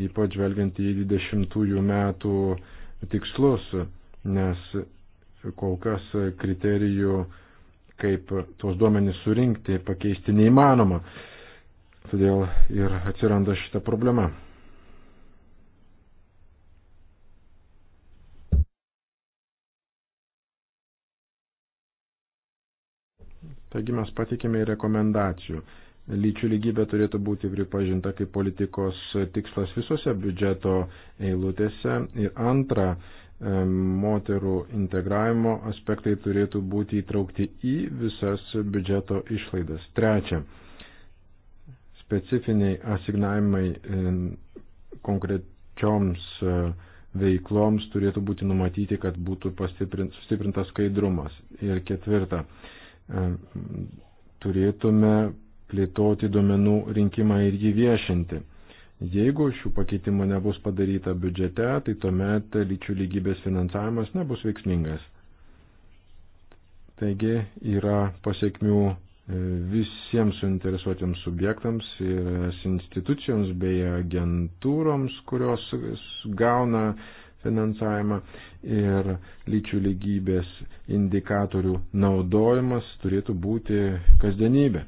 ypač žvelgiant į 20 metų tikslus, nes kol kas kriterijų, kaip tuos duomenys surinkti, pakeisti neįmanoma. Todėl ir atsiranda šita problema. Taigi mes patikėme rekomendacijų lyčių lygybė turėtų būti pripažinta kaip politikos tikslas visose biudžeto eilutėse. Ir antra, moterų integravimo aspektai turėtų būti įtraukti į visas biudžeto išlaidas. Trečia, specifiniai asignavimai konkrečioms e, veikloms turėtų būti numatyti, kad būtų sustiprintas skaidrumas. Ir ketvirta, turėtume plėtoti duomenų rinkimą ir jį viešinti. Jeigu šių pakeitimų nebus padaryta biudžete, tai tuomet lyčių lygybės finansavimas nebus veiksmingas. Taigi yra pasiekmių e, visiems suinteresuotiems subjektams ir institucijoms bei agentūroms, kurios gauna finansavimą ir lyčių lygybės indikatorių naudojimas turėtų būti kasdienybė.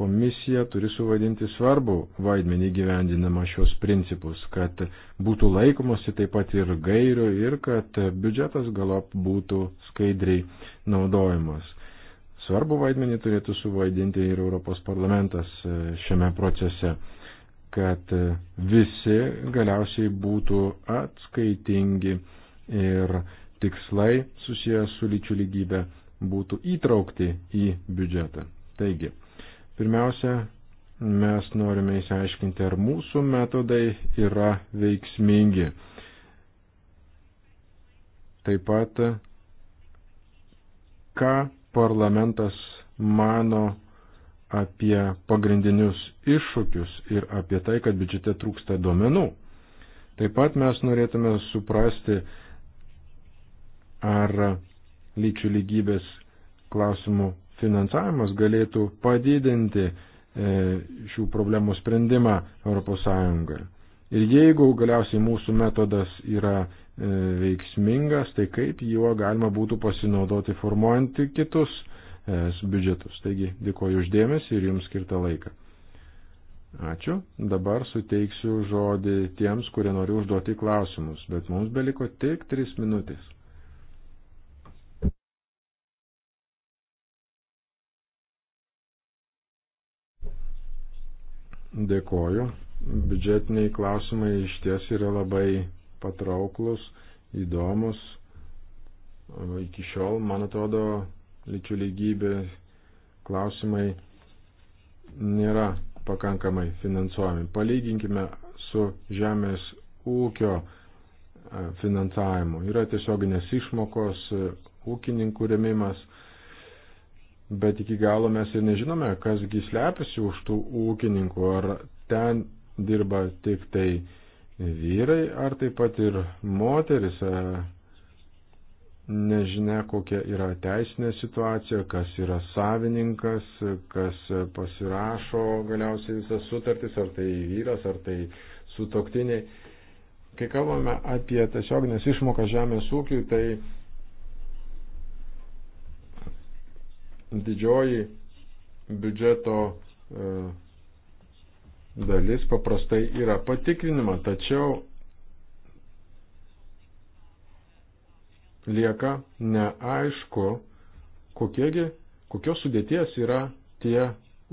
Komisija turi suvaidinti svarbu vaidmenį gyvendinama šios principus, kad būtų laikomosi taip pat ir gairių ir kad biudžetas galop būtų skaidriai naudojamas. Svarbu vaidmenį turėtų suvaidinti ir Europos parlamentas e, šiame procese kad e, visi galiausiai būtų atskaitingi ir tikslai susijęs su lyčių lygybė būtų įtraukti į biudžetą. Taigi, Pirmiausia, mes norime įsiaiškinti, ar mūsų metodai yra veiksmingi. Taip pat, ką parlamentas mano apie pagrindinius iššūkius ir apie tai, kad biudžete trūksta duomenų. Taip pat mes norėtume suprasti, ar lyčių lygybės klausimų finansavimas galėtų padidinti e, šių problemų sprendimą ES. Ir jeigu galiausiai mūsų metodas yra e, veiksmingas, tai kaip juo galima būtų pasinaudoti formuojant kitus e, biudžetus. Taigi dėkoju uždėmesi ir jums skirtą laiką. Ačiū. Dabar suteiksiu žodį tiems, kurie nori užduoti klausimus, bet mums beliko tik tris minutės. Dėkoju. Biudžetiniai klausimai iš ties yra labai patrauklus, įdomus. Iki šiol, man atrodo, lyčių lygybė klausimai nėra pakankamai finansuojami. Palyginkime su žemės ūkio e, finansavimu. Yra tiesioginės išmokos, e, ūkininkų remimas, bet iki galo mes ir nežinome, kasgi slepiasi už tų ūkininkų, ar ten dirba tik tai vyrai, ar taip pat ir moteris, e, nežinia kokia yra teisinė situacija, kas yra savininkas, kas pasirašo galiausiai visas sutartis, ar tai vyras, ar tai sutoktiniai. Kai kalbame apie tiesioginės išmokas žemės ūkiui, tai Didžioji biudžeto e, dalis paprastai yra patikrinima, tačiau lieka neaišku, kokiegi, kokios sudėties yra tie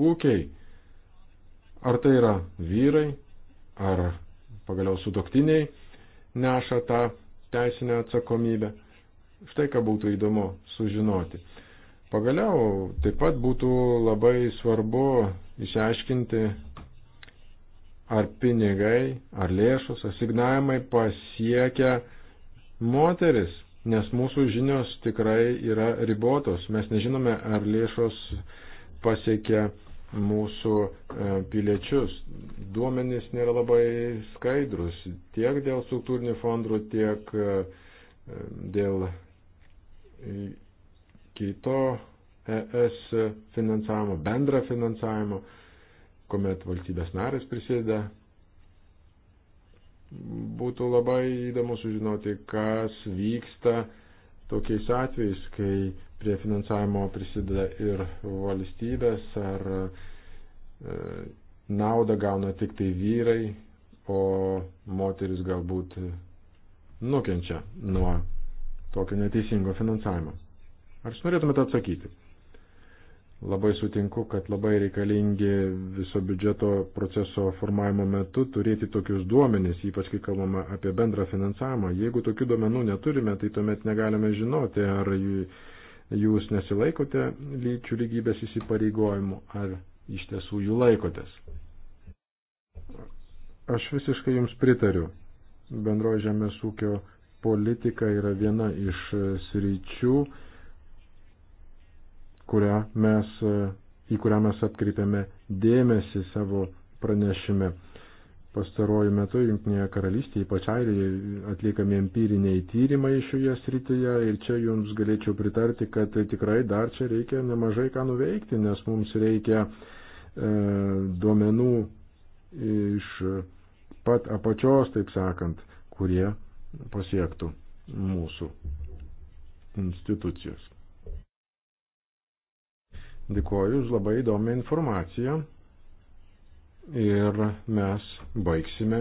ūkiai. Ar tai yra vyrai, ar pagaliau sudoktiniai neša tą teisinę atsakomybę. Štai ką būtų įdomu sužinoti. Pagaliau taip pat būtų labai svarbu išaiškinti, ar pinigai, ar lėšos, asignavimai pasiekia moteris, nes mūsų žinios tikrai yra ribotos. Mes nežinome, ar lėšos pasiekia mūsų e, piliečius. Duomenys nėra labai skaidrus tiek dėl struktūrinių fondų, tiek e, dėl kito ES finansavimo, bendrą finansavimo, kuomet valstybės narės prisėda. Būtų labai įdomu sužinoti, kas vyksta tokiais atvejais, kai prie finansavimo prisideda ir valstybės, ar e, naudą gauna tik tai vyrai, o moteris galbūt nukenčia nuo tokio neteisingo finansavimo. Ar jūs norėtumėte atsakyti? Labai sutinku, kad labai reikalingi viso biudžeto proceso formavimo metu turėti tokius duomenis, ypač kai kalbama apie bendrą finansavimą. Jeigu tokių duomenų neturime, tai tuomet negalime žinoti, ar jūs nesilaikote lyčių lygybės įsipareigojimų, ar iš tiesų jų laikotės. Aš visiškai jums pritariu. Bendroji žemės ūkio politika yra viena iš sričių, kurią mes, e, į kurią mes atkreipiame dėmesį savo pranešime. Pastaruoju metu Junktinėje karalystėje, ypač Airijoje, atliekami empiriniai tyrimai šioje srityje ir čia jums galėčiau pritarti, kad tikrai dar čia reikia nemažai ką nuveikti, nes mums reikia e, duomenų iš pat apačios, taip sakant, kurie pasiektų mūsų institucijos. Dėkuoju už labai įdomią informaciją ir mes baigsime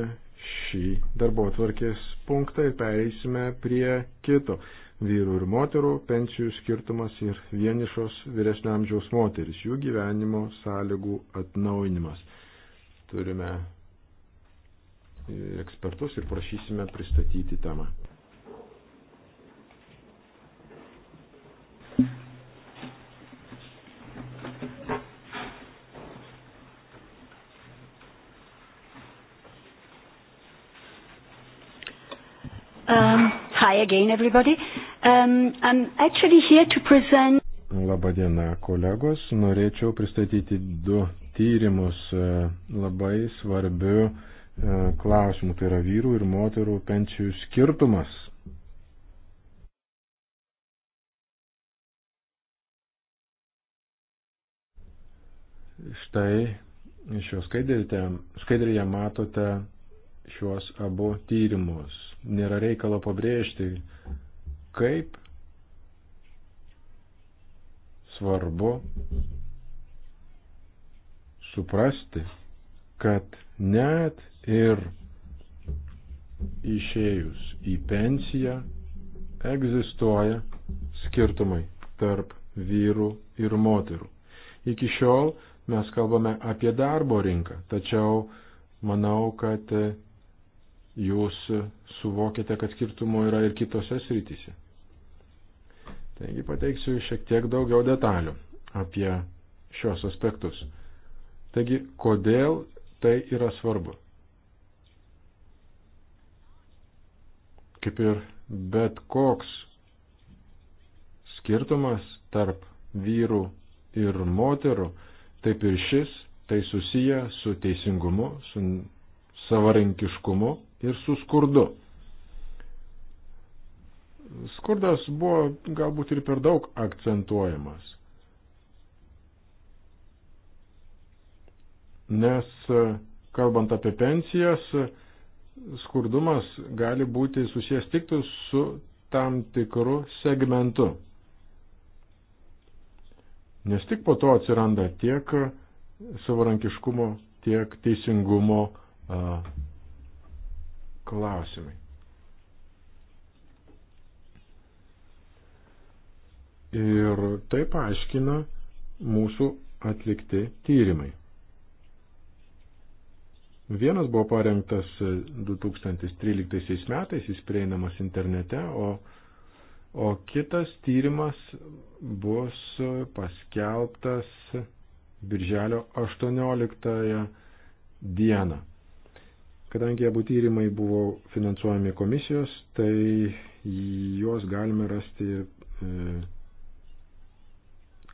šį darbo atvarkės punktą ir pereisime prie kito. Vyrų ir moterų pensijų skirtumas ir vienišos vyresnio amžiaus moteris, jų gyvenimo sąlygų atnaujinimas. Turime ekspertus ir prašysime pristatyti temą. Um, hi again, everybody. Um, I'm actually here to present. Labadiena, kolegos. Norėčiau pristatyti du tyrimus e, labai svarbių e, klausimų. Tai yra vyrų ir moterų pensijų skirtumas. Štai šio skaidrėje matote šiuos abu tyrimus nėra reikalo pabrėžti, kaip svarbu suprasti, kad net ir išėjus į pensiją egzistuoja skirtumai tarp vyrų ir moterų. Iki šiol mes kalbame apie darbo rinką, tačiau manau, kad jūs suvokite, kad skirtumų yra ir kitose srityse. Taigi pateiksiu šiek tiek daugiau detalių apie šios aspektus. Taigi, kodėl tai yra svarbu? Kaip ir bet koks skirtumas tarp vyrų ir moterų, taip ir šis, tai susiję su teisingumu, su savarankiškumu ir su skurdu. Skurdas buvo galbūt ir per daug akcentuojamas, nes e, kalbant apie pensijas, skurdumas gali būti susijęs tik su tam tikru segmentu. Nes tik po to atsiranda tiek savarankiškumo, tiek teisingumo klausimai. Ir tai paaiškina mūsų atlikti tyrimai. Vienas buvo parengtas 2013 metais, jis prieinamas internete, o, o kitas tyrimas bus paskelbtas Birželio 18 dieną. Kadangi abu tyrimai buvo finansuojami komisijos, tai juos galime rasti e,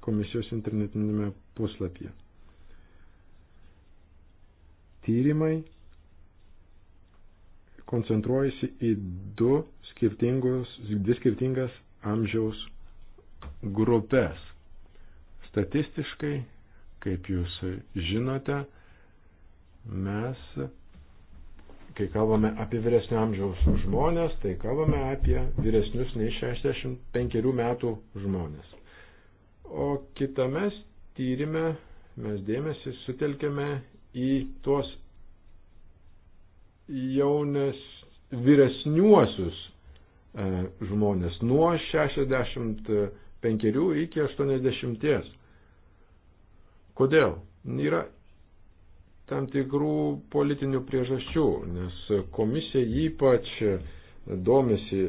komisijos internetinėme puslapyje. Tyrimai koncentruojasi į du skirtingus, dvi skirtingas amžiaus grupės. Statistiškai, kaip jūs žinote, mes kai kalbame apie vyresnio amžiaus žmonės, tai kalbame apie vyresnius nei 65 metų žmonės. O kitame tyrimė mes dėmesį sutelkėme į tuos jaunes vyresniuosius e, žmonės nuo 65 iki 80. Kodėl? Yra tam tikrų politinių priežasčių, nes komisija ypač domisi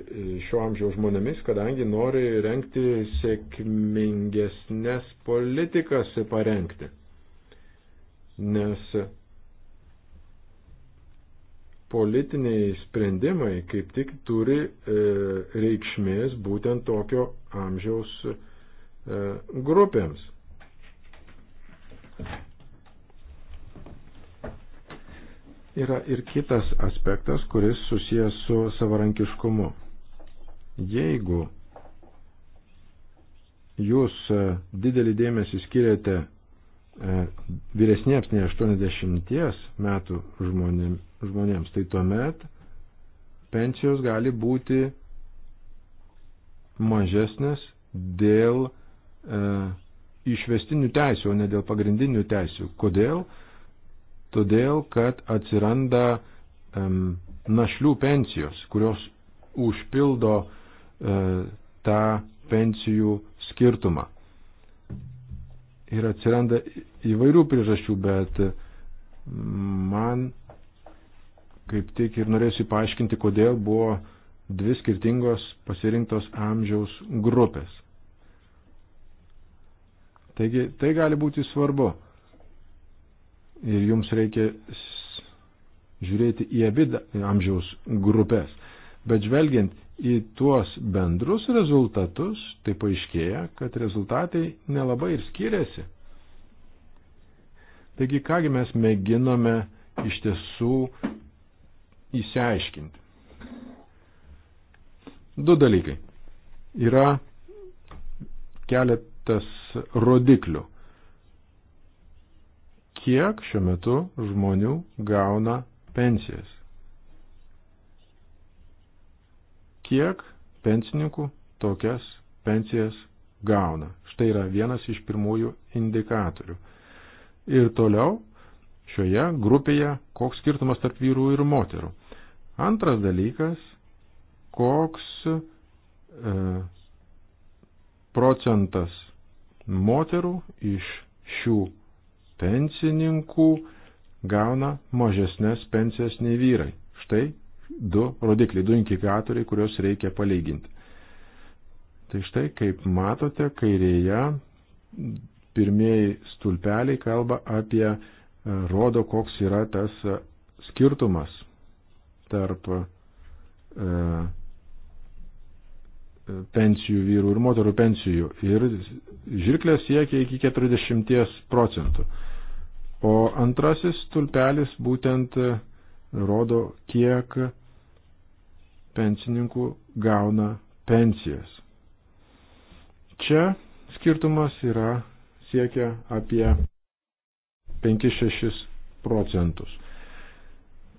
šio amžiaus žmonėmis, kadangi nori renkti sėkmingesnės politikas parengti. Nes politiniai sprendimai kaip tik turi e, reikšmės būtent tokio amžiaus e, grupėms. yra ir kitas aspektas, kuris susijęs su savarankiškumu. Jeigu jūs e, didelį dėmesį skiriate e, vyresniems nei 80 metų žmonėm, žmonėms, tai tuomet pensijos gali būti mažesnės dėl e, išvestinių teisų, o ne dėl pagrindinių teisų. Kodėl? Todėl, kad atsiranda um, našlių pensijos, kurios užpildo uh, tą pensijų skirtumą. Ir atsiranda įvairių priežasčių, bet mm, man kaip tik ir norėsiu paaiškinti, kodėl buvo dvi skirtingos pasirinktos amžiaus grupės. Taigi tai gali būti svarbu ir jums reikia žiūrėti į abi amžiaus grupės. Bet žvelgiant į tuos bendrus rezultatus, tai paaiškėja, kad rezultatai nelabai ir skiriasi. Taigi, kągi mes mėginome iš tiesų įsiaiškinti. Du dalykai. Yra keletas rodiklių, kiek šiuo metu žmonių gauna pensijas. Kiek pensininkų tokias pensijas gauna. Štai yra vienas iš pirmųjų indikatorių. Ir toliau šioje grupėje koks skirtumas tarp vyrų ir moterų. Antras dalykas, koks e, procentas moterų iš šių pensininkų gauna mažesnės pensijas nei vyrai. Štai du rodikliai, du indikatoriai, kuriuos reikia palyginti. Tai štai, kaip matote, kairėje pirmieji stulpeliai kalba apie, e, rodo, koks yra tas e, skirtumas tarp e, pensijų vyrų ir moterų pensijų ir žirklės siekia iki 40 procentų. O antrasis tulpelis būtent e, rodo, kiek pensininkų gauna pensijas. Čia skirtumas yra siekia apie 5-6 procentus.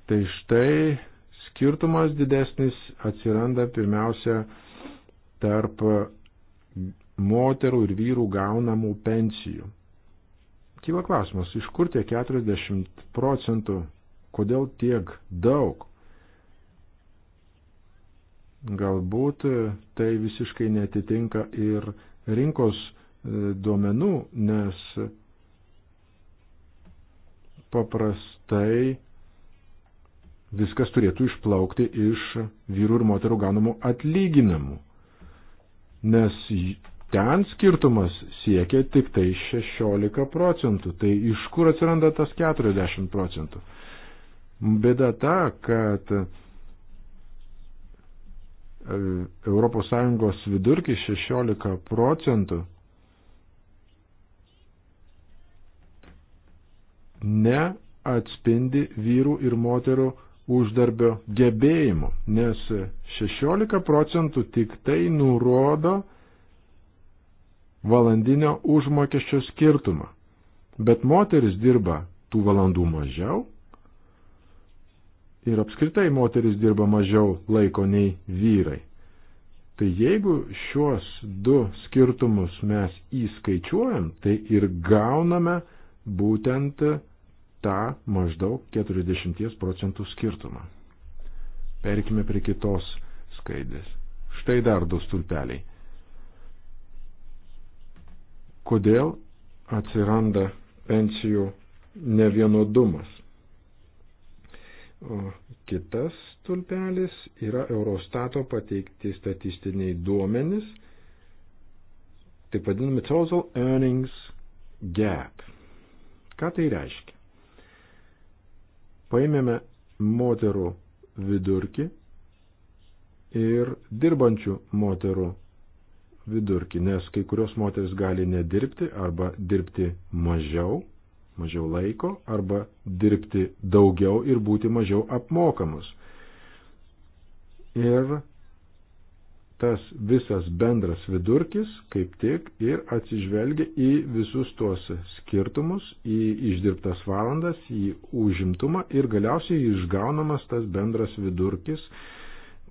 Tai štai skirtumas didesnis atsiranda pirmiausia tarp moterų ir vyrų gaunamų pensijų. Kyla klausimas, iš kur tie 40 procentų, kodėl tiek daug? Galbūt tai visiškai netitinka ir rinkos e, duomenų, nes paprastai viskas turėtų išplaukti iš vyrų ir moterų gaunamų atlyginimų nes ten skirtumas siekia tik tai 16 procentų. Tai iš kur atsiranda tas 40 procentų? Bėda ta, kad ES vidurkis 16 procentų neatspindi vyrų ir moterų uždarbio gebėjimų, nes 16 procentų tik tai nurodo valandinio užmokesčio skirtumą. Bet moteris dirba tų valandų mažiau ir apskritai moteris dirba mažiau laiko nei vyrai. Tai jeigu šiuos du skirtumus mes įskaičiuojam, tai ir gauname būtent tą maždaug 40 procentų skirtumą. Perkime prie kitos skaidės. Štai dar du stulpeliai. Kodėl atsiranda pensijų nevienodumas? O kitas stulpelis yra Eurostato pateikti statistiniai duomenys, taip vadinami Total Earnings Gap. Ką tai reiškia? paėmėme moterų vidurkį ir dirbančių moterų vidurkį, nes kai kurios moteris gali nedirbti arba dirbti mažiau, mažiau laiko, arba dirbti daugiau ir būti mažiau apmokamos. Ir tas visas bendras vidurkis kaip tik ir atsižvelgia į visus tuos skirtumus, į išdirbtas valandas, į užimtumą ir galiausiai išgaunamas tas bendras vidurkis,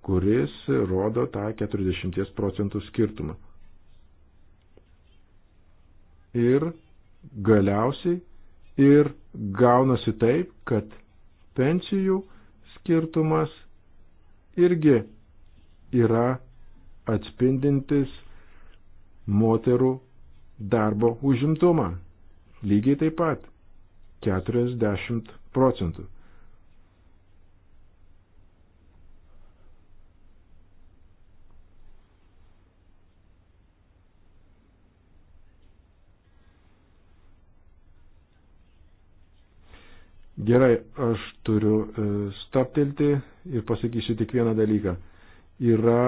kuris rodo tą 40 procentų skirtumą. Ir galiausiai ir gaunasi taip, kad pensijų skirtumas irgi yra atspindintis moterų darbo užimtumą. Lygiai taip pat 40 procentų. Gerai, aš turiu e, staptelti ir pasakysiu tik vieną dalyką. Yra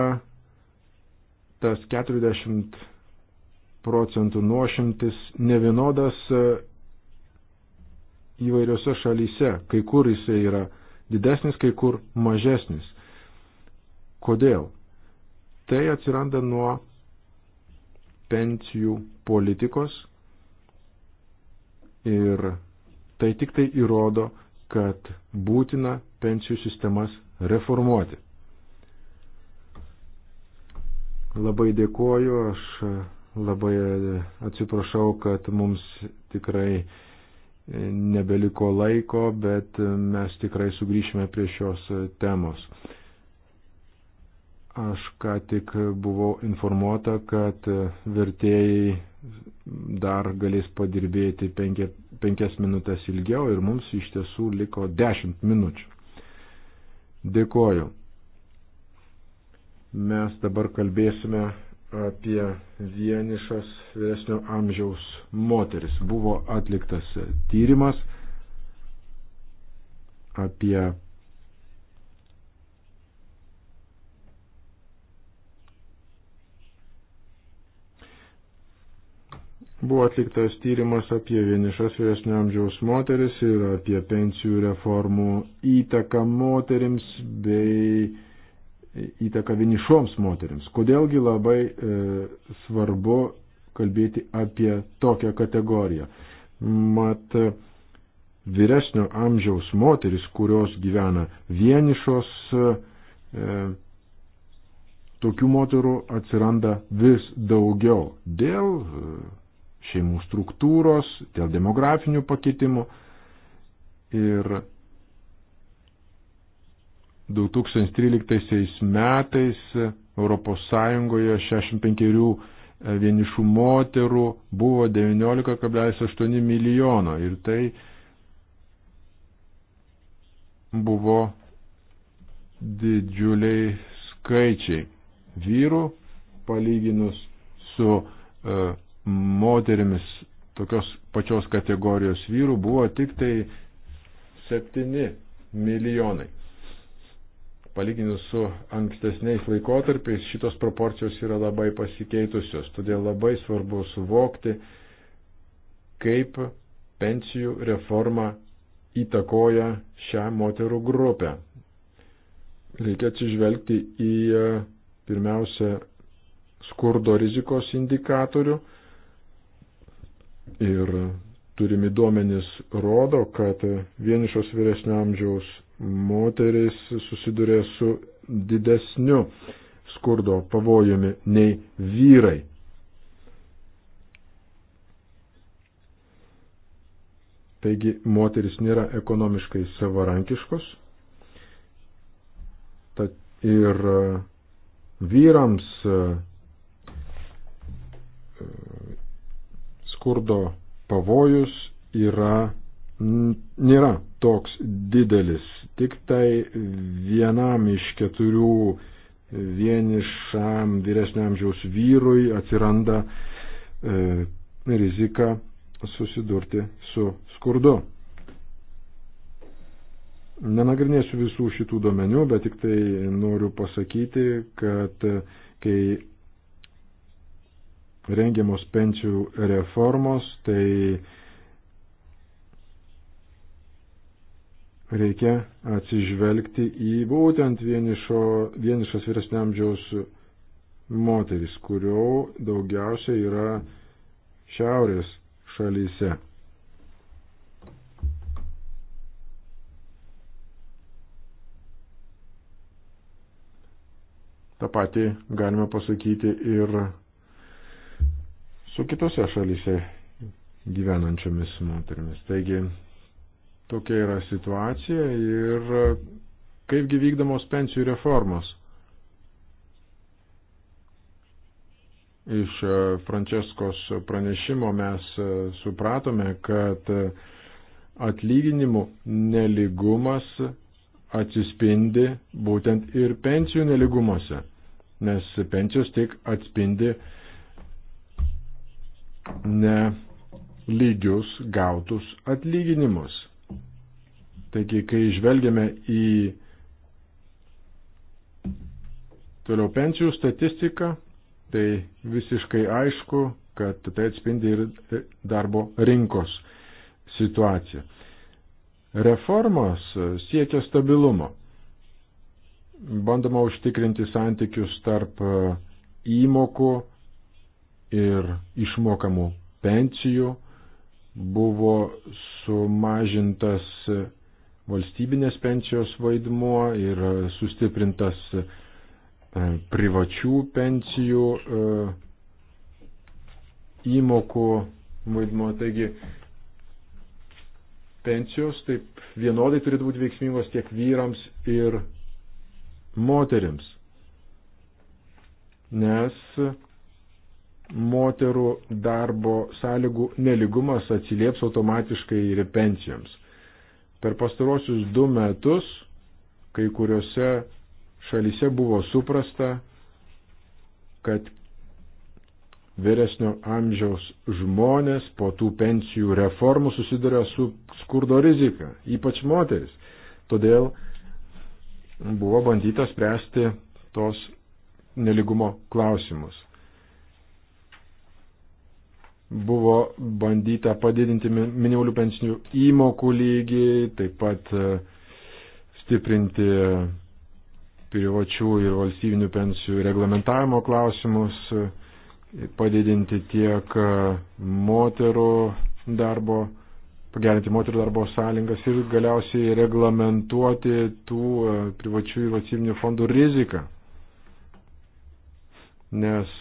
tas 40 procentų nuošimtis nevienodas e, įvairiose šalyse. Kai kur jisai yra didesnis, kai kur mažesnis. Kodėl? Tai atsiranda nuo pensijų politikos ir tai tik tai įrodo, kad būtina pensijų sistemas reformuoti. Labai dėkuoju, aš labai atsiprašau, kad mums tikrai nebeliko laiko, bet mes tikrai sugrįšime prie šios temos. Aš ką tik buvau informuota, kad vertėjai dar galės padirbėti penkia, penkias minutės ilgiau ir mums iš tiesų liko dešimt minučių. Dėkoju. Mes dabar kalbėsime apie vienišas vyresnio amžiaus moteris. Buvo atliktas tyrimas apie Buvo atliktas tyrimas apie vienišas vyresnio amžiaus moteris ir apie pensijų reformų įtaką moterims bei įtaką vienišoms moteriams. Kodėlgi labai e, svarbu kalbėti apie tokią kategoriją. Mat e, vyresnio amžiaus moteris, kurios gyvena vienišos, e, e tokių moterų atsiranda vis daugiau dėl e, šeimų struktūros, dėl demografinių pakitimų ir 2013 metais Europos Sąjungoje 65 vienišų moterų buvo 19,8 milijono ir tai buvo didžiuliai skaičiai vyrų palyginus su uh, moterimis tokios pačios kategorijos vyrų buvo tik tai 7 milijonai palyginus su ankstesniais laikotarpiais šitos proporcijos yra labai pasikeitusios. Todėl labai svarbu suvokti, kaip pensijų reforma įtakoja šią moterų grupę. Reikia atsižvelgti į e, pirmiausia skurdo rizikos indikatorių ir turimi duomenys rodo, kad vienišos vyresnio amžiaus moteris susiduria su didesniu skurdo pavojumi nei vyrai. Taigi moteris nėra ekonomiškai savarankiškos tad ir e, vyrams e, skurdo pavojus yra, nėra toks didelis Tik tai vienam iš keturių vienišam vyresniam žiaus vyrui atsiranda e, rizika susidurti su skurdu. Nenagrinėsiu visų šitų duomenių, bet tik tai noriu pasakyti, kad kai rengiamos pensijų reformos, tai reikia atsižvelgti į būtent vienišo, vienišas vyresniamžiaus moteris, kurio daugiausia yra šiaurės šalyse. Ta pati galima pasakyti ir su kitose šalyse gyvenančiomis moterimis. Taigi Tokia yra situacija ir e, kaipgi vykdomos pensijų reformos. Iš e, Franceskos pranešimo mes e, supratome, kad atlyginimų neligumas atsispindi būtent ir pensijų neligumuose, nes pensijos tik atspindi ne lygius gautus atlyginimus. Taigi, kai žvelgiame į toliau pensijų statistiką, tai visiškai aišku, kad tai atspindi ir darbo rinkos situaciją. Reformos siekia stabilumo. Bandoma užtikrinti santykius tarp e, įmokų ir išmokamų pensijų. Buvo sumažintas valstybinės pensijos vaidmuo ir sustiprintas e, privačių pensijų e, įmokų vaidmuo. Taigi pensijos taip vienodai turi būti veiksmingos tiek vyrams ir moteriams. Nes moterų darbo sąlygų neligumas atsilieps automatiškai ir pensijoms. Per pastarosius du metus kai kuriuose šalyse buvo suprasta, kad vyresnio amžiaus žmonės po tų pensijų reformų susiduria su skurdo rizika, ypač moteris. Todėl buvo bandyta spręsti tos neligumo klausimus. Buvo bandyta padidinti minimalių pensinių įmokų lygį, taip pat e, stiprinti privačių ir valstybinių pensijų reglamentavimo klausimus, e, padidinti tiek e, moterų darbo, pagerinti moterų darbo sąlygas ir galiausiai reglamentuoti tų privačių ir valstybinių fondų riziką. Nes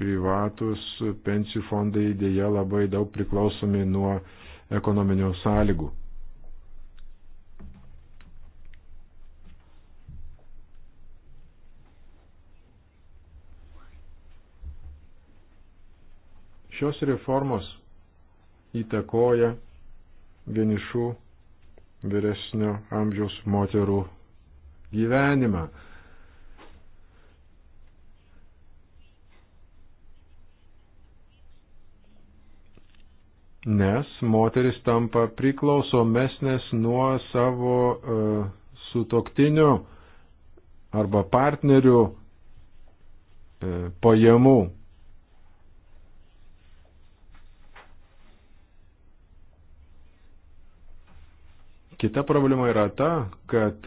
privatus pensijų fondai dėja labai daug priklausomi nuo ekonominių sąlygų. Šios reformos įtakoja vienišų vyresnio amžiaus moterų gyvenimą. nes moteris tampa priklausomesnės nuo savo e, sutoktinių arba partnerių e, pajamų. Kita problema yra ta, kad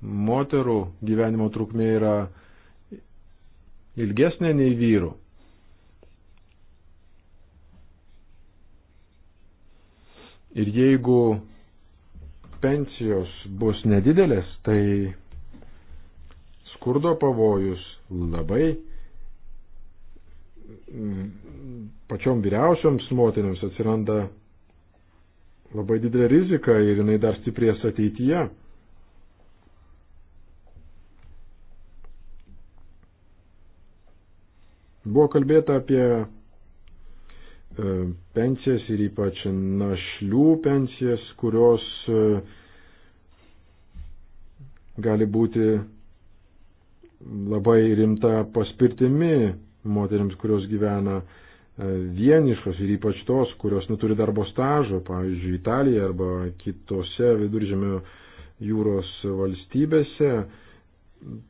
moterų gyvenimo trukmė yra ilgesnė nei vyrų. Ir jeigu pensijos bus nedidelės, tai skurdo pavojus labai pačiom vyriausioms moteriams atsiranda labai didelė rizika ir jinai dar stiprės ateityje. Buvo kalbėta apie E, pensijas ir ypač našlių pensijas, kurios e, gali būti labai rimta paspirtimi moteriams, kurios gyvena e, vienišos ir ypač tos, kurios neturi darbo stažo, pavyzdžiui, Italija arba kitose viduržėmio jūros valstybėse,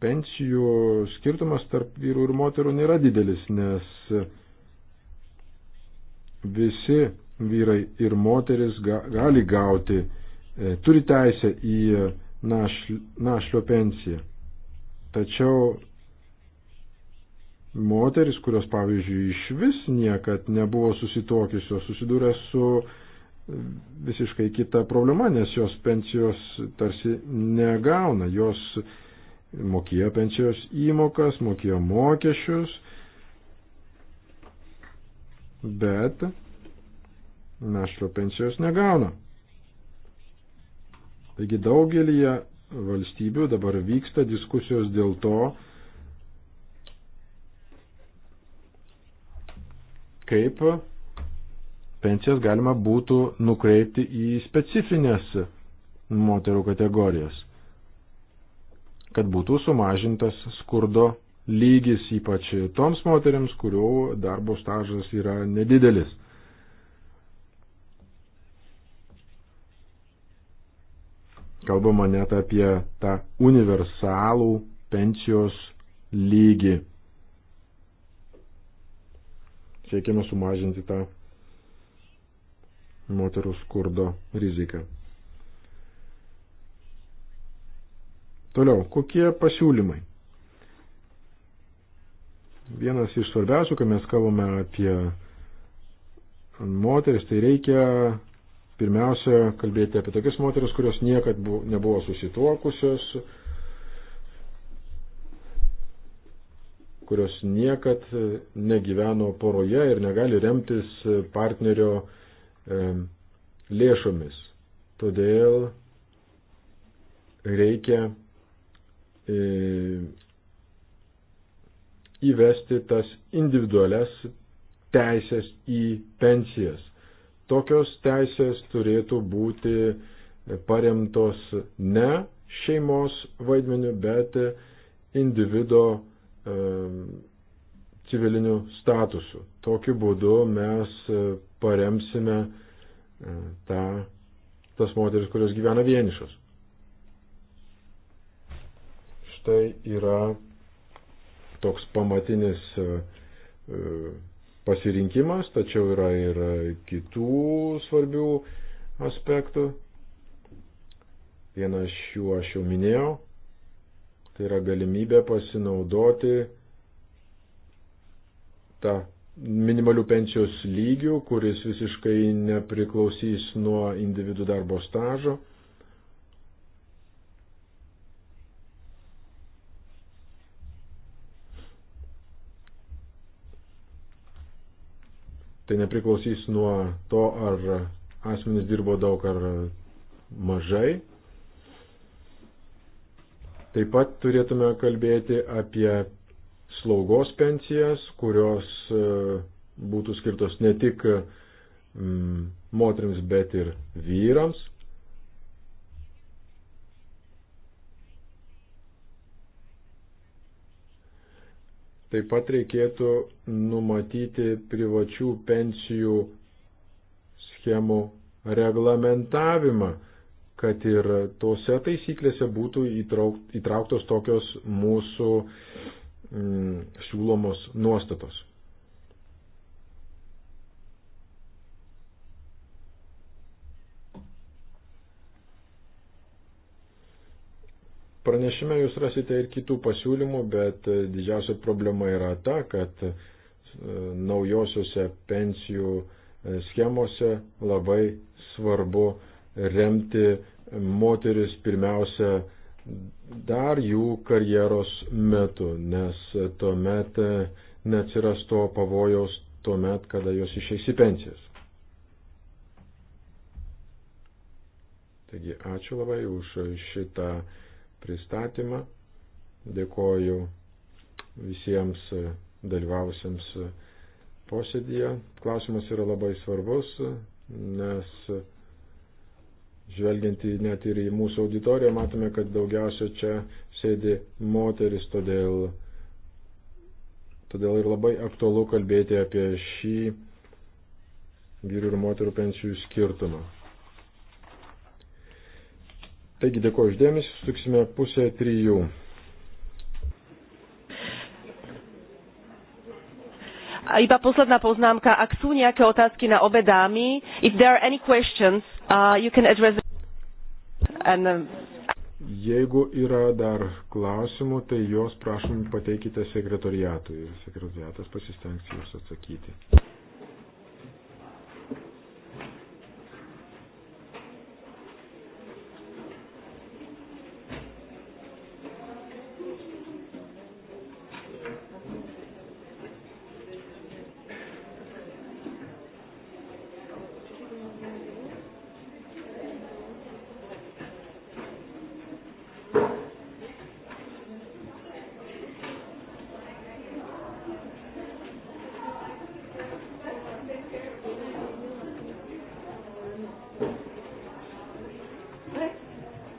pensijų skirtumas tarp vyrų ir moterų nėra didelis, nes visi vyrai ir moteris gali gauti, e, turi teisę į e, našlio pensiją. Tačiau moteris, kurios pavyzdžiui iš vis niekad nebuvo susitokiusios, susidūrė su e, visiškai kita problema, nes jos pensijos tarsi negauna, jos mokėjo pensijos įmokas, mokėjo mokesčius, bet našlio pensijos negauna. Taigi daugelįje valstybių dabar vyksta diskusijos dėl to, kaip pensijas galima būtų nukreipti į specifines moterų kategorijas, kad būtų sumažintas skurdo lygis, ypač toms moteriams, kurių darbo stažas yra nedidelis. Kalbama net apie tą universalų pensijos lygį. Siekiama sumažinti tą moterų skurdo riziką. Toliau, kokie pasiūlymai? vienas iš svarbiausių, kai mes kalbame apie moteris, tai reikia pirmiausia kalbėti apie tokias moteris, kurios niekad bu, nebuvo susituokusios, kurios niekad negyveno poroje ir negali remtis partnerio e, lėšomis. Todėl reikia e, įvesti tas individualias teisės į pensijas. Tokios teisės turėtų būti paremtos ne šeimos vaidmeniu, bet individo e, civiliniu statusu. Tokiu būdu mes paremsime e, tą, tas moteris, kurios gyvena vienišos. Štai yra toks pamatinis e, e, pasirinkimas, tačiau yra ir kitų svarbių aspektų. Vieną iš jų aš jau minėjau. Tai yra galimybė pasinaudoti tą minimalių pensijos lygių, kuris visiškai nepriklausys nuo individų darbo stažo. Tai nepriklausys nuo to, ar asmenys dirbo daug ar mažai. Taip pat turėtume kalbėti apie slaugos pensijas, kurios e, būtų skirtos ne tik moteriams, bet ir vyrams. Taip pat reikėtų numatyti privačių pensijų schemų reglamentavimą, kad ir tose taisyklėse būtų įtrauktos tokios mūsų mm, siūlomos nuostatos. Pranešime jūs rasite ir kitų pasiūlymų, bet e, didžiausia problema yra ta, kad e, naujosiuose pensijų e, schemose labai svarbu remti moteris pirmiausia dar jų karjeros metu, nes tuomet neatsiras to pavojaus tuomet, kada jos išeis į pensijas. Taigi ačiū labai už šitą pristatymą. Dėkoju visiems dalyvausiams posėdėje. Klausimas yra labai svarbus, nes žvelgiant į net ir į mūsų auditoriją, matome, kad daugiausia čia sėdi moteris, todėl, todėl ir labai aktualu kalbėti apie šį vyrių ir moterų pensijų skirtumą. Taigi dėkuoju uždėmesi, susiksime pusę trijų. A iba posledná poznámka, ak sú nejaké otázky na obe dámy, if there are any questions, uh, you can address them. And, um, Jeigu yra dar klausimų, tai jos prašom pateikite sekretoriatui ir sekretoriatas pasistengs jūs atsakyti.